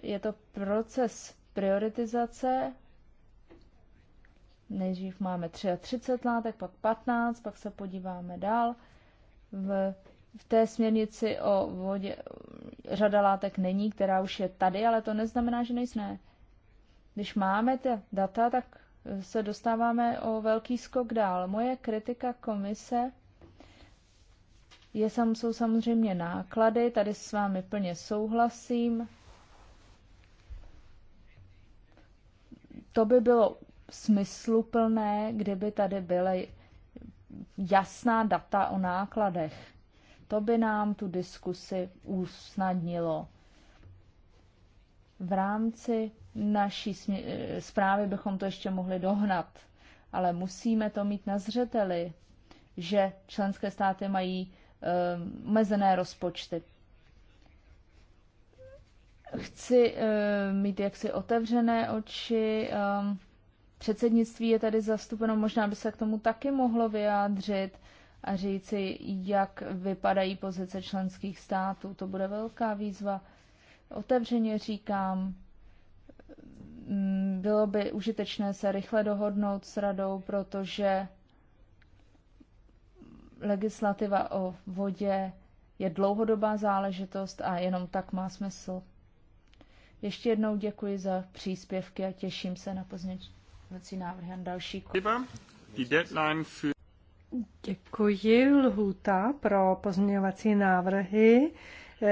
Je to proces prioritizace. Nejdřív máme 33 látek, pak 15, pak se podíváme dál. V, v té směrnici o vodě řada látek není, která už je tady, ale to neznamená, že nejsme. Když máme ty data, tak se dostáváme o velký skok dál. Moje kritika komise je, jsou samozřejmě náklady, tady s vámi plně souhlasím. To by bylo smysluplné, kdyby tady byly jasná data o nákladech. To by nám tu diskusi usnadnilo. V rámci naší eh, zprávy bychom to ještě mohli dohnat, ale musíme to mít na zřeteli, že členské státy mají eh, mezené rozpočty. Chci eh, mít jaksi otevřené oči. Předsednictví je tady zastupeno, možná by se k tomu taky mohlo vyjádřit a říci, jak vypadají pozice členských států. To bude velká výzva. Otevřeně říkám, Mm, bylo by užitečné se rychle dohodnout s radou, protože legislativa o vodě je dlouhodobá záležitost a jenom tak má smysl. Ještě jednou děkuji za příspěvky a těším se na pozměňovací návrhy a další. Děkuji. Lhuta pro pozměňovací návrhy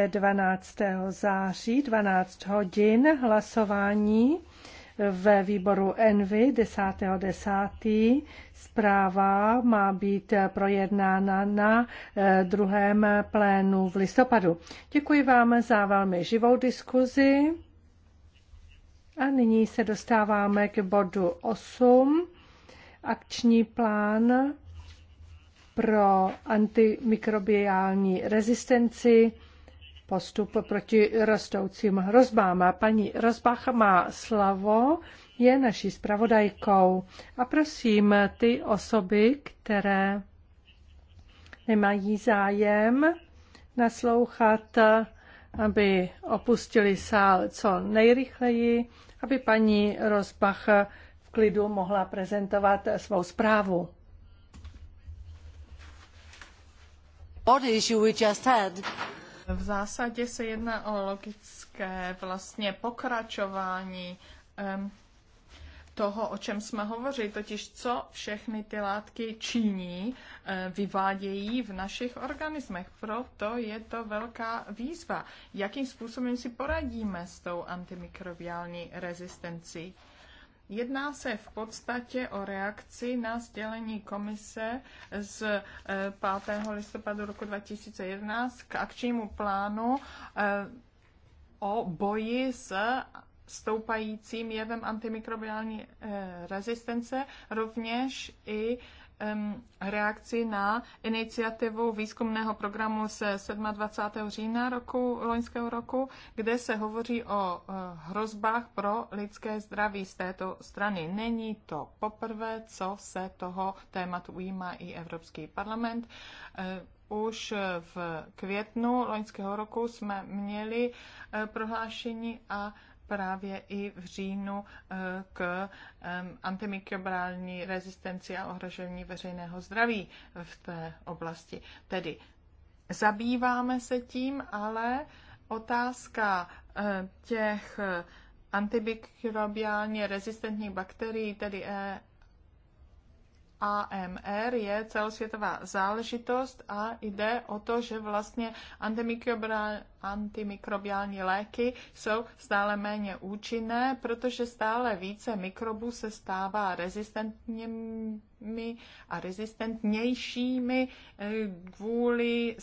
12. Eh, září, 12 hodin hlasování ve výboru ENVY 10.10. 10. Zpráva má být projednána na eh, druhém plénu v listopadu. Děkuji vám za velmi živou diskuzi. A nyní se dostáváme k bodu 8. Akční plán pro antimikrobiální rezistenci postup proti rostoucím hrozbám. Paní Rozbach má slavo, je naší zpravodajkou. A prosím ty osoby, které nemají zájem naslouchat, aby opustili sál co nejrychleji, aby paní Rozbach v klidu mohla prezentovat svou zprávu. What issue we just had v zásadě se jedná o logické vlastně pokračování um, toho, o čem jsme hovořili, totiž co všechny ty látky činí, eh, vyvádějí v našich organismech. Proto je to velká výzva. Jakým způsobem si poradíme s tou antimikrobiální rezistencí? Jedná se v podstatě o reakci na sdělení komise z 5. Eh, listopadu roku 2011 k akčnímu plánu eh, o boji s stoupajícím jevem antimikrobiální eh, rezistence, rovněž i reakci na iniciativu výzkumného programu se 27. října roku, loňského roku, kde se hovoří o eh, hrozbách pro lidské zdraví z této strany. Není to poprvé, co se toho tématu ujímá i Evropský parlament. Eh, už v květnu loňského roku jsme měli eh, prohlášení a právě i v říjnu eh, k antimikrobiální rezistenci a ohrožení veřejného zdraví v té oblasti. Tedy zabýváme se tím, ale otázka eh, těch eh, antimikrobiálně rezistentních bakterií, tedy E. AMR je celosvětová záležitost a jde o to, že vlastně antimikrobiální léky jsou stále méně účinné, protože stále více mikrobů se stává rezistentními a rezistentnějšími eh, kvůli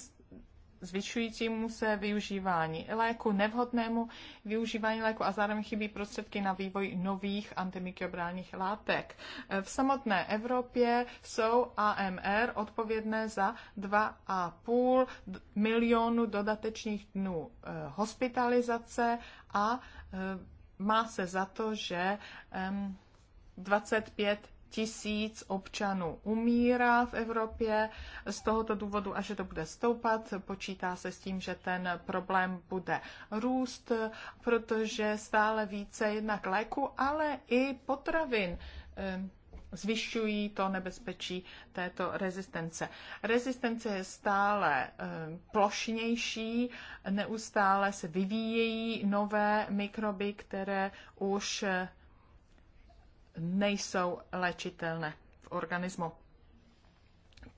zvyšujícímu se využívání léku, nevhodnému využívání léku a zároveň chybí prostředky na vývoj nových antimikrobiálních látek. V samotné Evropě jsou AMR odpovědné za 2,5 milionu dodatečných dnů eh, hospitalizace a eh, má se za to, že 25 tisíc občanů umírá v Evropě. Z tohoto důvodu, a že to bude stoupat, počítá se s tím, že ten problém bude růst, protože stále více jednak léku, ale i potravin eh, zvyšují to nebezpečí této rezistence. Rezistence je stále eh, plošnější, neustále se vyvíjejí nové mikroby, které už eh, nejsou léčitelné v organismu.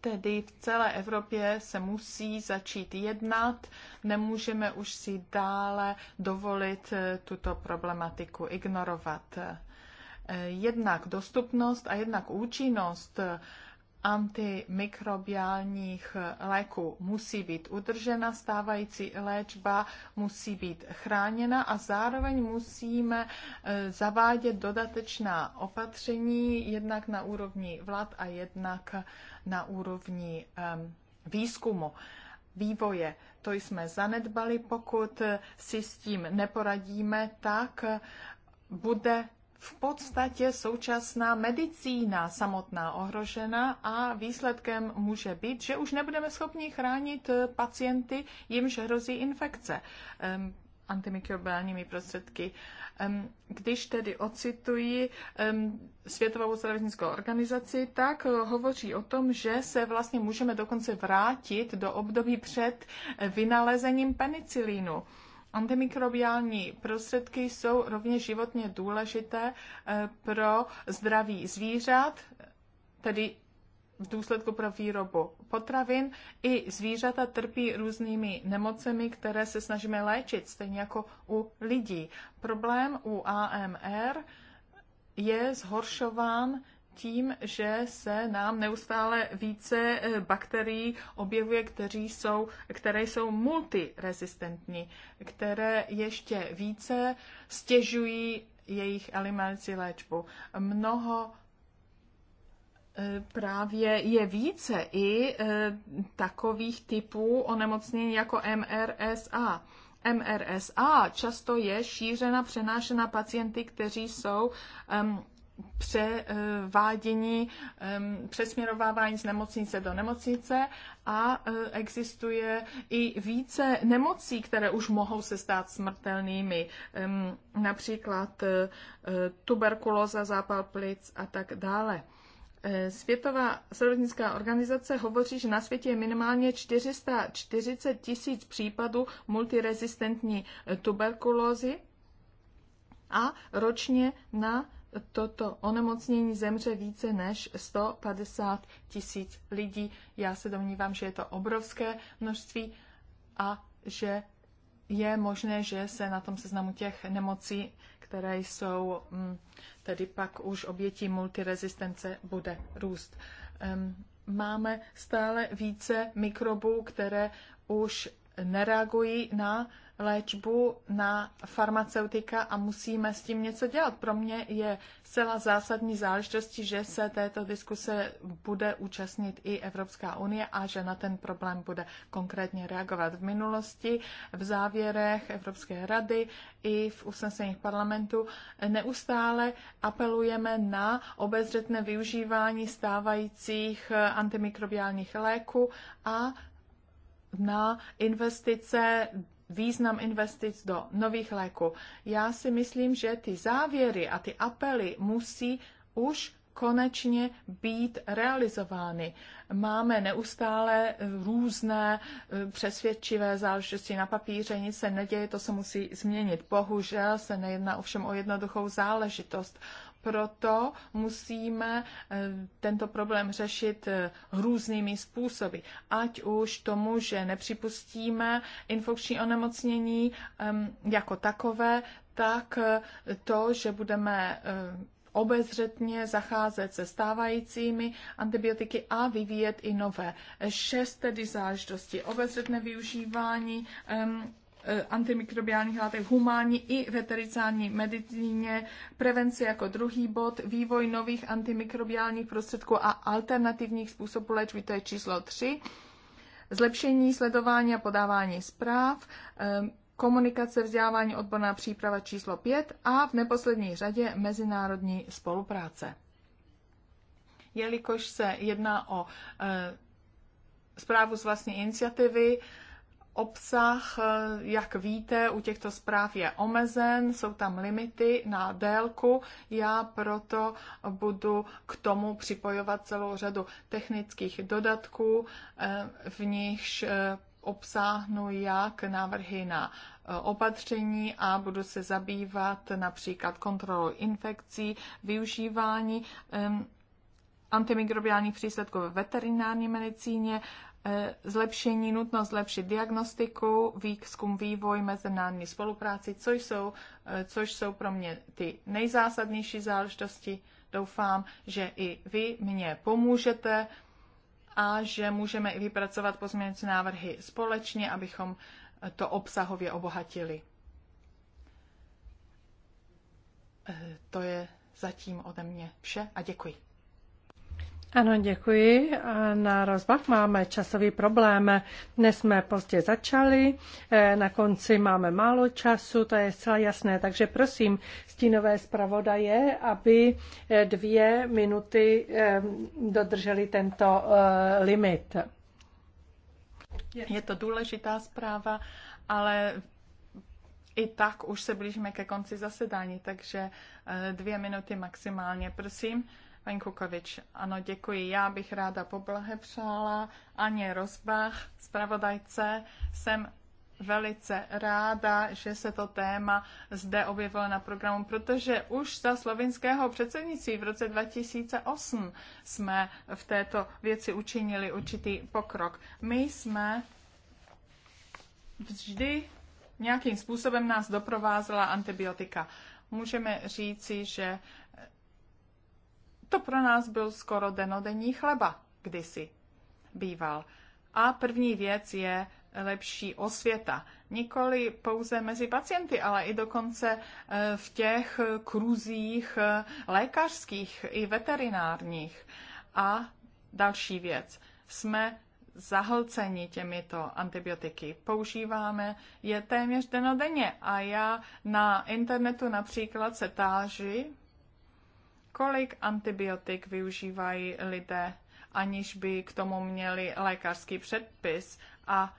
Tedy v celé Evropě se musí začít jednat, nemůžeme už si dále dovolit eh, tuto problematiku ignorovat. Eh, jednak dostupnost a jednak účinnost eh, antimikrobiálních léků. Musí být udržena stávající léčba, musí být chráněna a zároveň musíme e, zavádět dodatečná opatření jednak na úrovni vlád a jednak na úrovni výzkumu vývoje. To jsme zanedbali, pokud si s tím neporadíme, tak e, bude v podstatě současná medicína samotná ohrožena a výsledkem může být, že už nebudeme schopni chránit pacienty, jimž hrozí infekce um, antimikrobiálními prostředky. Um, když tedy ocituji um, Světovou zdravotnickou organizaci, tak hovoří o tom, že se vlastně můžeme dokonce vrátit do období před vynalezením penicilínu Antimikrobiální prostředky jsou rovněž životně důležité eh, pro zdraví zvířat, tedy v důsledku pro výrobu potravin. I zvířata trpí různými nemocemi, které se snažíme léčit, stejně jako u lidí. Problém u AMR je zhoršován tím, že se nám neustále více eh, bakterií objevuje, kteří jsou, které jsou multiresistentní, které ještě více stěžují jejich eliminaci léčbu. Mnoho eh, právě je více i eh, takových typů onemocnění jako MRSA. MRSA často je šířena, přenášena pacienty, kteří jsou um, převádění, přesměrovávání z nemocnice do nemocnice a e, existuje i více nemocí, které už mohou se stát smrtelnými, například e, e, tuberkulóza, zápal plic a tak dále. Světová zdravotnická organizace hovoří, že na světě je minimálně 440 tisíc případů multirezistentní tuberkulózy a ročně na toto onemocnění zemře více než 150 tisíc lidí. Já se domnívám, že je to obrovské množství a že je možné, že se na tom seznamu těch nemocí, které jsou mm, tedy pak už obětí multirezistence, bude růst. Máme stále více mikrobů, které už nereagují na léčbu na farmaceutika a musíme s tím něco dělat. Pro mě je zcela zásadní záležitostí, že se této diskuse bude účastnit i Evropská unie a že na ten problém bude konkrétně reagovat. V minulosti, v závěrech Evropské rady i v usneseních parlamentu neustále apelujeme na obezřetné využívání stávajících antimikrobiálních léků a na investice význam investic do nových léků. Já si myslím, že ty závěry a ty apely musí už konečně být realizovány. Máme neustále různé e, přesvědčivé záležitosti na papíře, nic se neděje, to se musí změnit. Bohužel se nejedná ovšem o jednoduchou záležitost proto musíme eh, tento problém řešit eh, různými způsoby. Ať už tomu, že nepřipustíme infekční onemocnění jako takové, tak eh, to, že budeme obezřetně zacházet se stávajícími antibiotiky a vyvíjet i nové. Šest tedy záždosti. Obezřetné využívání Eh, antimikrobiálních látek v humánní i veterinární medicíně, prevenci jako druhý bod, vývoj nových antimikrobiálních prostředků a alternativních způsobů léčby, to je číslo 3, zlepšení sledování a podávání zpráv, eh, komunikace, vzdělávání, odborná příprava číslo 5 a v neposlední řadě mezinárodní spolupráce. Jelikož se jedná o e, zprávu z vlastní iniciativy, e, Obsah, eh, jak víte, u těchto zpráv je omezen, jsou tam limity na délku. Já proto budu k tomu připojovat celou řadu technických dodatků, eh, v nichž eh, obsáhnu jak návrhy na opatření a budu se zabývat například kontrolou infekcí, využívání antimikrobiálních přísledků ve veterinární medicíně, Eh, zlepšení, nutnost zlepšit diagnostiku, výzkum, vývoj, mezinárodní spolupráci, což jsou, eh, což jsou pro mě ty nejzásadnější záležitosti. Doufám, že i vy mě pomůžete a že můžeme i vypracovat pozměňující návrhy společně, abychom eh, to obsahově obohatili. To je zatím ode mě vše a děkuji. Ano, děkuji. Na rozbach máme časový problém. Dnes jsme pozdě začali, e, na konci máme málo času, to je zcela jasné. Takže prosím stínové zpravodaje, aby e, dvě minuty e, dodrželi tento limit. Je to důležitá zpráva, ale i tak už se blížíme ke konci zasedání, takže dvě minuty maximálně, prosím. Paní Kukovič, ano, děkuji. Já bych ráda poblahepřála Aně Rozbach, zpravodajce. Jsem velice ráda, že se to téma zde objevilo na programu, protože už za slovinského předsednictví v roce 2008 jsme v této věci učinili určitý pokrok. My jsme vždy nějakým způsobem nás doprovázela antibiotika. Můžeme říci, že to pro nás byl skoro denodenní chleba, kdysi býval. A první věc je lepší osvěta. Nikoli pouze mezi pacienty, ale i dokonce e, v těch kruzích e, lékařských i veterinárních. A další věc. Jsme zahlceni těmito antibiotiky. Používáme je téměř denodenně a já na internetu například se táži kolik antibiotik využívají lidé, aniž by k tomu měli lékařský předpis a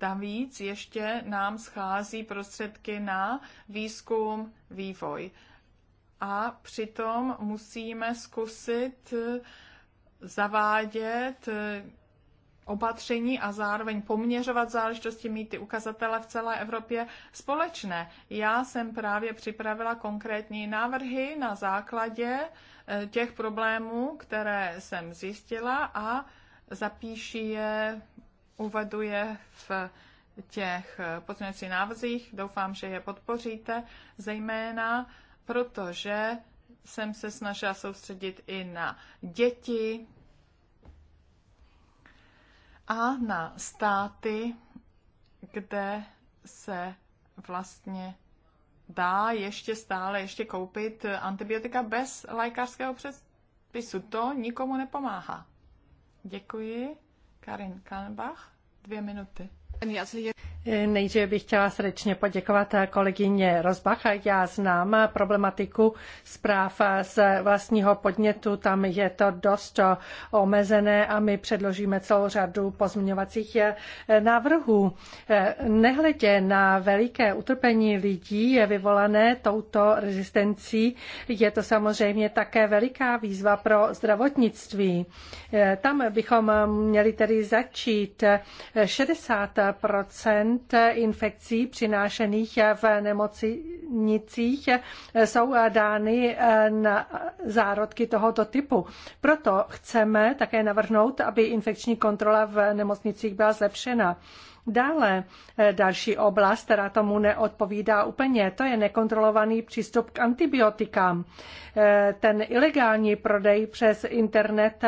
Navíc ještě nám schází prostředky na výzkum, vývoj. A přitom musíme zkusit zavádět opatření a zároveň poměřovat záležitosti, mít ty ukazatele v celé Evropě společné. Já jsem právě připravila konkrétní návrhy na základě e, těch problémů, které jsem zjistila a zapíši je, uvedu je v těch e, pozměňovacích návrzích. Doufám, že je podpoříte, zejména protože jsem se snažila soustředit i na děti, a na státy, kde se vlastně dá ještě stále ještě koupit antibiotika bez lékařského předpisu. To nikomu nepomáhá. Děkuji. Karin Kalmbach dvě minuty. Nejdříve bych chtěla srdečně poděkovat kolegyně Rozbach. Já znám problematiku zpráv z vlastního podnětu, tam je to dost omezené a my předložíme celou řadu pozměňovacích návrhů. Nehledě na veliké utrpení lidí vyvolané touto rezistencí, je to samozřejmě také veliká výzva pro zdravotnictví. Tam bychom měli tedy začít 60 infekcí přinášených v nemocnicích jsou dány na zárodky tohoto typu. Proto chceme také navrhnout, aby infekční kontrola v nemocnicích byla zlepšena. Dále další oblast, která tomu neodpovídá úplně, to je nekontrolovaný přístup k antibiotikám. Ten ilegální prodej přes internet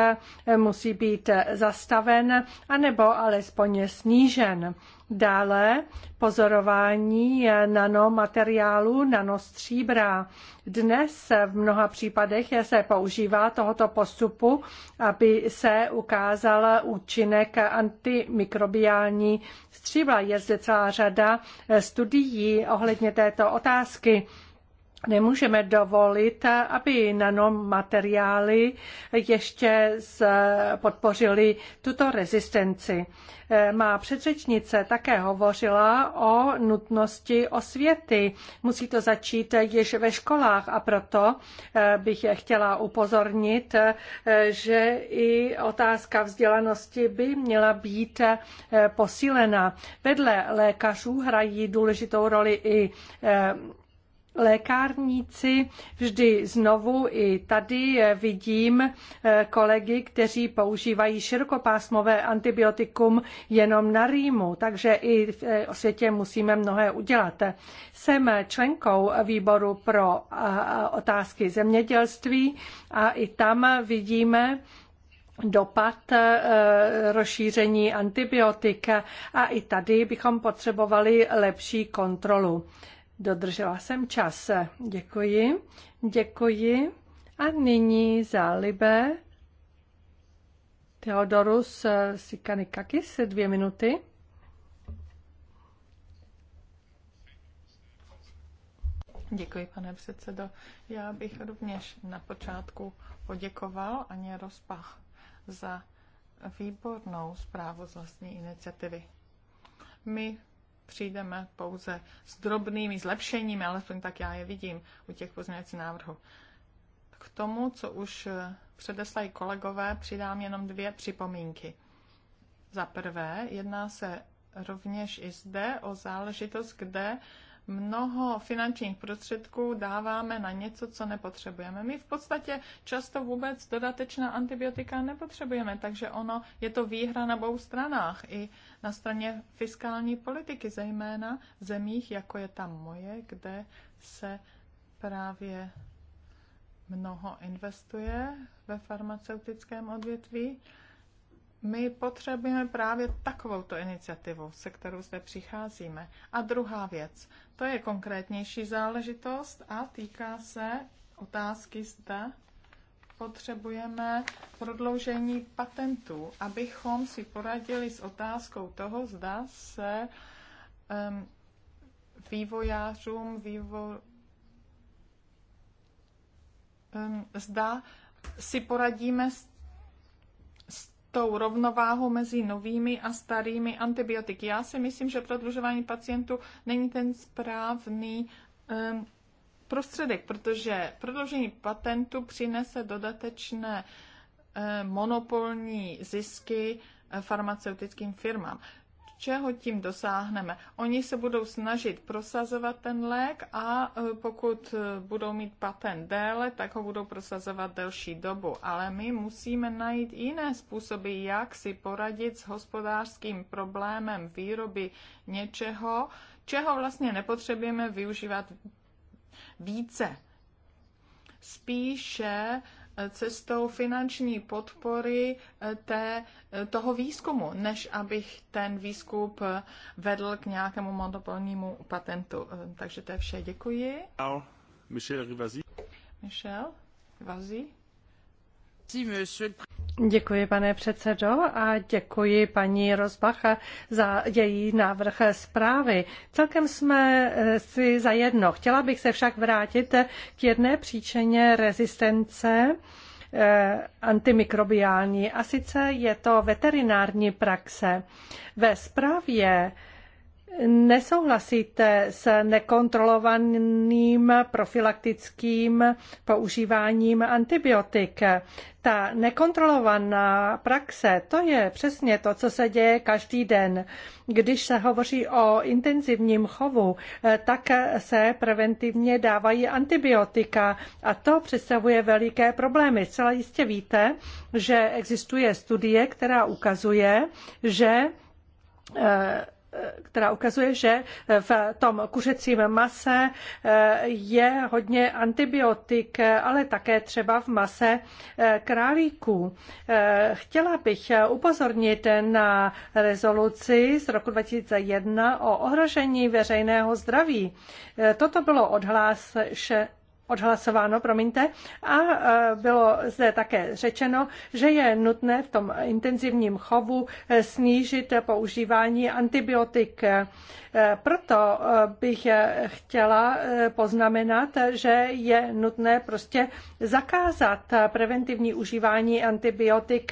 musí být zastaven anebo alespoň snížen. Dále pozorování nanomateriálu, nanostříbra. Dnes v mnoha případech se používá tohoto postupu, aby se ukázal účinek antimikrobiální stříbra. Je zde celá řada studií ohledně této otázky. Nemůžeme dovolit, aby nanomateriály ještě podpořily tuto rezistenci. Má předřečnice také hovořila o nutnosti osvěty. Musí to začít již ve školách a proto eh, bych chtěla upozornit, eh, že i otázka vzdělanosti by měla být eh, posílena. Vedle lékařů hrají důležitou roli i Lékárníci vždy znovu i tady eh, vidím eh, kolegy, kteří používají širokopásmové antibiotikum jenom na rýmu, takže i v eh, světě musíme mnohé udělat. Jsem členkou výboru pro otázky zemědělství a i tam vidíme, dopad rozšíření antibiotik a i tady bychom potřebovali lepší kontrolu. Dodržela jsem čas. Děkuji. Děkuji. A nyní za Libe Theodorus Sikanikakis, dvě minuty. Děkuji, pane předsedo. Já bych rovněž na počátku poděkoval Aně Rozpach za výbornou zprávu z vlastní iniciativy. My přijdeme pouze s drobnými zlepšeními, alespoň tak já je vidím u těch pozměňovacích návrhů. K tomu, co už eh, předeslají kolegové, přidám jenom dvě připomínky. Za prvé, jedná se rovněž i zde o záležitost, kde mnoho finančních prostředků dáváme na něco, co nepotřebujeme. My v podstatě často vůbec dodatečná antibiotika nepotřebujeme, takže ono je to výhra na obou stranách. I na straně fiskální politiky, zejména v zemích, jako je tam moje, kde se právě mnoho investuje ve farmaceutickém odvětví. My potřebujeme právě takovouto iniciativu, se kterou zde přicházíme. A druhá věc, to je konkrétnější záležitost a týká se otázky, zda potřebujeme prodloužení patentů, abychom si poradili s otázkou toho, zda se um, vývojářům, vývo... um, zda si poradíme s tou rovnováhou mezi novými a starými antibiotiky. Já si myslím, že prodlužování pacientů není ten správný um, prostředek, protože prodloužení patentu přinese dodatečné eh, monopolní zisky eh, farmaceutickým firmám. Čeho tím dosáhneme? Oni se budou snažit prosazovat ten lék a eh, pokud budou mít patent déle, tak ho budou prosazovat delší dobu. Ale my musíme najít jiné způsoby, jak si poradit s hospodářským problémem výroby něčeho, čeho vlastně nepotřebujeme využívat více. Spíše eh, cestou finanční podpory eh, té, eh, toho výzkumu, než abych ten výzkum vedl k nějakému monopolnímu patentu. Takže to je vše. Děkuji. Michel Rivazi. Michel Rivazi. Děkuji, pane předsedo, a děkuji paní Rozbacha za její návrh zprávy. Celkem jsme eh, si zajedno. Chtěla bych se však vrátit k jedné příčině rezistence eh, antimikrobiální, a sice je to veterinární praxe. Ve zprávě nesouhlasíte s nekontrolovaným profilaktickým používáním antibiotik. Ta nekontrolovaná praxe, to je přesně to, co se děje každý den. Když se hovoří o intenzivním chovu, tak se preventivně dávají antibiotika a to představuje veliké problémy. Zcela jistě víte, že existuje studie, která ukazuje, že eh, která ukazuje, že v tom kuřecím mase eh, je hodně antibiotik, ale také třeba v mase eh, králíků. Eh, chtěla bych upozornit na rezoluci z roku 2001 o ohrožení veřejného zdraví. Toto bylo odhlášeno odhlasováno, promiňte, a e, bylo zde také řečeno, že je nutné v tom intenzivním chovu e, snížit používání antibiotik. E, proto bych chtěla poznamenat, že je nutné prostě zakázat preventivní užívání antibiotik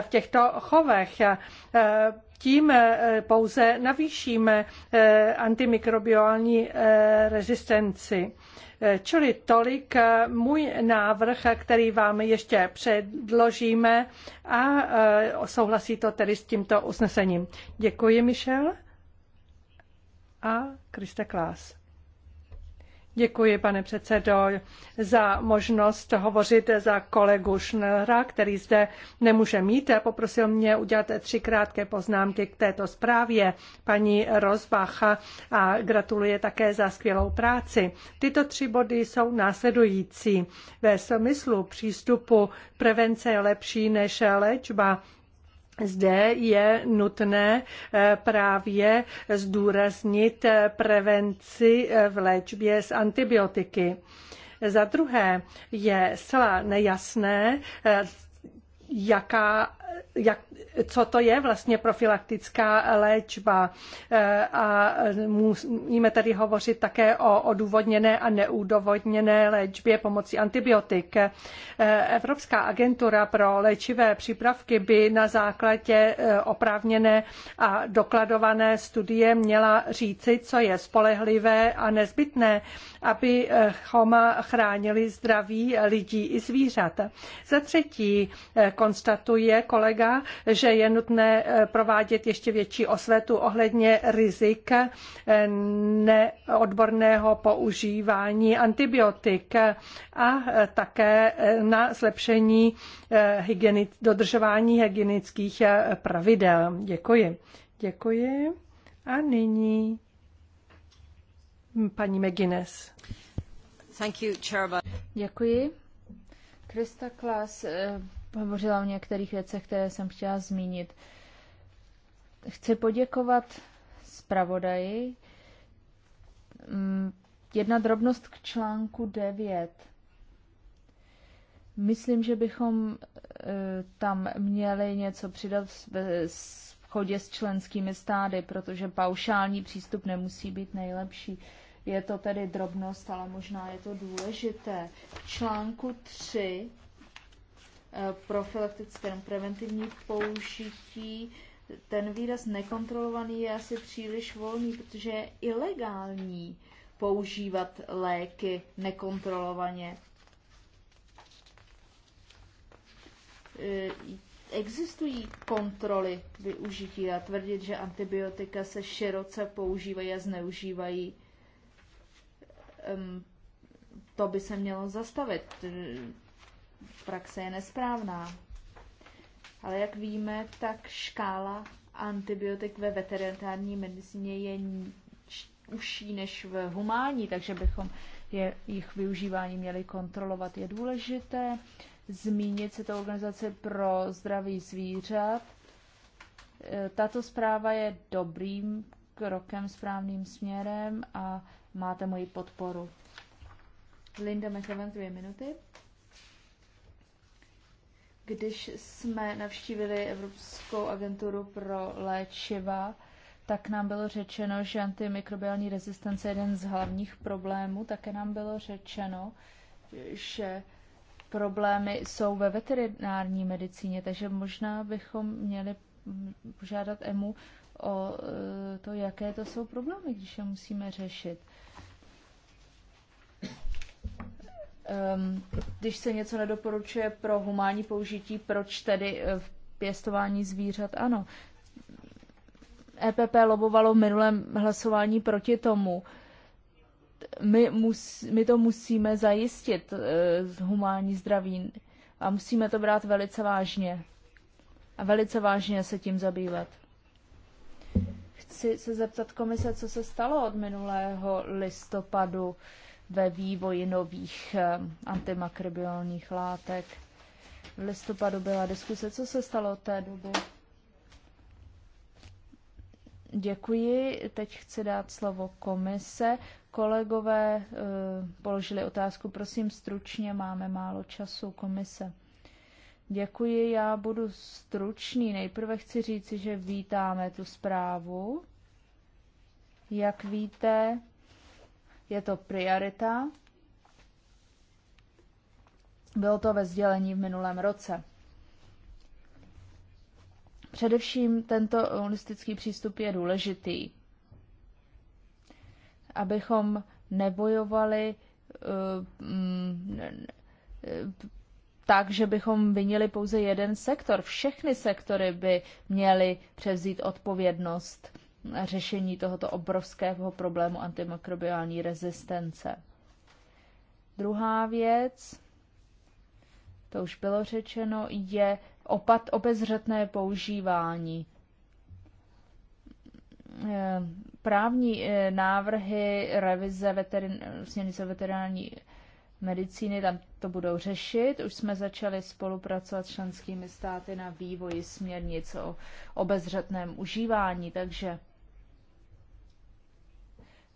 v těchto chovech tím eh, pouze navýšíme eh, antimikrobiální eh, rezistenci. Čili tolik můj návrh, který vám ještě předložíme a souhlasí to tedy s tímto usnesením. Děkuji, Michel. A Krista Klás. Děkuji, pane předsedo, za možnost hovořit za kolegu Schnellera, který zde nemůže mít. Poprosil mě udělat tři krátké poznámky k této zprávě paní Rozbacha a gratuluje také za skvělou práci. Tyto tři body jsou následující. Ve smyslu přístupu prevence je lepší než léčba zde je nutné eh, právě zdůraznit eh, prevenci eh, v léčbě s antibiotiky. Za druhé je zcela nejasné, jaká jak, co to je vlastně profilaktická léčba. Eh, a musíme tady hovořit také o odůvodněné a neudůvodněné léčbě pomocí antibiotik. Eh, Evropská agentura pro léčivé přípravky by na základě eh, oprávněné a dokladované studie měla říci, co je spolehlivé a nezbytné, aby choma chránili zdraví lidí i zvířat. Za třetí konstatuje kol- kolega, že je nutné eh, provádět ještě větší osvětu ohledně rizik eh, neodborného používání antibiotik a eh, také na zlepšení hygienic, dodržování hygienických pravidel. Děkuji. Děkuji. A nyní paní McGuinness. Thank you, Děkuji. Krista Klas hovořila o některých věcech, které jsem chtěla zmínit. Chci poděkovat zpravodaji. Mm, jedna drobnost k článku 9. Myslím, že bychom e, tam měli něco přidat v chodě s členskými stády, protože paušální přístup nemusí být nejlepší. Je to tedy drobnost, ale možná je to důležité. V článku 3 Eh, profilaktické preventivní použití. Ten výraz nekontrolovaný je asi příliš volný, protože je ilegální používat léky nekontrolovaně. Eh, existují kontroly využití a tvrdit, že antibiotika se široce používají a zneužívají, to by se mělo zastavit praxe je nesprávná. Ale jak víme, tak škála antibiotik ve veterinární medicíně je užší než v humání, takže bychom je, jejich využívání měli kontrolovat. Je důležité zmínit se to organizace pro zdraví zvířat. E, tato zpráva je dobrým krokem správným směrem a máte moji podporu. Linda McEwen, dvě minuty. Když jsme navštívili Evropskou agenturu pro léčiva, tak nám bylo řečeno, že antimikrobiální rezistence je jeden z hlavních problémů. Také nám bylo řečeno, že problémy jsou ve veterinární medicíně, takže možná bychom měli požádat EMU o e, to, jaké to jsou problémy, když je musíme řešit. Ehm, když se něco nedoporučuje pro humánní použití, proč tedy eh, v pěstování zvířat ano? EPP lobovalo v minulém hlasování proti tomu. My, mus, my to musíme zajistit, e, humánní zdraví, a musíme to brát velice vážně. A velice vážně se tím zabývat. Chci se zeptat komise, co se stalo od minulého listopadu. Uh, ve vývoji nových eh, antimakrobiálních látek. V listopadu byla diskuse, co se stalo od té doby. Děkuji. Teď chci dát slovo komise. Kolegové eh, položili otázku, prosím stručně, máme málo času. Komise. Děkuji, já budu stručný. Nejprve chci říci, že vítáme tu zprávu. Jak víte, je to priorita. Bylo to ve sdělení v minulém roce. Především tento holistický přístup je důležitý, abychom nebojovali eh, mm, eh, tak, že bychom vinili pouze jeden sektor. Všechny sektory by měly převzít odpovědnost řešení tohoto obrovského problému antimikrobiální rezistence. Druhá věc, to už bylo řečeno, je opat obezřetné používání. Eh, právní eh, návrhy revize veterin, směrnice veterinární medicíny tam to budou řešit. Už jsme začali spolupracovat s členskými státy na vývoji směrnic o obezřetném užívání, takže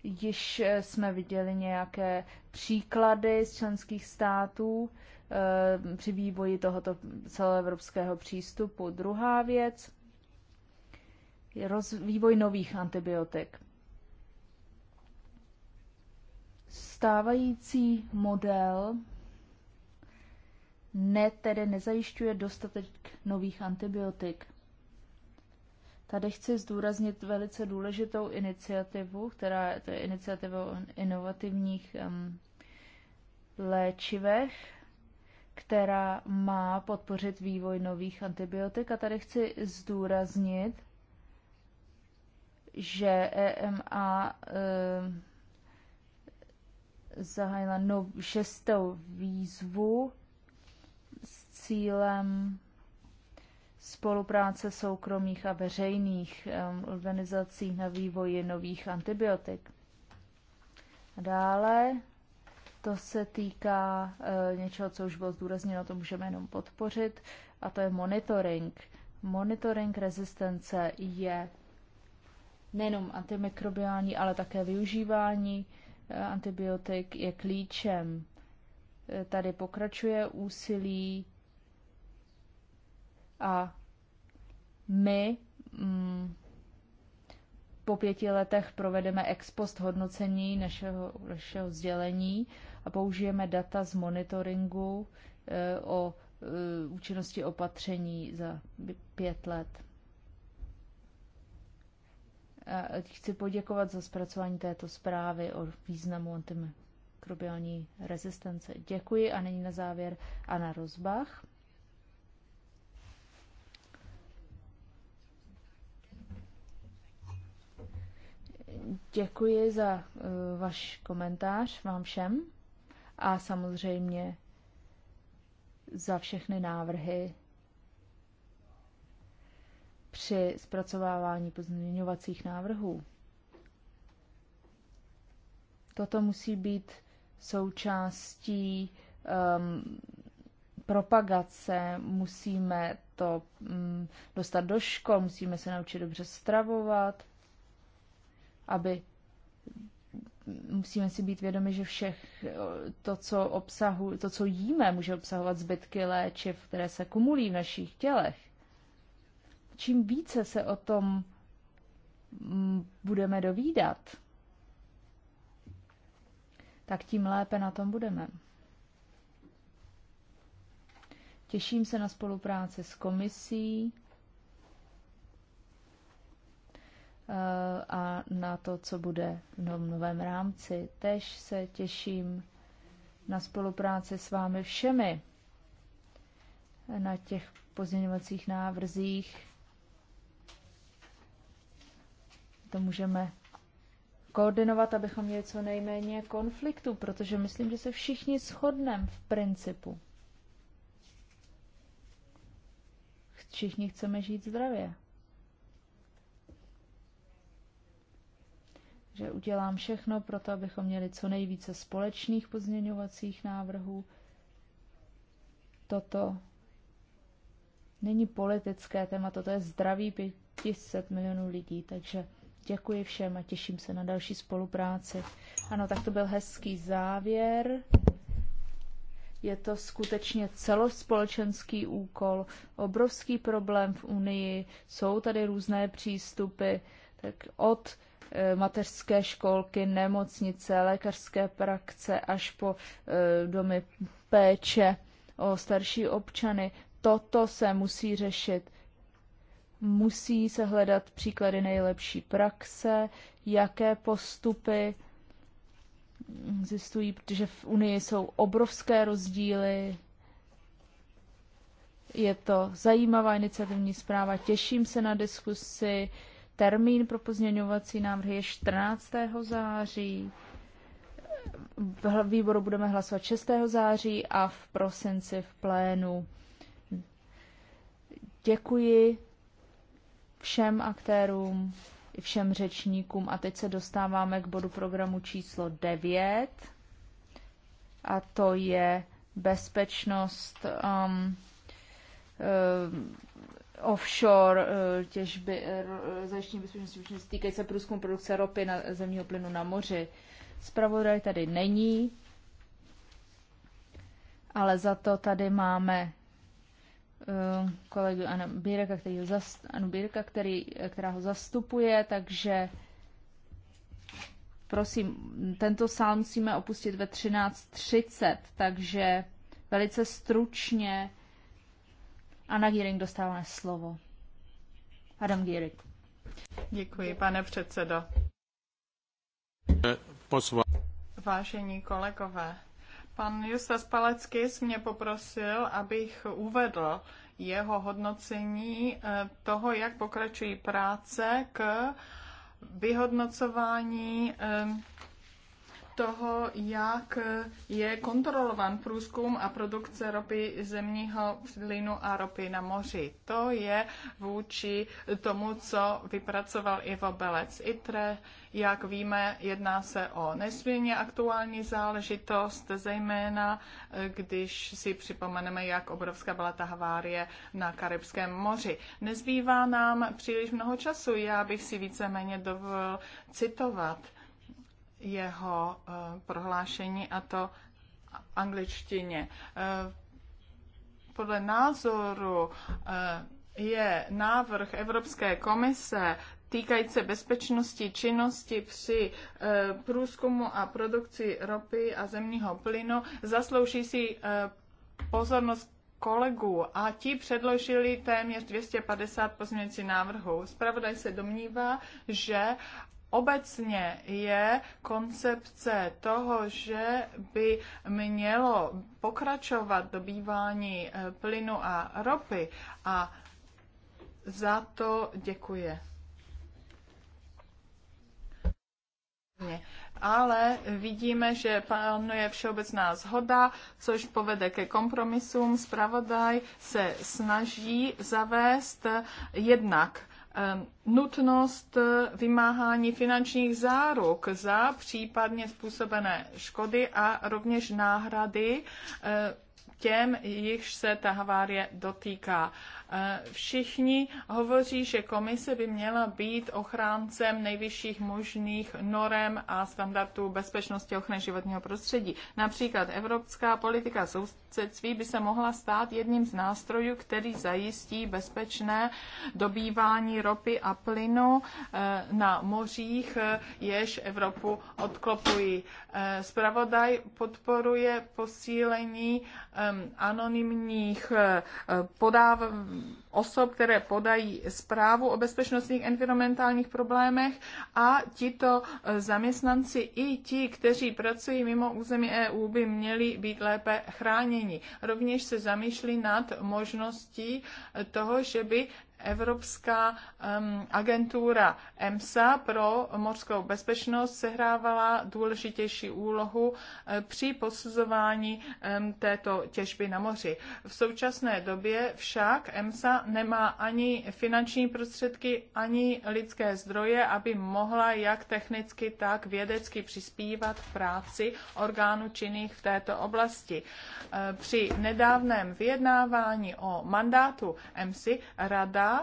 Již eh, jsme viděli nějaké příklady z členských států eh, při vývoji tohoto celoevropského přístupu. Druhá věc je roz, vývoj nových antibiotik. Stávající model ne, tedy nezajišťuje dostatek nových antibiotik. Tady chci zdůraznit velice důležitou iniciativu, která to je iniciativa o inovativních um, léčivech, která má podpořit vývoj nových antibiotik. A tady chci zdůraznit, že EMA e, zahájila no, šestou výzvu s cílem spolupráce soukromých a veřejných um, organizací na vývoji nových antibiotik. A dále to se týká eh, něčeho, co už bylo zdůrazněno, to můžeme jenom podpořit, a to je monitoring. Monitoring rezistence je nejenom antimikrobiální, ale také využívání eh, antibiotik je klíčem. Eh, tady pokračuje úsilí a my mm, po pěti letech provedeme ex post hodnocení našeho, našeho sdělení a použijeme data z monitoringu e, o e, účinnosti opatření za pět let. A chci poděkovat za zpracování této zprávy o významu antimikrobiální rezistence. Děkuji a nyní na závěr na Rozbach. Děkuji za uh, eh, váš komentář vám všem a samozřejmě za všechny návrhy při zpracovávání pozměňovacích návrhů. Toto musí být součástí um, propagace, musíme to um, dostat do škol, musíme se naučit dobře stravovat, aby musíme si být vědomi, že všech to, co, obsahu, to, co jíme, může obsahovat zbytky léčiv, které se kumulují v našich tělech. Čím více se o tom mm, budeme dovídat, tak tím lépe na tom budeme. Těším se na spolupráci s komisí a na to, co bude v novém rámci. Tež se těším na spolupráci s vámi všemi na těch pozměňovacích návrzích. To můžeme koordinovat, abychom měli co nejméně konfliktu, protože myslím, že se všichni shodneme v principu. Všichni chceme žít zdravě. že udělám všechno pro to, abychom měli co nejvíce společných pozměňovacích návrhů. Toto není politické téma, toto je zdraví 500 milionů lidí, takže děkuji všem a těším se na další spolupráci. Ano, tak to byl hezký závěr. Je to skutečně celospolečenský úkol, obrovský problém v Unii, jsou tady různé přístupy, tak od Eh, mateřské školky, nemocnice, lékařské praxe až po eh, domy péče o starší občany. Toto se musí řešit. Musí se hledat příklady nejlepší praxe, jaké postupy existují, protože v Unii jsou obrovské rozdíly. Je to zajímavá iniciativní zpráva, těším se na diskusi. Termín pro pozměňovací návrhy je 14. září. V výboru budeme hlasovat 6. září a v prosinci v plénu. Děkuji všem aktérům i všem řečníkům a teď se dostáváme k bodu programu číslo 9 a to je bezpečnost um, um, offshore eh, těžby, eh, eh, zajištění bezpečnosti, týkají se průzkum produkce ropy na zemního plynu na moři. Spravodaj tady není, ale za to tady máme kolegu Anu Bírka, který ho zast, Anu Bírka, který, která ho zastupuje, takže prosím, tento sál musíme opustit ve 13.30, takže velice stručně Anna Gíring dostává slovo. Adam Gírik. Děkuji, pane předsedo. Vážení kolegové, pan Justas Palecký mě poprosil, abych uvedl jeho hodnocení eh, toho, jak pokračují práce k vyhodnocování eh, toho, jak je kontrolovan průzkum a produkce ropy zemního plynu a ropy na moři. To je vůči tomu, co vypracoval Ivo Belec ITRE. Jak víme, jedná se o nesmírně aktuální záležitost, zejména eh, když si připomeneme, jak obrovská byla ta havárie na Karibském moři. Nezbývá nám příliš mnoho času, já bych si víceméně dovolil citovat jeho eh, prohlášení a to angličtině. Eh, podle názoru eh, je návrh Evropské komise týkající se bezpečnosti činnosti při průzkumu a produkci ropy a zemního plynu zaslouží si pozornost kolegů a ti předložili téměř 250 pozměňující návrhů. Spravodaj se domnívá, že Obecně je koncepce toho, že by mělo pokračovat dobývání eh, plynu a ropy a za to děkuje. Ale vidíme, že panuje všeobecná zhoda, což povede ke kompromisům. Spravodaj se snaží zavést jednak Ehm, nutnost eh, vymáhání finančních záruk za případně způsobené škody a rovněž náhrady eh, těm, jichž se ta havárie dotýká. Eh, všichni hovoří, že komise by měla být ochráncem nejvyšších možných norem a standardů bezpečnosti ochrany životního prostředí. Například evropská politika sousedství by se mohla stát jedním z nástrojů, který zajistí bezpečné dobývání ropy a plynu eh, na mořích, eh, jež Evropu odklopují. Spravodaj podporuje posílení ehm, anonymních podáv osob, které podají zprávu o bezpečnostních environmentálních problémech a tito eh, zaměstnanci i ti, kteří pracují mimo území EU, by měli být lépe chráněni. Rovněž se zamýšlí nad možností eh, toho, že by Evropská um, agentura EMSA pro mořskou bezpečnost sehrávala důležitější úlohu uh, při posuzování um, této těžby na moři. V současné době však EMSA nemá ani finanční prostředky, ani lidské zdroje, aby mohla jak technicky, tak vědecky přispívat v práci orgánů činných v této oblasti. Uh, při nedávném vyjednávání o mandátu EMSI rada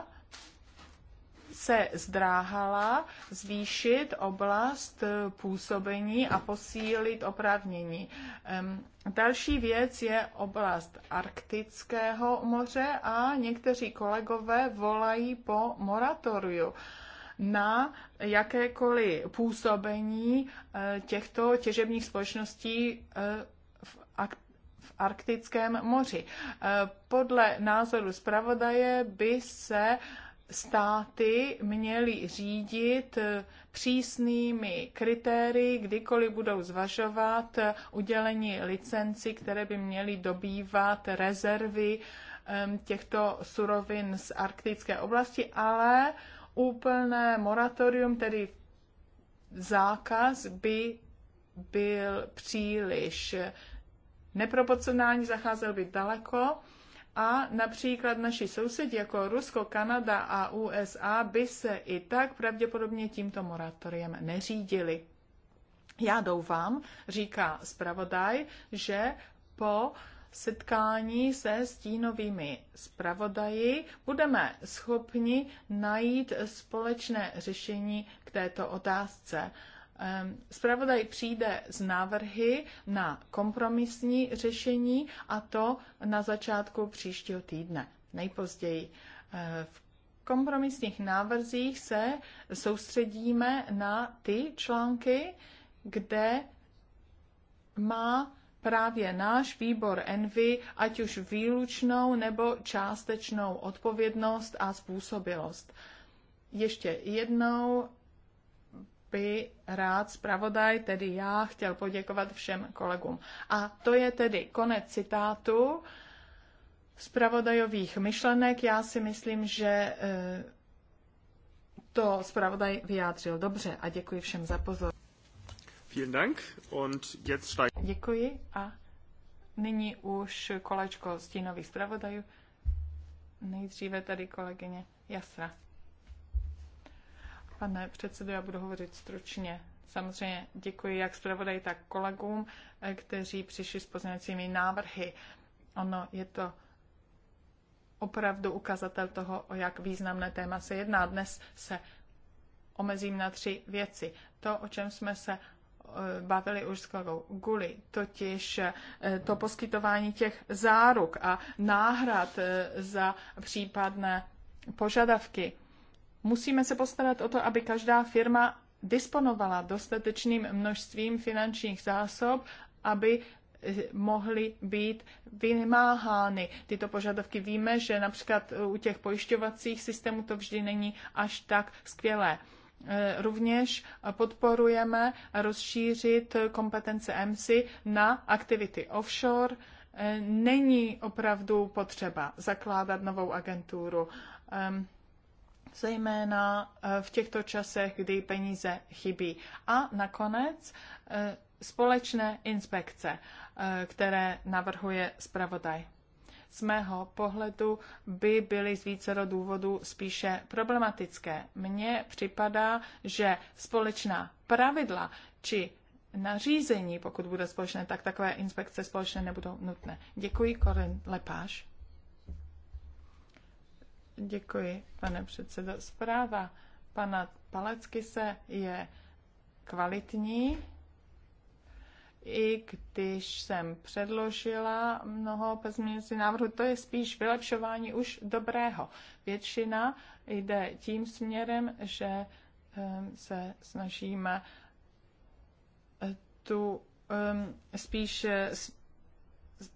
se zdráhala zvýšit oblast působení a posílit oprávnění. Další věc je oblast Arktického moře a někteří kolegové volají po moratoriu na jakékoliv působení eh, těchto těžebních společností eh, Arktickém moři. E, podle názoru zpravodaje by se státy měly řídit e, přísnými kritérii, kdykoliv budou zvažovat e, udělení licenci, které by měly dobývat rezervy těchto surovin z arktické oblasti, ale úplné moratorium, tedy zákaz, by byl příliš neproporcionální, zacházel by daleko a například naši sousedi jako Rusko, Kanada a USA by se i tak pravděpodobně tímto moratoriem neřídili. Já doufám, říká zpravodaj, že po setkání se stínovými zpravodaji budeme schopni najít společné řešení k této otázce. Spravodaj ehm, přijde s návrhy na kompromisní řešení a to na začátku příštího týdne, nejpozději. Ehm, v kompromisních návrzích se soustředíme na ty články, kde má právě náš výbor Envy ať už výlučnou nebo částečnou odpovědnost a způsobilost. Ještě jednou by rád zpravodaj, tedy já, chtěl poděkovat všem kolegům. A to je tedy konec citátu zpravodajových myšlenek. Já si myslím, že e, to zpravodaj vyjádřil dobře a děkuji všem za pozornost. Vielen Dank und jetzt Děkuji a nyní už kolečko stínových zpravodajů. Nejdříve tady kolegyně Jasra. Pane předsedo, já budu hovořit stručně. Samozřejmě děkuji jak zpravodaj, tak kolegům, eh, kteří přišli s pozměňovacími návrhy. Ono je to opravdu ukazatel toho, o jak významné téma se jedná. Dnes se omezím na tři věci. To, o čem jsme se eh, bavili už s kolegou Guli, totiž eh, to poskytování těch záruk a náhrad za případné požadavky Musíme se postarat o to, aby každá firma disponovala dostatečným množstvím finančních zásob, aby eh, mohly být vymáhány tyto požadavky. Víme, že například eh, u těch pojišťovacích systémů to vždy není až tak skvělé. Eh, rovněž podporujeme rozšířit kompetence EMSI na aktivity offshore. Není opravdu potřeba zakládat novou agenturu. Ehm, zejména eh, v těchto časech, kdy peníze chybí. A nakonec eh, společné inspekce, eh, které navrhuje zpravodaj. Z mého pohledu by byly z vícero důvodů spíše problematické. Mně připadá, že společná pravidla či nařízení, pokud bude společné, tak takové inspekce společné nebudou nutné. Děkuji, Korin Lepáš. Děkuji, pane předsedo. Zpráva pana Palecky se je kvalitní, i když jsem předložila mnoho pozměňovacích návrhů, to je spíš vylepšování už dobrého. Většina jde tím směrem, že ehm, se snažíme eh, tu ehm, spíš eh,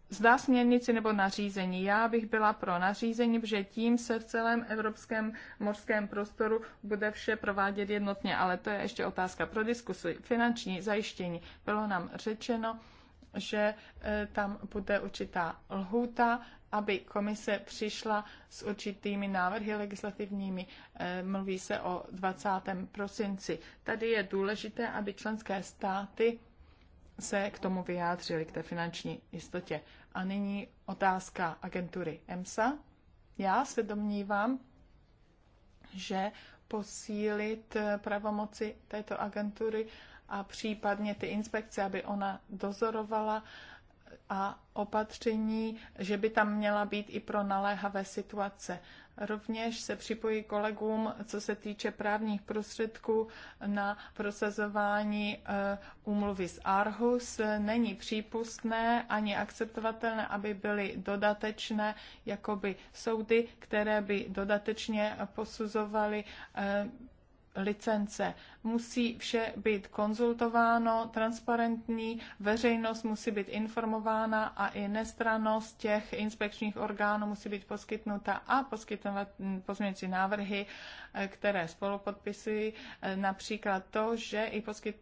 zda směrnici nebo nařízení. Já bych byla pro nařízení, protože tím se v celém evropském mořském prostoru bude vše provádět jednotně, ale to je ještě otázka pro diskusi. Finanční zajištění. Bylo nám řečeno, že e, tam bude určitá lhůta, aby komise přišla s určitými návrhy legislativními. E, mluví se o 20. prosinci. Tady je důležité, aby členské státy se k tomu vyjádřili, k té finanční jistotě. A nyní otázka agentury EMSA. Já se domnívám, že posílit pravomoci této agentury a případně ty inspekce, aby ona dozorovala a opatření, že by tam měla být i pro naléhavé situace. Rovněž se připojí kolegům, co se týče právních prostředků na prosazování eh, úmluvy z Aarhus. Není přípustné ani akceptovatelné, aby byly dodatečné jakoby soudy, které by dodatečně posuzovaly eh, licence. Musí vše být konzultováno, transparentní, veřejnost musí být informována a i nestranost těch inspekčních orgánů musí být poskytnuta a poskytovat mm, pozměňující návrhy, eh, které spolupodpisují, eh, například to, že i poskyt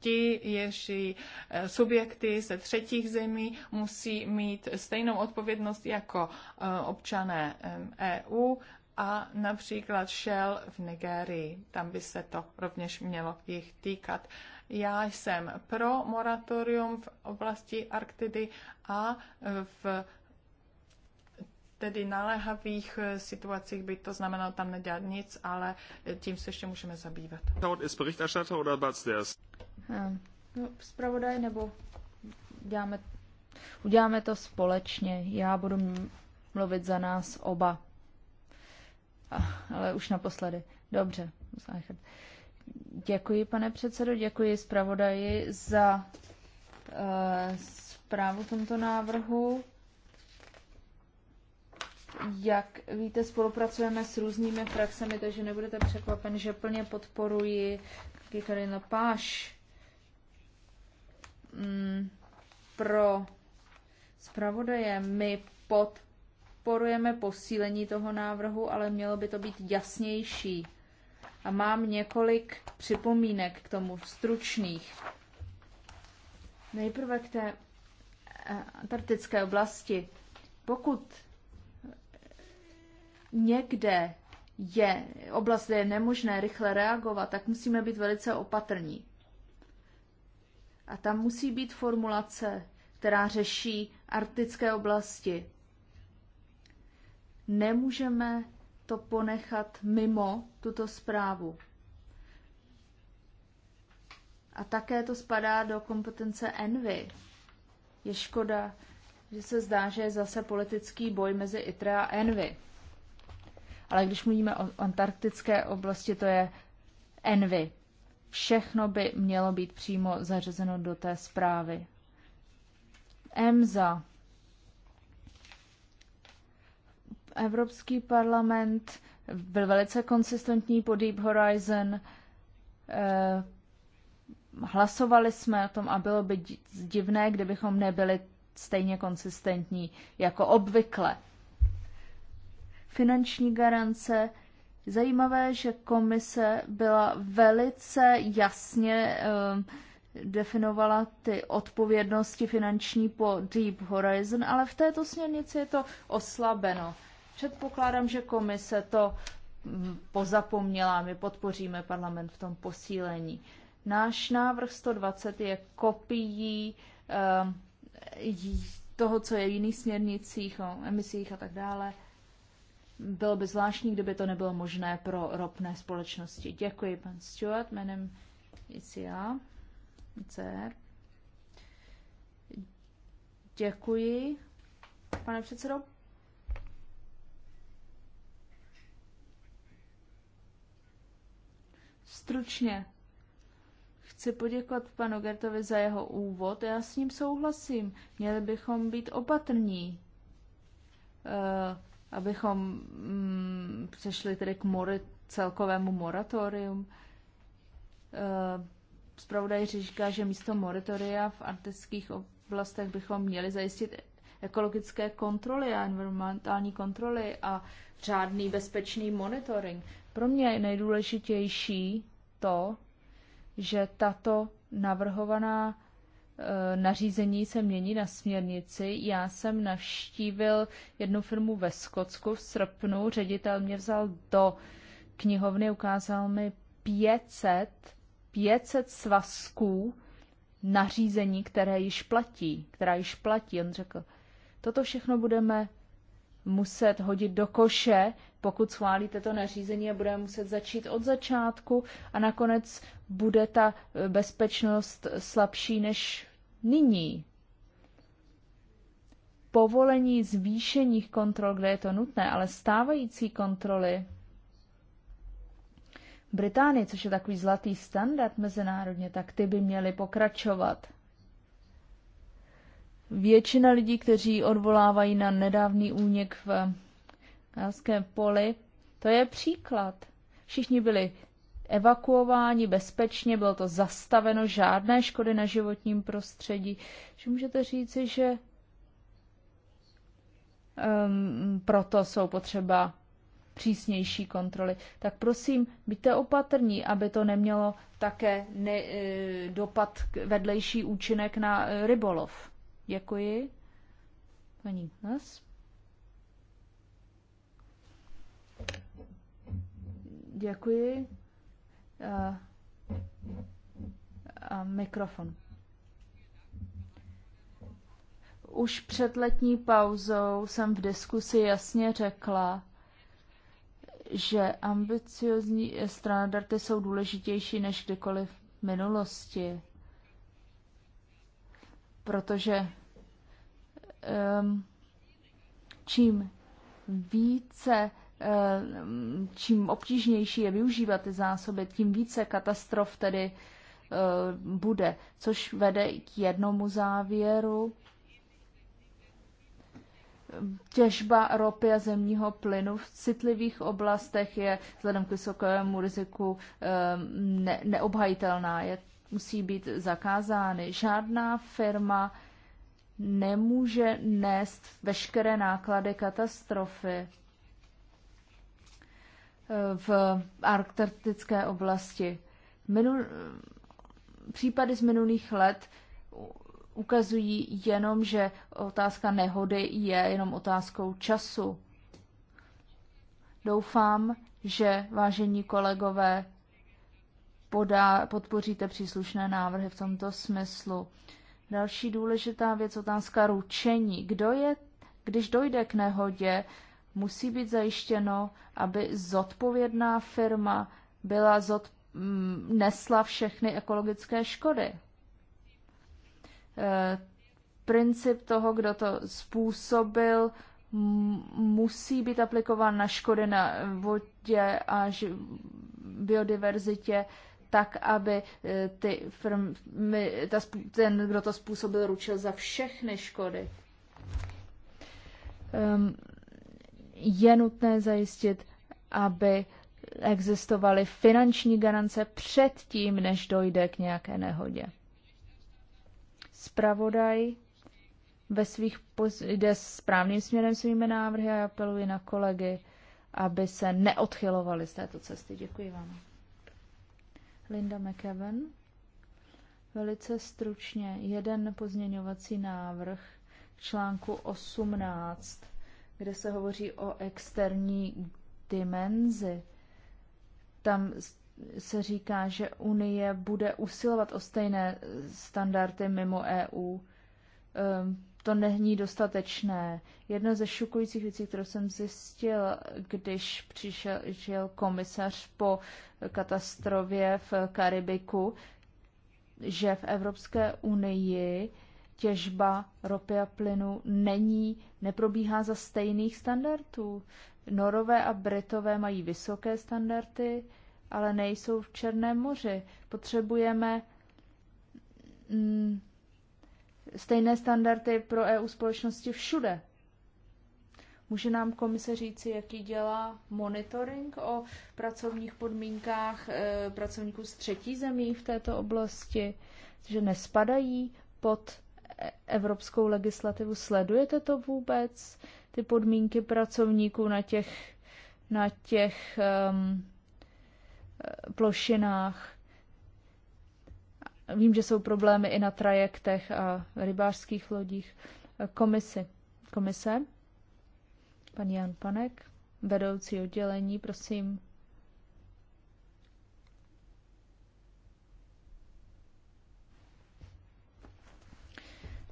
ti, ježi eh, subjekty ze třetích zemí musí mít stejnou odpovědnost jako občané EU a například Shell v Nigérii. Tam by se to rovněž mělo jich týkat. Já jsem pro moratorium v oblasti Arktidy a v tedy naléhavých situacích by to znamenalo tam nedělat nic, ale tím se ještě můžeme zabývat. Hm, no, zpravodaj nebo děláme, uděláme to společně. Já budu mluvit za nás oba ale už naposledy. Dobře. Děkuji, pane předsedo, děkuji zpravodaji za e, zprávu tomto návrhu. Jak víte, spolupracujeme s různými frakcemi, takže nebudete překvapen, že plně podporuji Kikarina Páš mm, pro zpravodaje. My pod podporujeme posílení toho návrhu, ale mělo by to být jasnější. A mám několik připomínek k tomu, stručných. Nejprve k té eh, antarktické oblasti. Pokud někde je oblast, kde je nemožné rychle reagovat, tak musíme být velice opatrní. A tam musí být formulace, která řeší arktické oblasti, Nemůžeme to ponechat mimo tuto zprávu. A také to spadá do kompetence Envy. Je škoda, že se zdá, že je zase politický boj mezi ITRA a Envy. Ale když mluvíme o antarktické oblasti, to je Envy. Všechno by mělo být přímo zařazeno do té zprávy. EMSA Evropský parlament byl velice konsistentní po Deep Horizon. Eh, hlasovali jsme o tom a bylo by divné, kdybychom nebyli stejně konsistentní jako obvykle. Finanční garance. Zajímavé, že komise byla velice jasně ehm, definovala ty odpovědnosti finanční po Deep Horizon, ale v této směrnici je to oslabeno. Předpokládám, že komise to pozapomněla, my podpoříme parlament v tom posílení. Náš návrh 120 je kopií ehm, toho, co je v jiných směrnicích, o emisích a tak dále. Bylo by zvláštní, kdyby to nebylo možné pro ropné společnosti. Děkuji, pan Stuart, jménem ICA, ICR. Děkuji, pane předsedo. Stručně. Chci poděkovat panu Gertovi za jeho úvod. Já s ním souhlasím. Měli bychom být opatrní, uh, abychom mm, přešli tedy k mori, celkovému moratorium. Uh, eh, Spravodaj říká, že místo moratoria v arktických oblastech bychom měli zajistit ekologické kontroly a environmentální kontroly a řádný bezpečný monitoring. Pro mě je nejdůležitější to, že tato navrhovaná eh, nařízení se mění na směrnici. Já jsem navštívil jednu firmu ve Skotsku v srpnu. Ředitel mě vzal do knihovny, ukázal mi 500, 500 svazků nařízení, které již platí, která již platí. On řekl, Toto všechno budeme muset hodit do koše, pokud schválíte to nařízení a budeme muset začít od začátku a nakonec bude ta bezpečnost slabší než nyní. Povolení zvýšených kontrol, kde je to nutné, ale stávající kontroly Británie, což je takový zlatý standard mezinárodně, tak ty by měly pokračovat. Většina lidí, kteří odvolávají na nedávný únik v Kalském poli, to je příklad. Všichni byli evakuováni bezpečně, bylo to zastaveno, žádné škody na životním prostředí. Že můžete říci, že um, proto jsou potřeba přísnější kontroly. Tak prosím, buďte opatrní, aby to nemělo také ne, eh, dopad vedlejší účinek na eh, rybolov. Děkuji. Paní Nas. Děkuji. A, a mikrofon. Už před letní pauzou jsem v diskusi jasně řekla, že ambiciozní standardy jsou důležitější než kdykoliv v minulosti protože um, čím více, um, čím obtížnější je využívat ty zásoby, tím více katastrof tedy um, bude, což vede k jednomu závěru. Těžba ropy a zemního plynu v citlivých oblastech je vzhledem k vysokému riziku ehm, ne- neobhajitelná. Je musí být zakázány. Žádná firma nemůže nést veškeré náklady katastrofy v arktartické oblasti. Minul, případy z minulých let ukazují jenom, že otázka nehody je jenom otázkou času. Doufám, že, vážení kolegové, poda, podpoříte příslušné návrhy v tomto smyslu. Další důležitá věc, otázka ručení. Kdo je, když dojde k nehodě, musí být zajištěno, aby zodpovědná firma byla zod, mm, nesla všechny ekologické škody. Eh, princip toho, kdo to způsobil, musí být aplikován na škody na vodě a biodiverzitě tak, aby eh, ty firmy, ta, ten, kdo to způsobil, ručil za všechny škody. Um, je nutné zajistit, aby existovaly finanční garance před tím, než dojde k nějaké nehodě. Spravodaj ve svých poz- jde správným směrem svými návrhy a apeluji na kolegy, aby se neodchylovali z této cesty. Děkuji vám. Linda McEwen. Velice stručně jeden pozměňovací návrh k článku 18, kde se hovoří o externí dimenzi. Tam se říká, že Unie bude usilovat o stejné standardy mimo EU. Ehm, to není dostatečné. Jedna ze šokujících věcí, kterou jsem zjistil, když přišel žil komisař po katastrofě v Karibiku, že v Evropské unii těžba ropy a plynu není, neprobíhá za stejných standardů. Norové a Britové mají vysoké standardy, ale nejsou v Černém moři. Potřebujeme mm, stejné standardy pro EU společnosti všude. Může nám komise říci, jaký dělá monitoring o pracovních podmínkách e, pracovníků z třetí zemí v této oblasti, že nespadají pod e, evropskou legislativu. Sledujete to vůbec, ty podmínky pracovníků na těch, na těch um, plošinách? Vím, že jsou problémy i na trajektech a rybářských lodích. Komisi. Komise. Pan Jan Panek, vedoucí oddělení, prosím.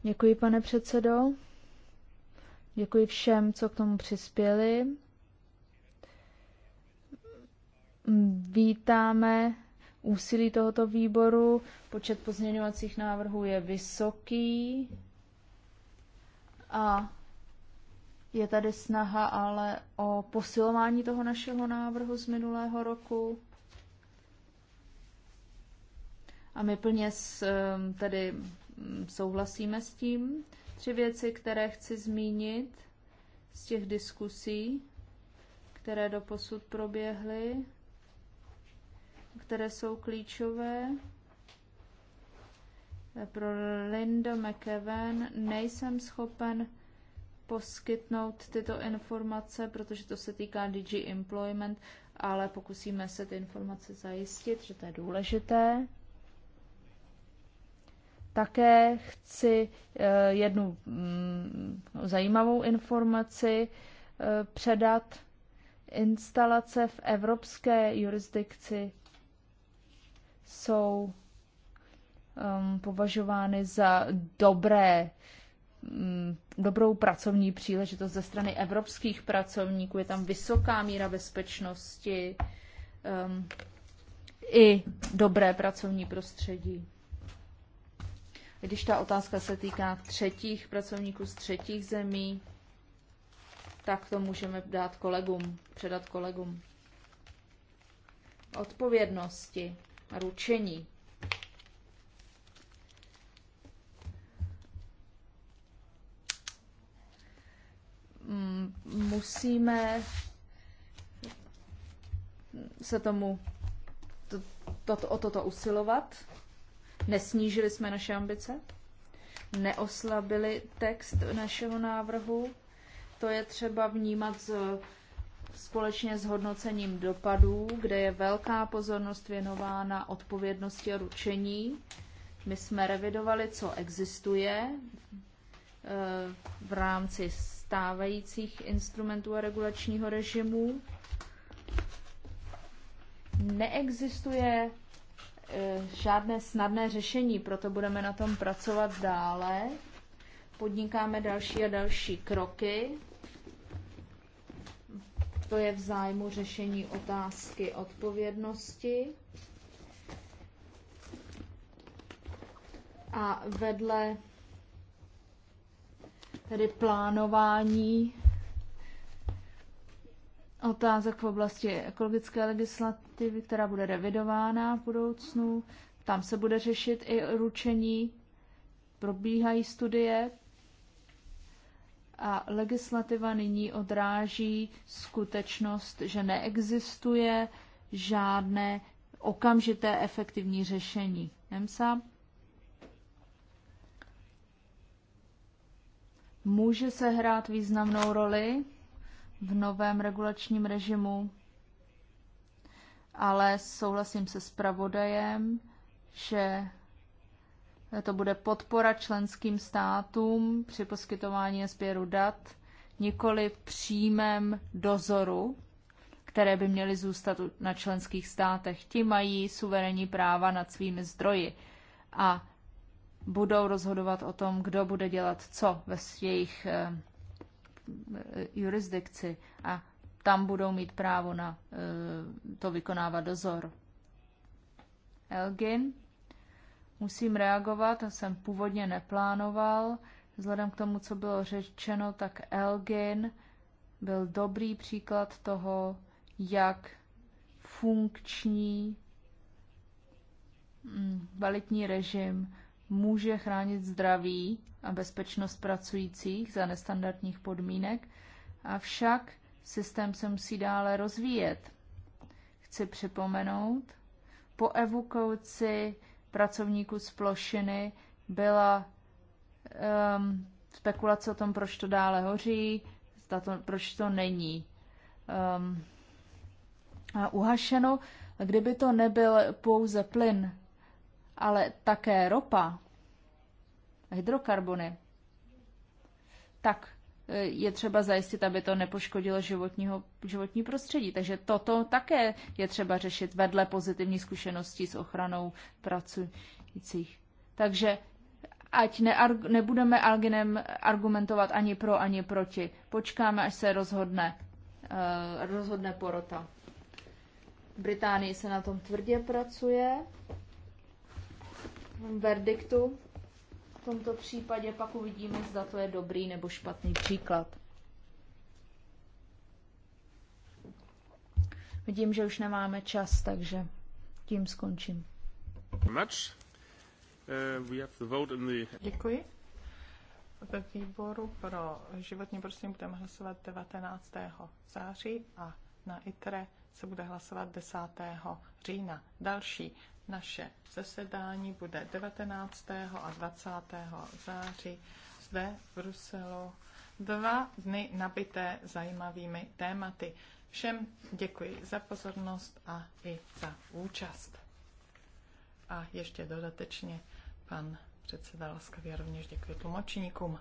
Děkuji, pane předsedo. Děkuji všem, co k tomu přispěli. Vítáme úsilí tohoto výboru. Počet pozměňovacích návrhů je vysoký a je tady snaha ale o posilování toho našeho návrhu z minulého roku. A my plně s, tedy mm, souhlasíme s tím. Tři věci, které chci zmínit z těch diskusí, které do posud proběhly které jsou klíčové. Pro Linda McEwen nejsem schopen poskytnout tyto informace, protože to se týká DG Employment, ale pokusíme se ty informace zajistit, že to je důležité. Také chci eh, jednu mm, zajímavou informaci eh, předat. Instalace v evropské jurisdikci jsou um, považovány za dobré, um, dobrou pracovní příležitost ze strany evropských pracovníků. Je tam vysoká míra bezpečnosti um, i dobré pracovní prostředí. Když ta otázka se týká třetích pracovníků z třetích zemí, tak to můžeme dát kolegům, předat kolegům. Odpovědnosti ručení. Mm, musíme se tomu to, to, o toto usilovat. Nesnížili jsme naše ambice, neoslabili text našeho návrhu. To je třeba vnímat z společně s hodnocením dopadů, kde je velká pozornost věnována odpovědnosti a ručení. My jsme revidovali, co existuje e, v rámci stávajících instrumentů a regulačního režimu. Neexistuje e, žádné snadné řešení, proto budeme na tom pracovat dále. Podnikáme další a další kroky to je v zájmu řešení otázky odpovědnosti. A vedle tedy plánování otázek v oblasti ekologické legislativy, která bude revidována v budoucnu. Tam se bude řešit i ručení. Probíhají studie, a legislativa nyní odráží skutečnost, že neexistuje žádné okamžité efektivní řešení. Nemsa? může se hrát významnou roli v novém regulačním režimu, ale souhlasím se s pravodajem, že to bude podpora členským státům při poskytování sběru dat, nikoli v přímém dozoru, které by měly zůstat na členských státech. Ti mají suverénní práva nad svými zdroji a budou rozhodovat o tom, kdo bude dělat co ve jejich eh, eh jurisdikci a tam budou mít právo na eh, to vykonávat dozor. Elgin? Musím reagovat, jsem původně neplánoval. Vzhledem k tomu, co bylo řečeno, tak Elgin byl dobrý příklad toho, jak funkční mm, kvalitní režim může chránit zdraví a bezpečnost pracujících za nestandardních podmínek, avšak systém se musí dále rozvíjet. Chci připomenout, po evukaci pracovníků z plošiny byla um, spekulace o tom, proč to dále hoří, zda to, proč to není um, uhašeno. Kdyby to nebyl pouze plyn, ale také ropa, hydrokarbony, tak je třeba zajistit, aby to nepoškodilo životního, životní prostředí. Takže toto také je třeba řešit vedle pozitivní zkušeností s ochranou pracujících. Takže ať nearg- nebudeme Alginem argumentovat ani pro, ani proti. Počkáme, až se rozhodne, uh, rozhodne porota. V Británii se na tom tvrdě pracuje. Verdiktu v tomto případě pak uvidíme, zda to je dobrý nebo špatný příklad. Vidím, že už nemáme čas, takže tím skončím. Uh, Děkuji. Ve výboru pro životní prostředí budeme hlasovat 19. září a na ITRE se bude hlasovat 10. října. Další naše zasedání bude 19. a 20. září zde v Bruselu. Dva dny nabité zajímavými tématy. Všem děkuji za pozornost a i za účast. A ještě dodatečně pan předseda laskavě rovněž děkuji tlumočníkům.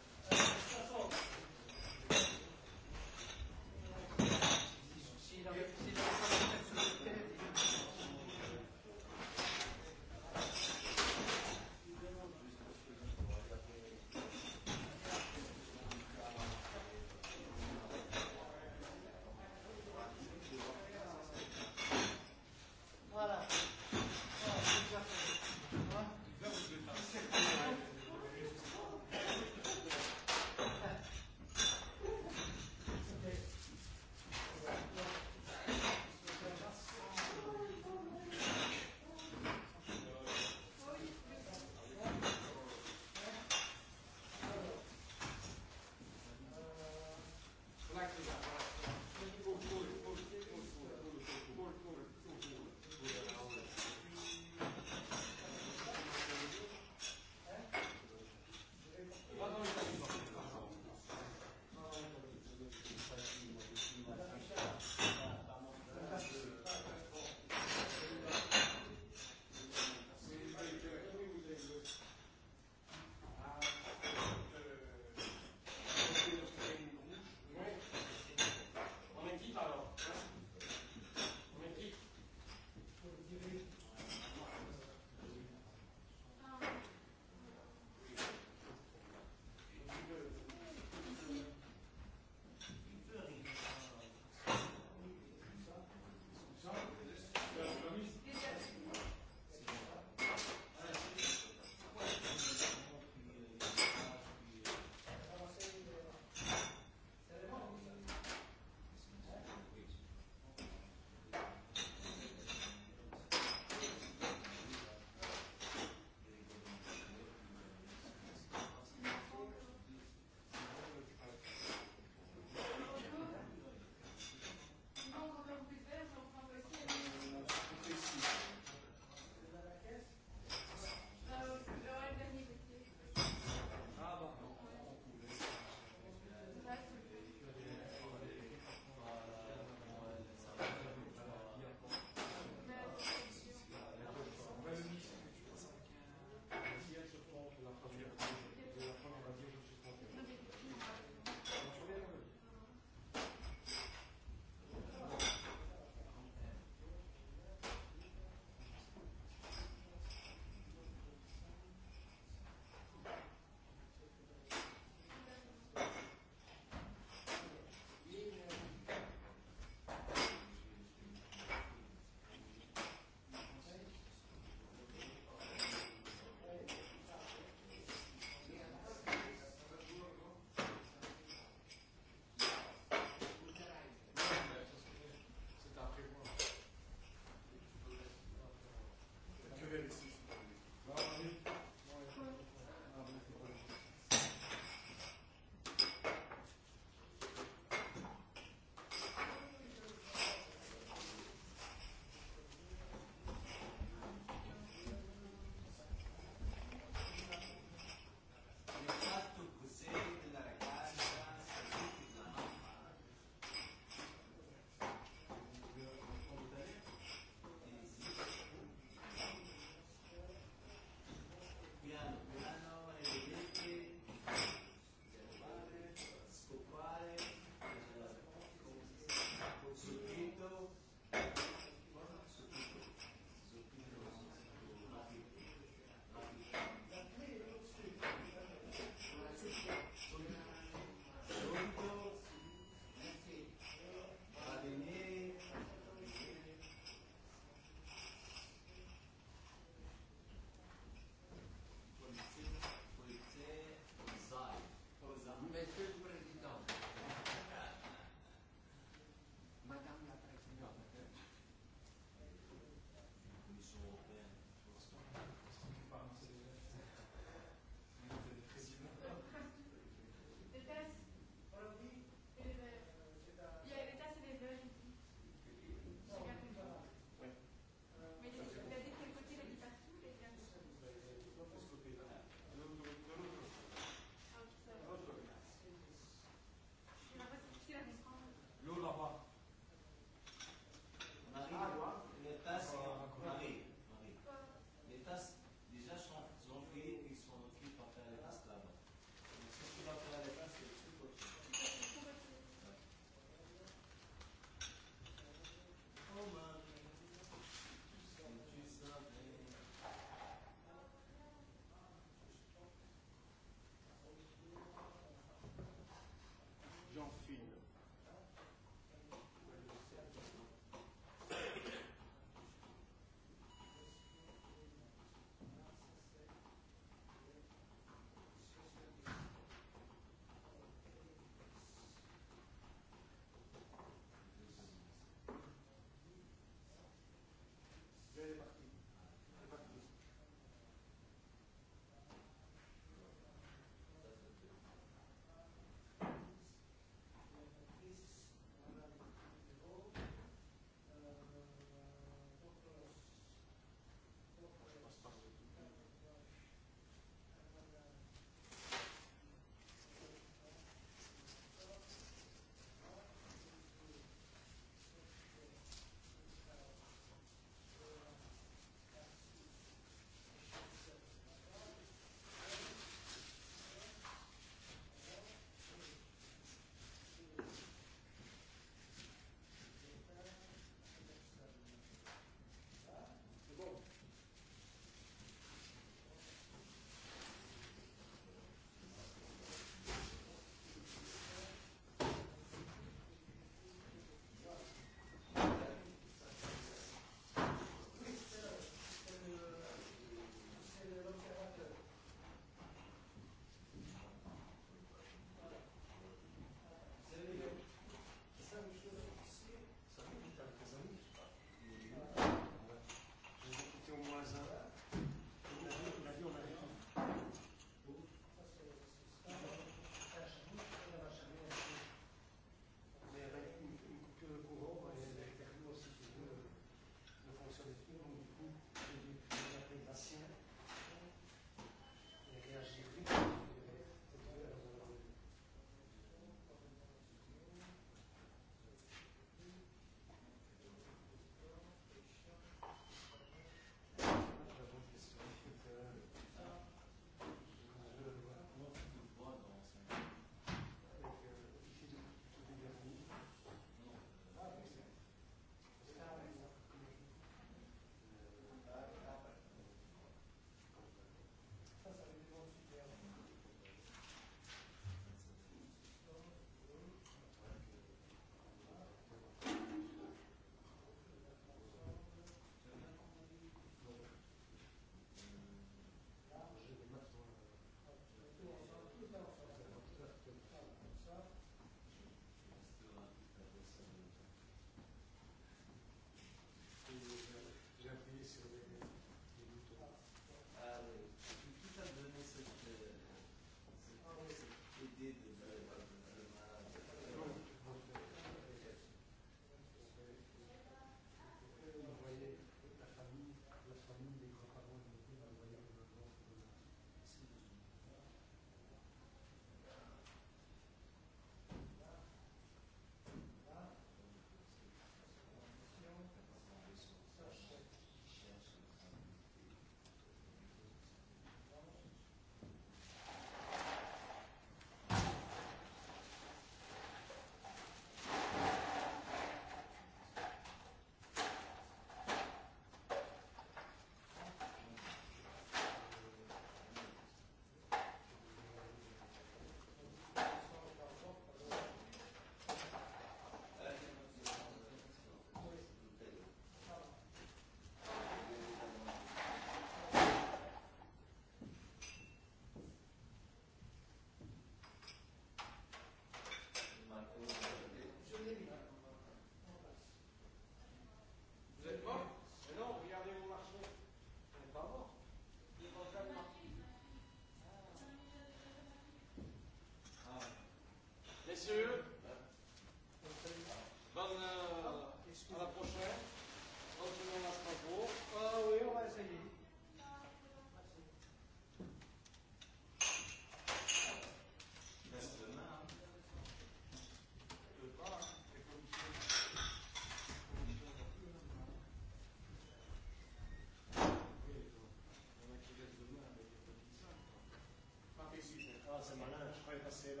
Pasedo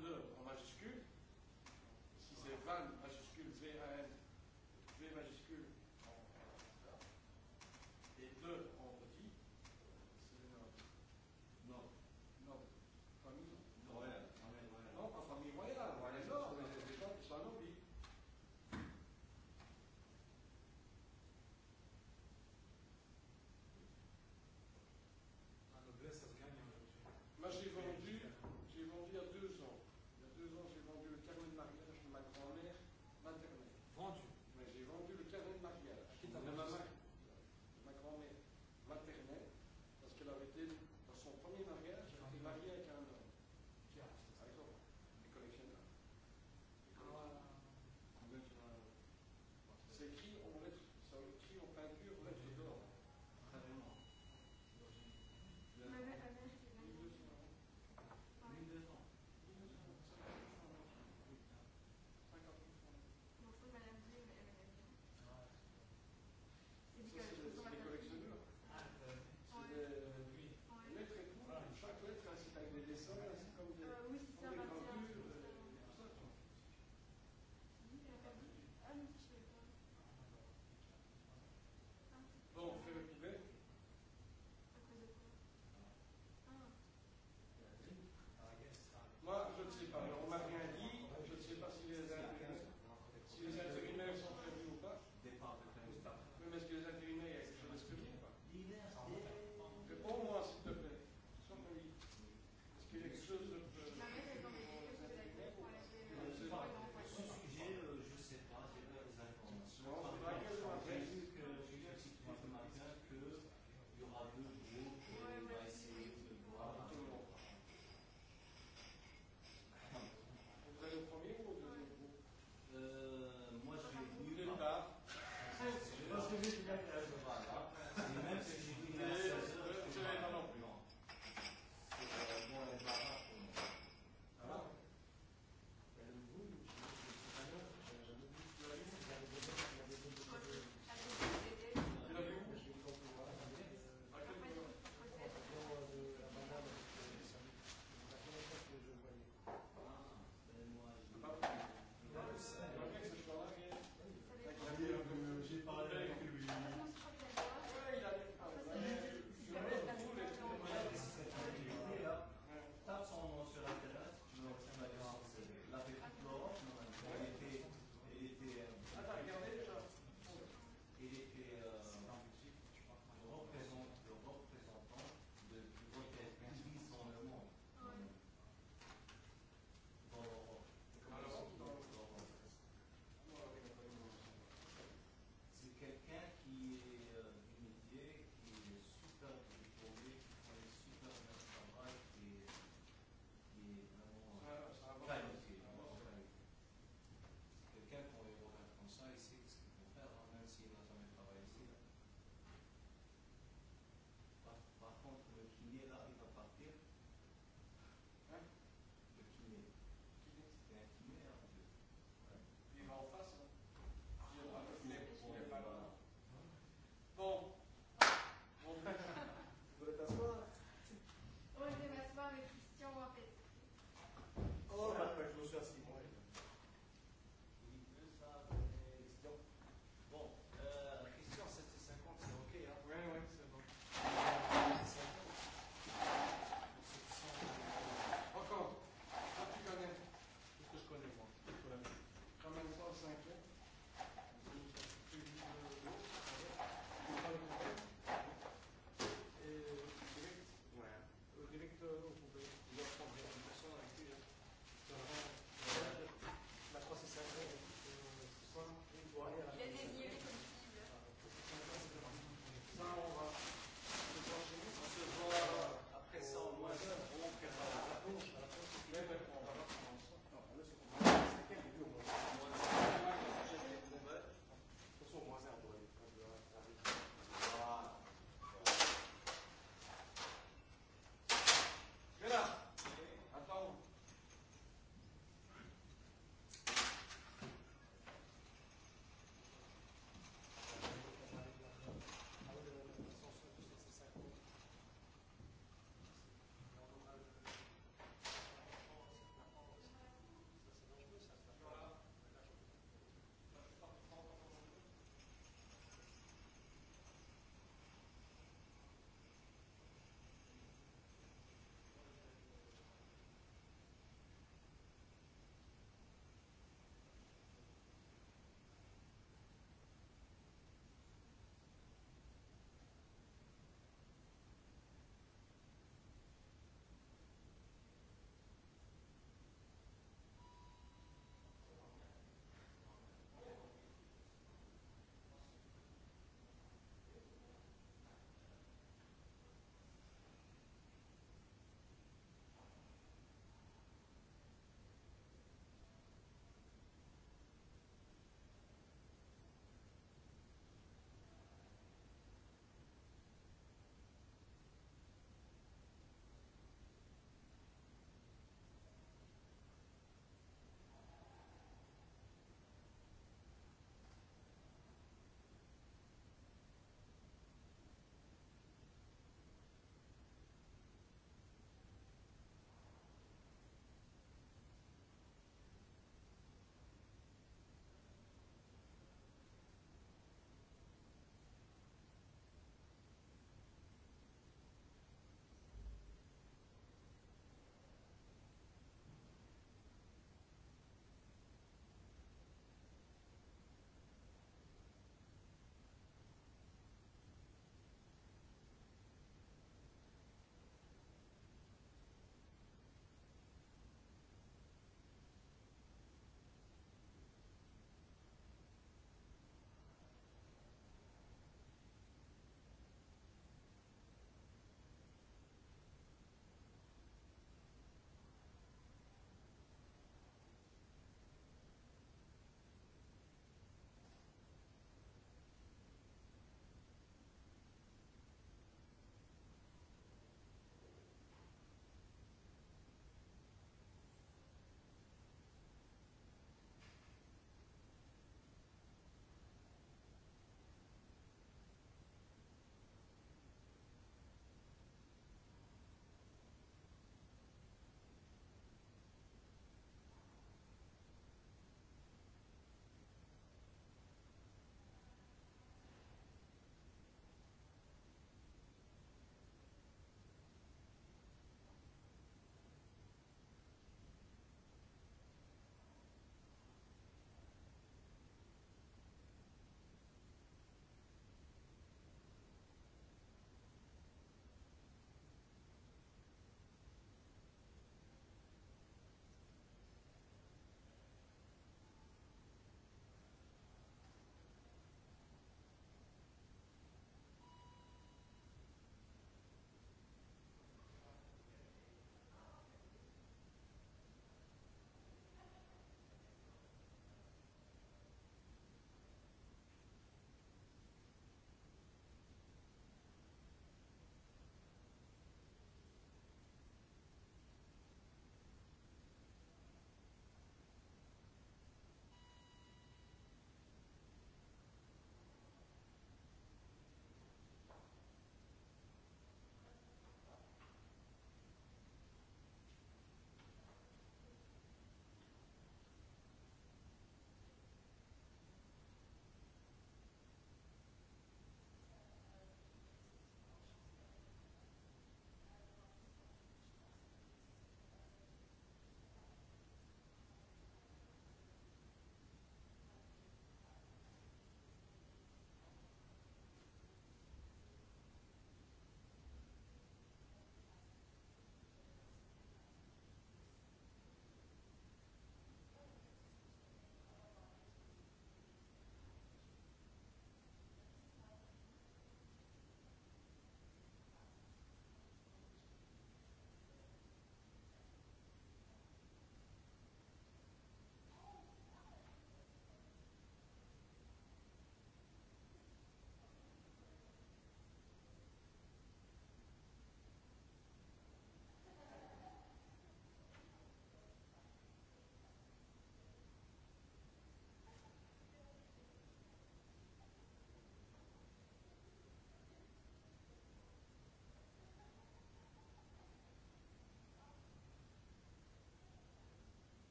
22.